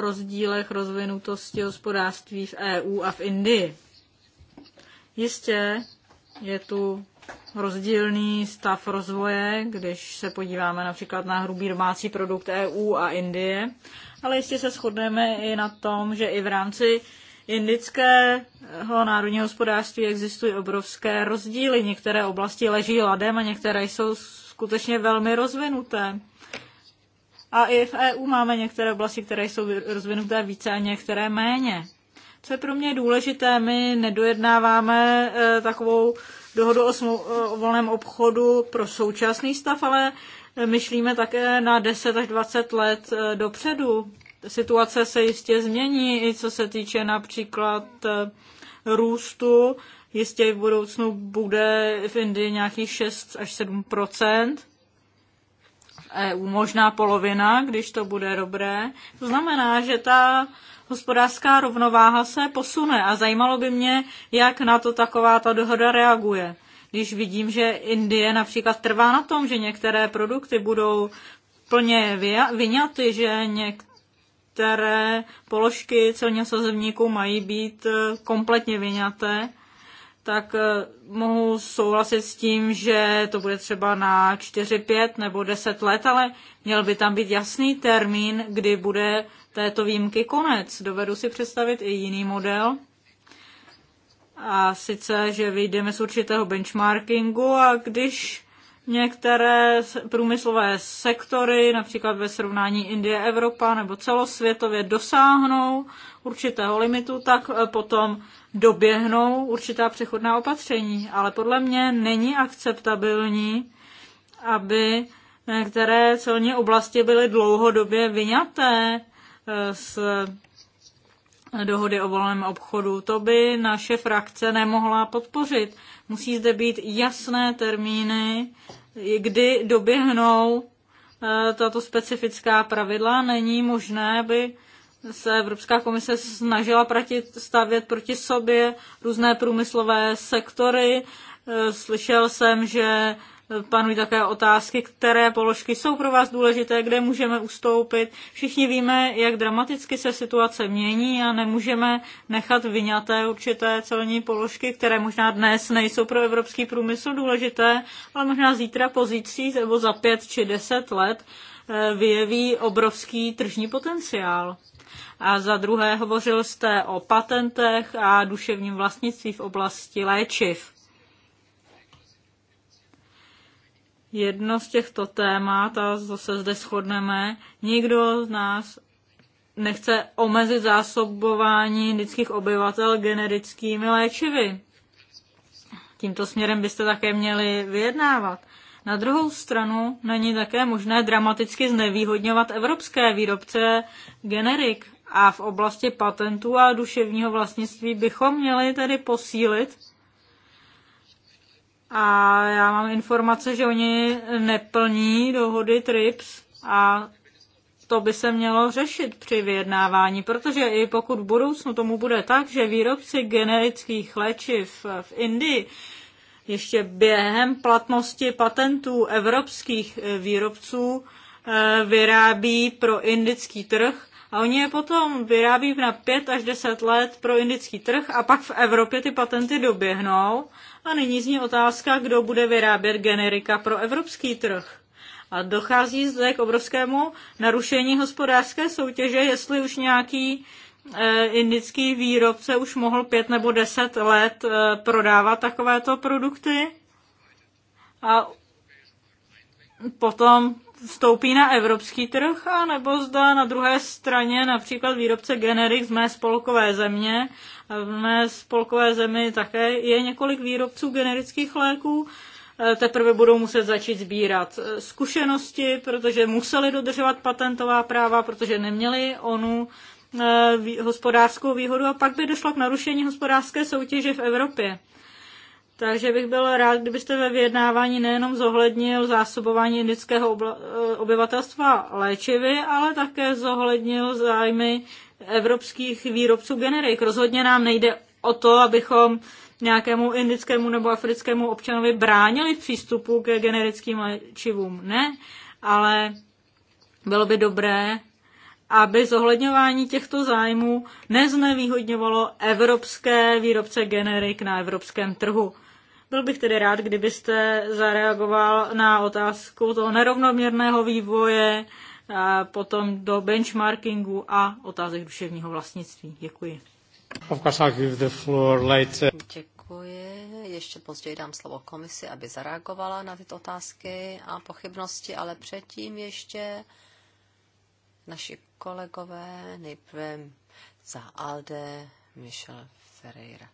rozdílech rozvinutosti hospodářství v EU a v Indii. Jistě je tu rozdílný stav rozvoje, když se podíváme například na hrubý domácí produkt EU a Indie, ale jistě se shodneme i na tom, že i v rámci indického národního hospodářství existují obrovské rozdíly. Některé oblasti leží ladem a některé jsou skutečně velmi rozvinuté. A i v EU máme některé oblasti, které jsou rozvinuté více a některé méně. Co je pro mě důležité, my nedojednáváme eh, takovou dohodu o, smu- eh, o volném obchodu pro současný stav, ale myšlíme také na 10 až 20 let eh, dopředu situace se jistě změní, i co se týče například eh, růstu. Jistě v budoucnu bude v Indii nějakých 6 až 7 EU možná polovina, když to bude dobré. To znamená, že ta hospodářská rovnováha se posune a zajímalo by mě, jak na to taková ta dohoda reaguje. Když vidím, že Indie například trvá na tom, že některé produkty budou plně vyňaty, že něk- které položky celního sazebníku mají být eh, kompletně vyňaté, tak eh, mohu souhlasit s tím, že to bude třeba na 4, 5 nebo 10 let, ale měl by tam být jasný termín, kdy bude této výjimky konec. Dovedu si představit i jiný model. A sice, že vyjdeme z určitého benchmarkingu a když některé průmyslové sektory, například ve srovnání Indie, Evropa nebo celosvětově dosáhnou určitého limitu, tak eh, potom doběhnou určitá přechodná opatření. Ale podle mě není akceptabilní, aby některé eh, celní oblasti byly dlouhodobě vyňaté z eh, dohody o volném obchodu. To by naše frakce nemohla podpořit. Musí zde být jasné termíny, kdy doběhnou eh, tato specifická pravidla. Není možné, aby se Evropská komise snažila proti, stavět proti sobě různé průmyslové sektory. Eh, slyšel jsem, že panují také otázky, které položky jsou pro vás důležité, kde můžeme ustoupit. Všichni víme, jak dramaticky se situace mění a nemůžeme nechat vyňaté určité celní položky, které možná dnes nejsou pro evropský průmysl důležité, ale možná zítra, pozítří nebo za pět či deset let eh, vyjeví obrovský tržní potenciál. A za druhé hovořil jste o patentech a duševním vlastnictví v oblasti léčiv. jedno z těchto témat, a zase zde shodneme, nikdo z nás nechce omezit zásobování lidských obyvatel generickými léčivy. Tímto směrem byste také měli vyjednávat. Na druhou stranu není také možné dramaticky znevýhodňovat evropské výrobce generik a v oblasti patentů a duševního vlastnictví bychom měli tedy posílit a já mám informace, že oni neplní dohody TRIPS a to by se mělo řešit při vyjednávání, protože i pokud v budoucnu tomu bude tak, že výrobci generických léčiv v Indii ještě během platnosti patentů evropských výrobců Eh, vyrábí pro indický trh a oni je potom vyrábí na 5 až 10 let pro indický trh a pak v Evropě ty patenty doběhnou a nyní zní otázka, kdo bude vyrábět generika pro evropský trh. A dochází zde k obrovskému narušení hospodářské soutěže, jestli už nějaký eh, indický výrobce už mohl pět nebo deset let eh, prodávat takovéto produkty. A potom vstoupí na evropský trh, a nebo zda na druhé straně například výrobce generik z mé spolkové země. V mé spolkové zemi také je několik výrobců generických léků, eh, teprve budou muset začít sbírat eh, zkušenosti, protože museli dodržovat patentová práva, protože neměli onu eh, hospodářskou výhodu a pak by došlo k narušení hospodářské soutěže v Evropě. Takže bych byl rád, kdybyste ve vyjednávání nejenom zohlednil zásobování indického eh, obyvatelstva léčivy, ale také zohlednil zájmy evropských výrobců generik. Rozhodně nám nejde o to, abychom nějakému indickému nebo africkému občanovi bránili v přístupu ke generickým léčivům. Ne, ale bylo by dobré, aby zohledňování těchto zájmů neznevýhodňovalo evropské výrobce generik na evropském trhu. Byl bych tedy rád, kdybyste zareagoval na otázku toho nerovnoměrného vývoje, a potom do benchmarkingu a otázek duševního vlastnictví. Děkuji. Of course I'll give the floor later. Děkuji. Ještě později dám slovo komisi, aby zareagovala na tyto otázky a pochybnosti, ale předtím ještě naši kolegové, nejprve za ALDE Michel Ferreira.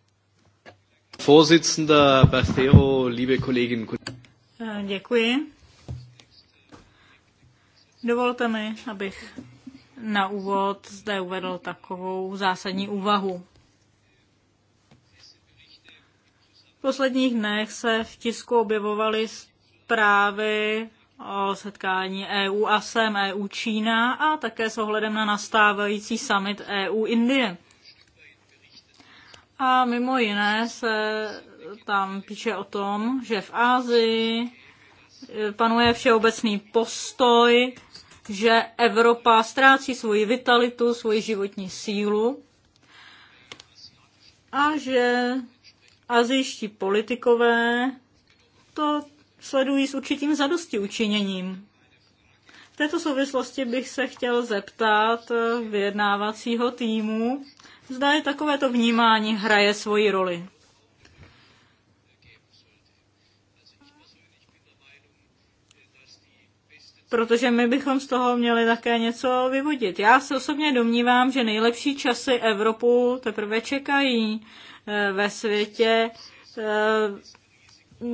Eh, děkuji. Dovolte mi, abych na úvod zde uvedl takovou zásadní úvahu. V posledních dnech se v tisku objevovaly zprávy o setkání EU a SEM, EU Čína a také s ohledem na nastávající summit EU Indie. A mimo jiné se tam píše o tom, že v Ázii eh, panuje všeobecný postoj, že Evropa ztrácí svoji vitalitu, svoji životní sílu a že azijští politikové to sledují s určitým zadosti učiněním. V této souvislosti bych se chtěl zeptat eh, vyjednávacího týmu, zda je takovéto vnímání hraje svoji roli. protože my bychom z toho měli také něco vyvodit. Já se osobně domnívám, že nejlepší časy Evropu teprve čekají eh, ve světě. Eh,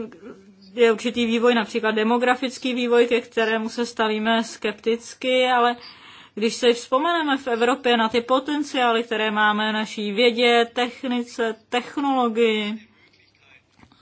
je určitý vývoj, například demografický vývoj, ke kterému se stavíme skepticky, ale když se vzpomeneme v Evropě na ty potenciály, které máme naší vědě, technice, technologii,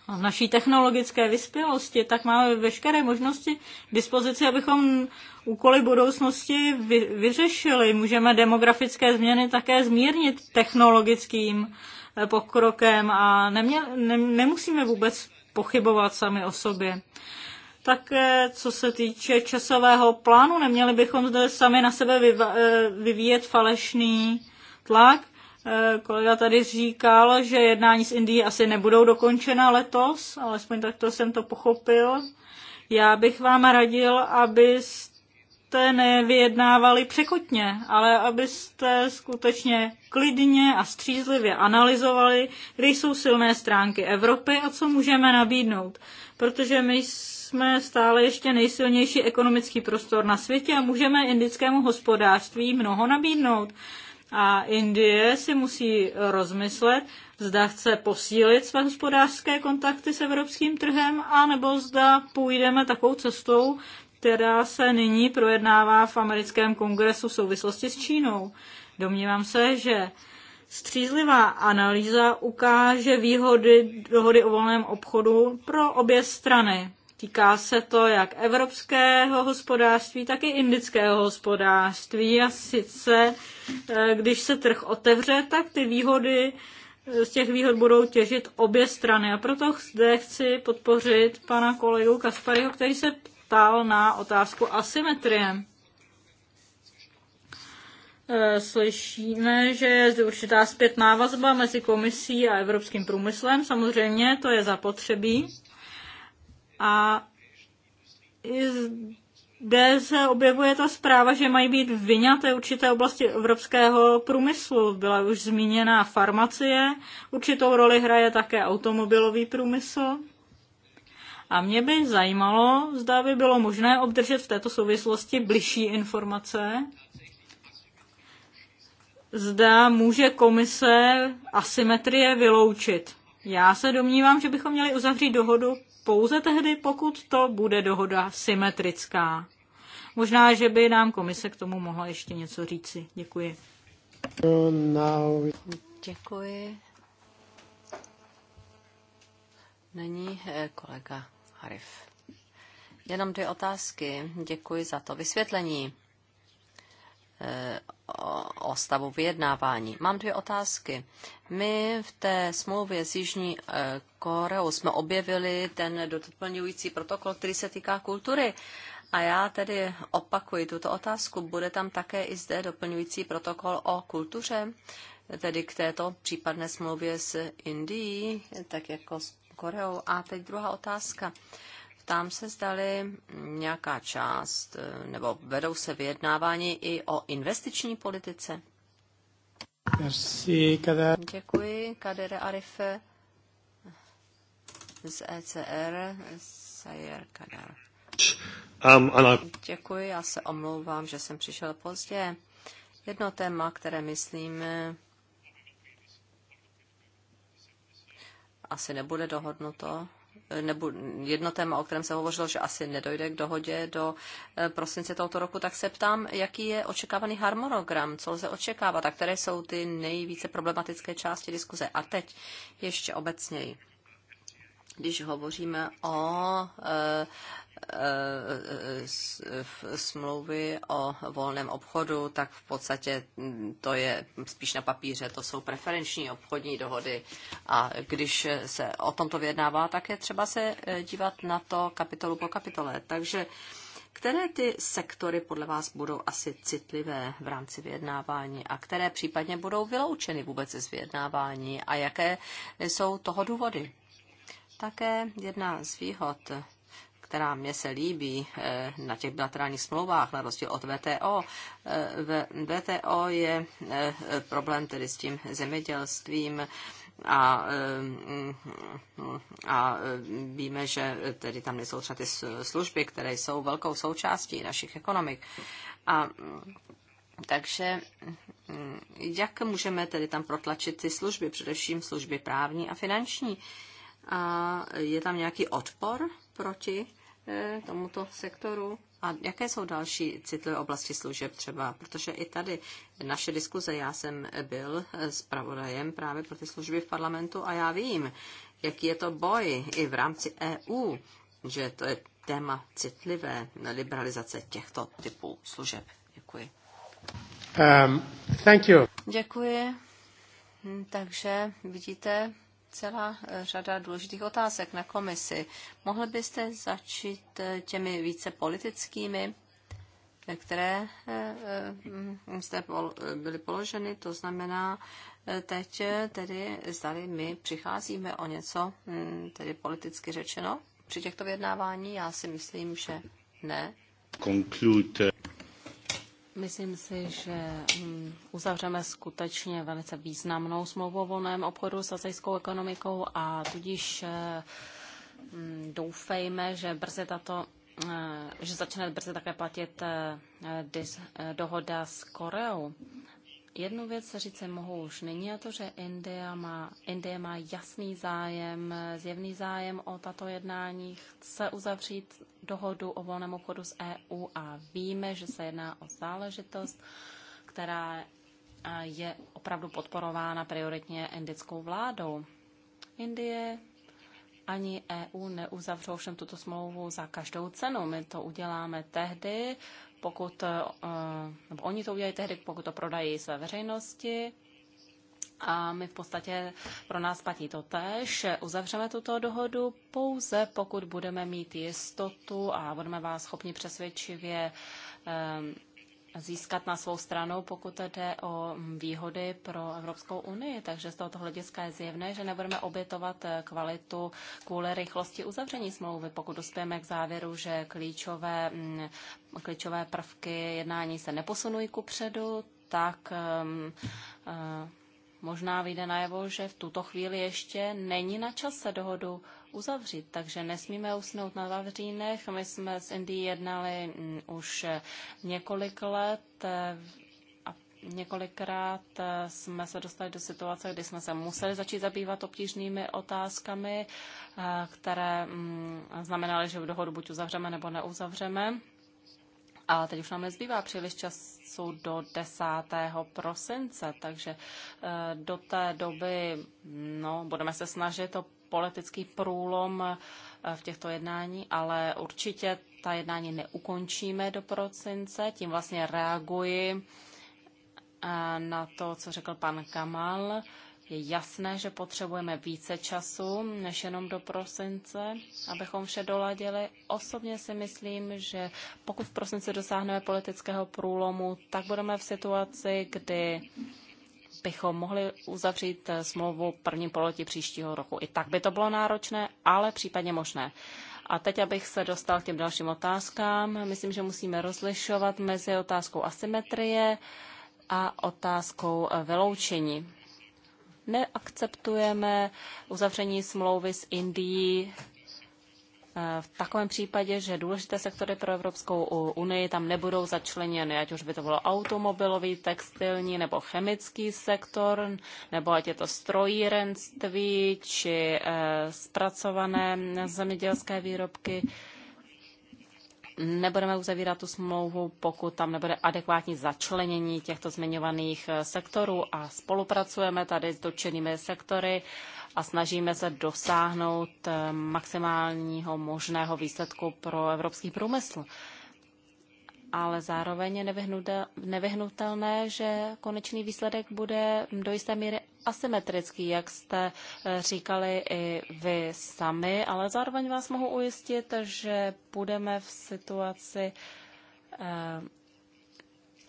a naší technologické vyspělosti, tak máme veškeré možnosti k dispozici, abychom úkoly budoucnosti vy, vyřešili. Můžeme demografické změny také zmírnit technologickým eh, pokrokem a nemě, ne, nemusíme vůbec pochybovat sami o sobě také co se týče časového plánu. Neměli bychom zde sami na sebe eh, vyvíjet falešný tlak. Eh, kolega tady říkal, že jednání s Indií asi nebudou dokončena letos, alespoň takto jsem to pochopil. Já bych vám radil, abyste nevyjednávali překotně, ale abyste skutečně klidně a střízlivě analyzovali, kde jsou silné stránky Evropy a co můžeme nabídnout. Protože my jsme stále ještě nejsilnější ekonomický prostor na světě a můžeme indickému hospodářství mnoho nabídnout. A Indie si musí rozmyslet, zda chce posílit své hospodářské kontakty s evropským trhem, anebo zda půjdeme takovou cestou, která se nyní projednává v americkém kongresu v souvislosti s Čínou. Domnívám se, že střízlivá analýza ukáže výhody dohody o volném obchodu pro obě strany. Týká se to jak evropského hospodářství, tak i indického hospodářství. A sice, eh, když se trh otevře, tak ty výhody, eh, z těch výhod budou těžit obě strany. A proto zde chci podpořit pana kolegu Kaspariho, který se ptal na otázku asymetrie. Eh, slyšíme, že je zde určitá zpětná vazba mezi komisí a evropským průmyslem. Samozřejmě to je zapotřebí. A i zde se objevuje ta zpráva, že mají být vyňaté určité oblasti evropského průmyslu. Byla už zmíněna farmacie, určitou roli hraje také automobilový průmysl. A mě by zajímalo, zda by bylo možné obdržet v této souvislosti bližší informace. Zda může komise asymetrie vyloučit. Já se domnívám, že bychom měli uzavřít dohodu pouze tehdy, pokud to bude dohoda symetrická. Možná, že by nám komise k tomu mohla ještě něco říci. Děkuji. Děkuji. Není eh, kolega Harif. Jenom dvě otázky. Děkuji za to vysvětlení o stavu vyjednávání. Mám dvě otázky. My v té smlouvě s Jižní eh, Koreou jsme objevili ten doplňující protokol, který se týká kultury. A já tedy opakuji tuto otázku. Bude tam také i zde doplňující protokol o kultuře, tedy k této případné smlouvě s Indií, tak jako s Koreou. A teď druhá otázka. Uh, Ptám se, zdali nějaká část, eh, nebo vedou se vyjednávání i o investiční politice? Merci, Kader. Děkuji, Kader Arife z ECR, Sayer Kader. Um, ano. Děkuji, já se omlouvám, že jsem přišel pozdě. Jedno téma, které myslím, asi nebude dohodnuto nebo jedno téma, o kterém se hovořilo, že asi nedojde k dohodě do eh, prosince tohoto roku, tak se ptám, jaký je očekávaný harmonogram, co lze očekávat a které jsou ty nejvíce problematické části diskuze. A teď ještě obecněji když hovoříme o eh, v eh, eh, smlouvy o volném obchodu, tak v podstatě hm, to je spíš na papíře, to jsou preferenční obchodní dohody. A když se o tomto vyjednává, tak je třeba se eh, dívat na to kapitolu po kapitole. Takže které ty sektory podle vás budou asi citlivé v rámci vyjednávání a které případně budou vyloučeny vůbec z vyjednávání a jaké jsou toho důvody? Také jedna z výhod která mě se líbí eh, na těch bilaterálních smlouvách, na rozdíl od VTO. Eh, VTO je eh, problém tedy s tím zemědělstvím, a, a víme, že tedy tam nejsou třeba ty služby, které jsou velkou součástí našich ekonomik. A takže hm, jak můžeme tedy tam protlačit ty služby, především služby právní a finanční? A je tam nějaký odpor proti Eh, tomuto sektoru? A jaké jsou další citlivé oblasti služeb třeba? Protože i tady naše diskuze, já jsem byl zpravodajem právě pro ty služby v parlamentu a já vím, jaký je to boj i v rámci EU, že to je téma citlivé na liberalizace těchto typů služeb. Děkuji. Um, thank you. Děkuji. Hm, takže vidíte, celá eh, řada důležitých otázek na komisi. Mohl byste začít eh, těmi více politickými, které eh, mm, jste byly položeny, to znamená teď tedy zdali my přicházíme o něco, mm, tedy politicky řečeno, při těchto vyjednávání já si myslím, že ne. Conclude. Myslím si, že mm, uzavřeme skutečně velice významnou smlouvu o volném obchodu s azijskou ekonomikou a tudíž eh, mm, doufejme, že brzy tato eh, že začne brzy také platit eh, dohoda s Koreou jednu věc říci mohu už nyní, a to, že Indie má, Indie má jasný zájem, zjevný zájem o tato jednání, chce uzavřít dohodu o volném obchodu s EU a víme, že se jedná o záležitost, která je opravdu podporována prioritně indickou vládou. Indie ani EU neuzavřou všem tuto smlouvu za každou cenu. My to uděláme tehdy, pokud, eh, nebo oni to udělají tehdy, pokud to prodají své veřejnosti, a my v podstatě pro nás platí to tež. Uzavřeme tuto dohodu pouze, pokud budeme mít jistotu a budeme vás schopni přesvědčivě eh, získat na svou stranu, pokud jde o mm, výhody pro Evropskou unii. Takže z tohoto hlediska je zjevné, že nebudeme obětovat eh, kvalitu kvůli rychlosti uzavření smlouvy, pokud dospějeme k závěru, že klíčové, mm, klíčové prvky jednání se neposunují ku předu, tak um, uh, možná vyjde najevo, že v tuto chvíli ještě není na čase dohodu uzavřít, takže nesmíme usnout na Vavřínech. My jsme s Indií jednali mm, už eh, několik let eh, a několikrát eh, jsme se dostali do situace, kdy jsme se museli začít zabývat obtížnými otázkami, které mm, znamenaly, že v dohodu buď uzavřeme nebo neuzavřeme. A teď už nám nezbývá příliš času do 10. prosince, takže eh, do té doby no, budeme se snažit o politický průlom eh, v těchto jednání, ale určitě ta jednání neukončíme do prosince. Tím vlastně reaguji eh, na to, co řekl pan Kamal. Je jasné, že potřebujeme více času než jenom do prosince, abychom vše doladili. Osobně si myslím, že pokud v prosinci dosáhneme politického průlomu, tak budeme v situaci, kdy bychom mohli uzavřít eh, smlouvu první poloti příštího roku. I tak by to bylo náročné, ale případně možné. A teď, abych se dostal k těm dalším otázkám, myslím, že musíme rozlišovat mezi otázkou asymetrie a otázkou eh, vyloučení neakceptujeme uzavření smlouvy s Indií eh, v takovém případě, že důležité sektory pro Evropskou unii tam nebudou začleněny, ať už by to bylo automobilový, textilní nebo chemický sektor, nebo ať je to strojírenství či eh, zpracované zemědělské výrobky nebudeme uzavírat tu smlouvu, pokud tam nebude adekvátní začlenění těchto zmiňovaných eh, sektorů a spolupracujeme tady s dotčenými sektory a snažíme se dosáhnout eh, maximálního možného výsledku pro evropský průmysl. Ale zároveň je nevyhnutelné, že konečný výsledek bude do jisté míry asymetrický, jak jste eh, říkali i vy sami, ale zároveň vás mohu ujistit, že budeme v situaci, eh,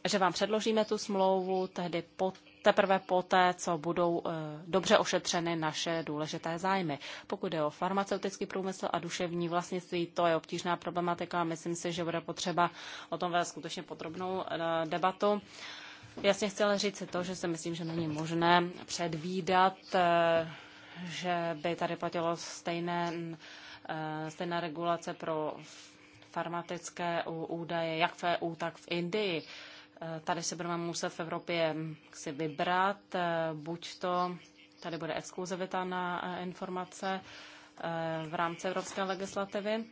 že vám předložíme tu smlouvu tehdy po, teprve poté, co budou eh, dobře ošetřeny naše důležité zájmy. Pokud je o farmaceutický průmysl a duševní vlastnictví, to je obtížná problematika a myslím si, že bude potřeba o tom vést skutečně podrobnou debatu. Jasně chtěla říct to, že si myslím, že není možné předvídat, eh, že by tady platilo stejné, eh, stejná regulace pro farmatické údaje, jak v EU, tak v Indii. Eh, tady se budeme muset v Evropě hm, si vybrat, buď to tady bude exkluzivita na informace v rámci evropské legislativy,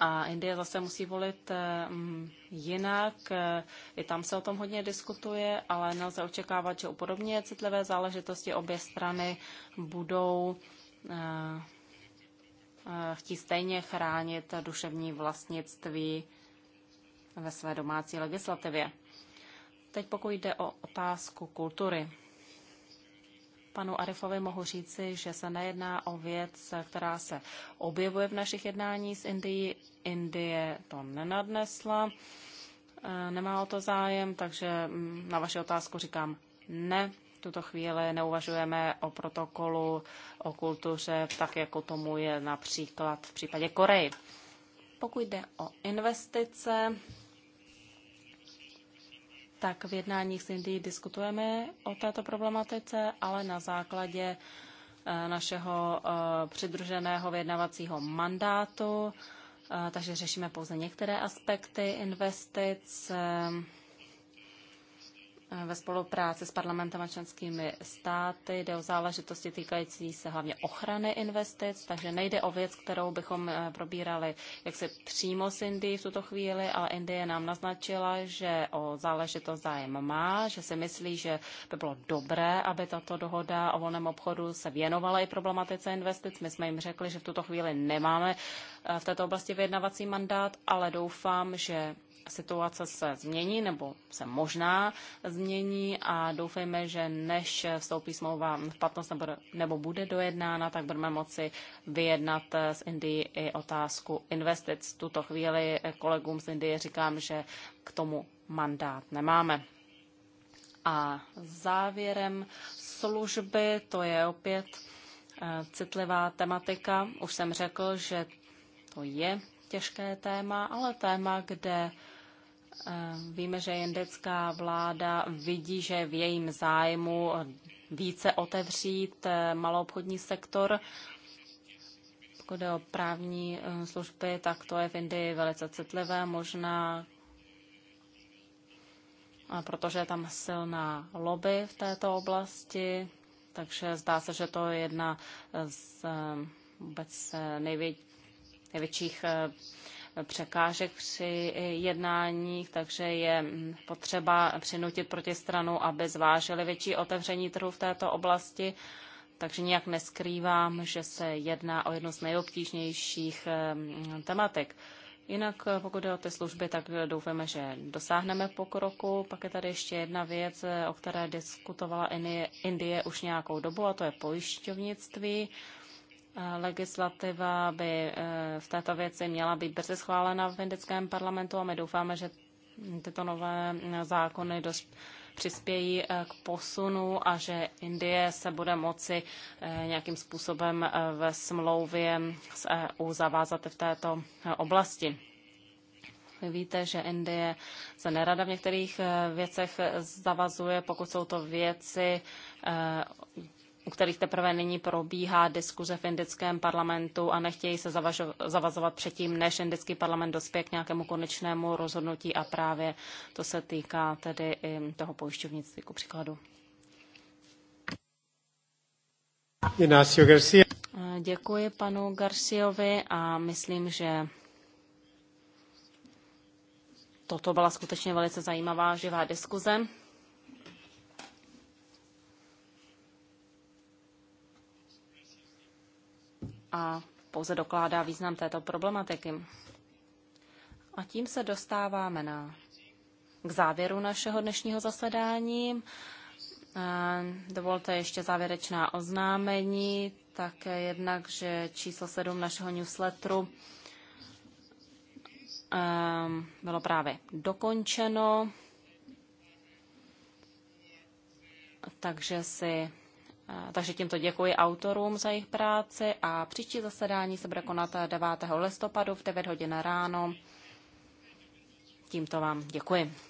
a Indie zase musí volit eh, mm, jinak. Eh, I tam se o tom hodně diskutuje, ale nelze očekávat, že u podobně citlivé záležitosti obě strany budou eh, chtít stejně chránit duševní vlastnictví ve své domácí legislativě. Teď pokud jde o otázku kultury panu Arifovi mohu říci, že se nejedná o věc, která se objevuje v našich jednání s Indií. Indie to nenadnesla, e, nemá o to zájem, takže mm, na vaši otázku říkám ne. V tuto chvíli neuvažujeme o protokolu o kultuře, tak jako tomu je například v případě Koreji. Pokud jde o investice, tak v jednáních s Indií diskutujeme o této problematice, ale na základě eh, našeho eh, přidruženého vyjednavacího mandátu, eh, takže řešíme pouze některé aspekty investic ve spolupráci s parlamentem a členskými státy. Jde o záležitosti týkající se hlavně ochrany investic, takže nejde o věc, kterou bychom eh, probírali jak se přímo s Indií v tuto chvíli, ale Indie nám naznačila, že o záležitost zájem má, že si myslí, že by bylo dobré, aby tato dohoda o volném obchodu se věnovala i problematice investic. My jsme jim řekli, že v tuto chvíli nemáme eh, v této oblasti vyjednavací mandát, ale doufám, že situace se změní nebo se možná změní a doufejme, že než vstoupí smlouva v platnost nebo, nebo bude dojednána, tak budeme moci vyjednat z Indii i otázku investic. V tuto chvíli kolegům z Indie říkám, že k tomu mandát nemáme. A závěrem služby, to je opět eh, citlivá tematika. Už jsem řekl, že to je těžké téma, ale téma, kde Eh, víme, že jendecká vláda vidí, že v jejím zájmu více otevřít eh, maloobchodní sektor. Pokud jde o právní eh, služby, tak to je v Indii velice citlivé, možná protože je tam silná lobby v této oblasti, takže zdá se, že to je jedna z vůbec největších překážek při jednáních, takže je potřeba přinutit protistranu, aby zvážili větší otevření trhu v této oblasti. Takže nijak neskrývám, že se jedná o jedno z nejobtížnějších eh, tematik. Jinak eh, pokud jde o ty služby, tak doufáme, že dosáhneme pokroku. Pak je tady ještě jedna věc, eh, o které diskutovala Indie už nějakou dobu, a to je pojišťovnictví. Eh, legislativa by eh, v této věci měla být brzy schválena v indickém parlamentu a my doufáme, že tyto nové zákony dost přispějí eh, k posunu a že Indie se bude moci nějakým způsobem ve smlouvě s EU zavázat v této oblasti. Vy víte, že Indie se nerada v některých věcech zavazuje, pokud jsou to věci, u kterých teprve nyní probíhá diskuze v indickém parlamentu a nechtějí se zavazovat předtím, než indický parlament dospěje k nějakému konečnému rozhodnutí a právě to se týká tedy i toho pojišťovnictví, ku příkladu. Děkuji panu Garciovi a myslím, že toto byla skutečně velice zajímavá živá diskuze. a pouze dokládá význam této problematiky. A tím se dostáváme na, k závěru našeho dnešního zasedání. Dovolte ještě závěrečná oznámení, tak jednak, že číslo 7 našeho newsletteru ehm, bylo právě dokončeno, takže si takže tímto děkuji autorům za jejich práci a příští zasedání se bude konat 9. listopadu v 9 hodin ráno. Tímto vám děkuji.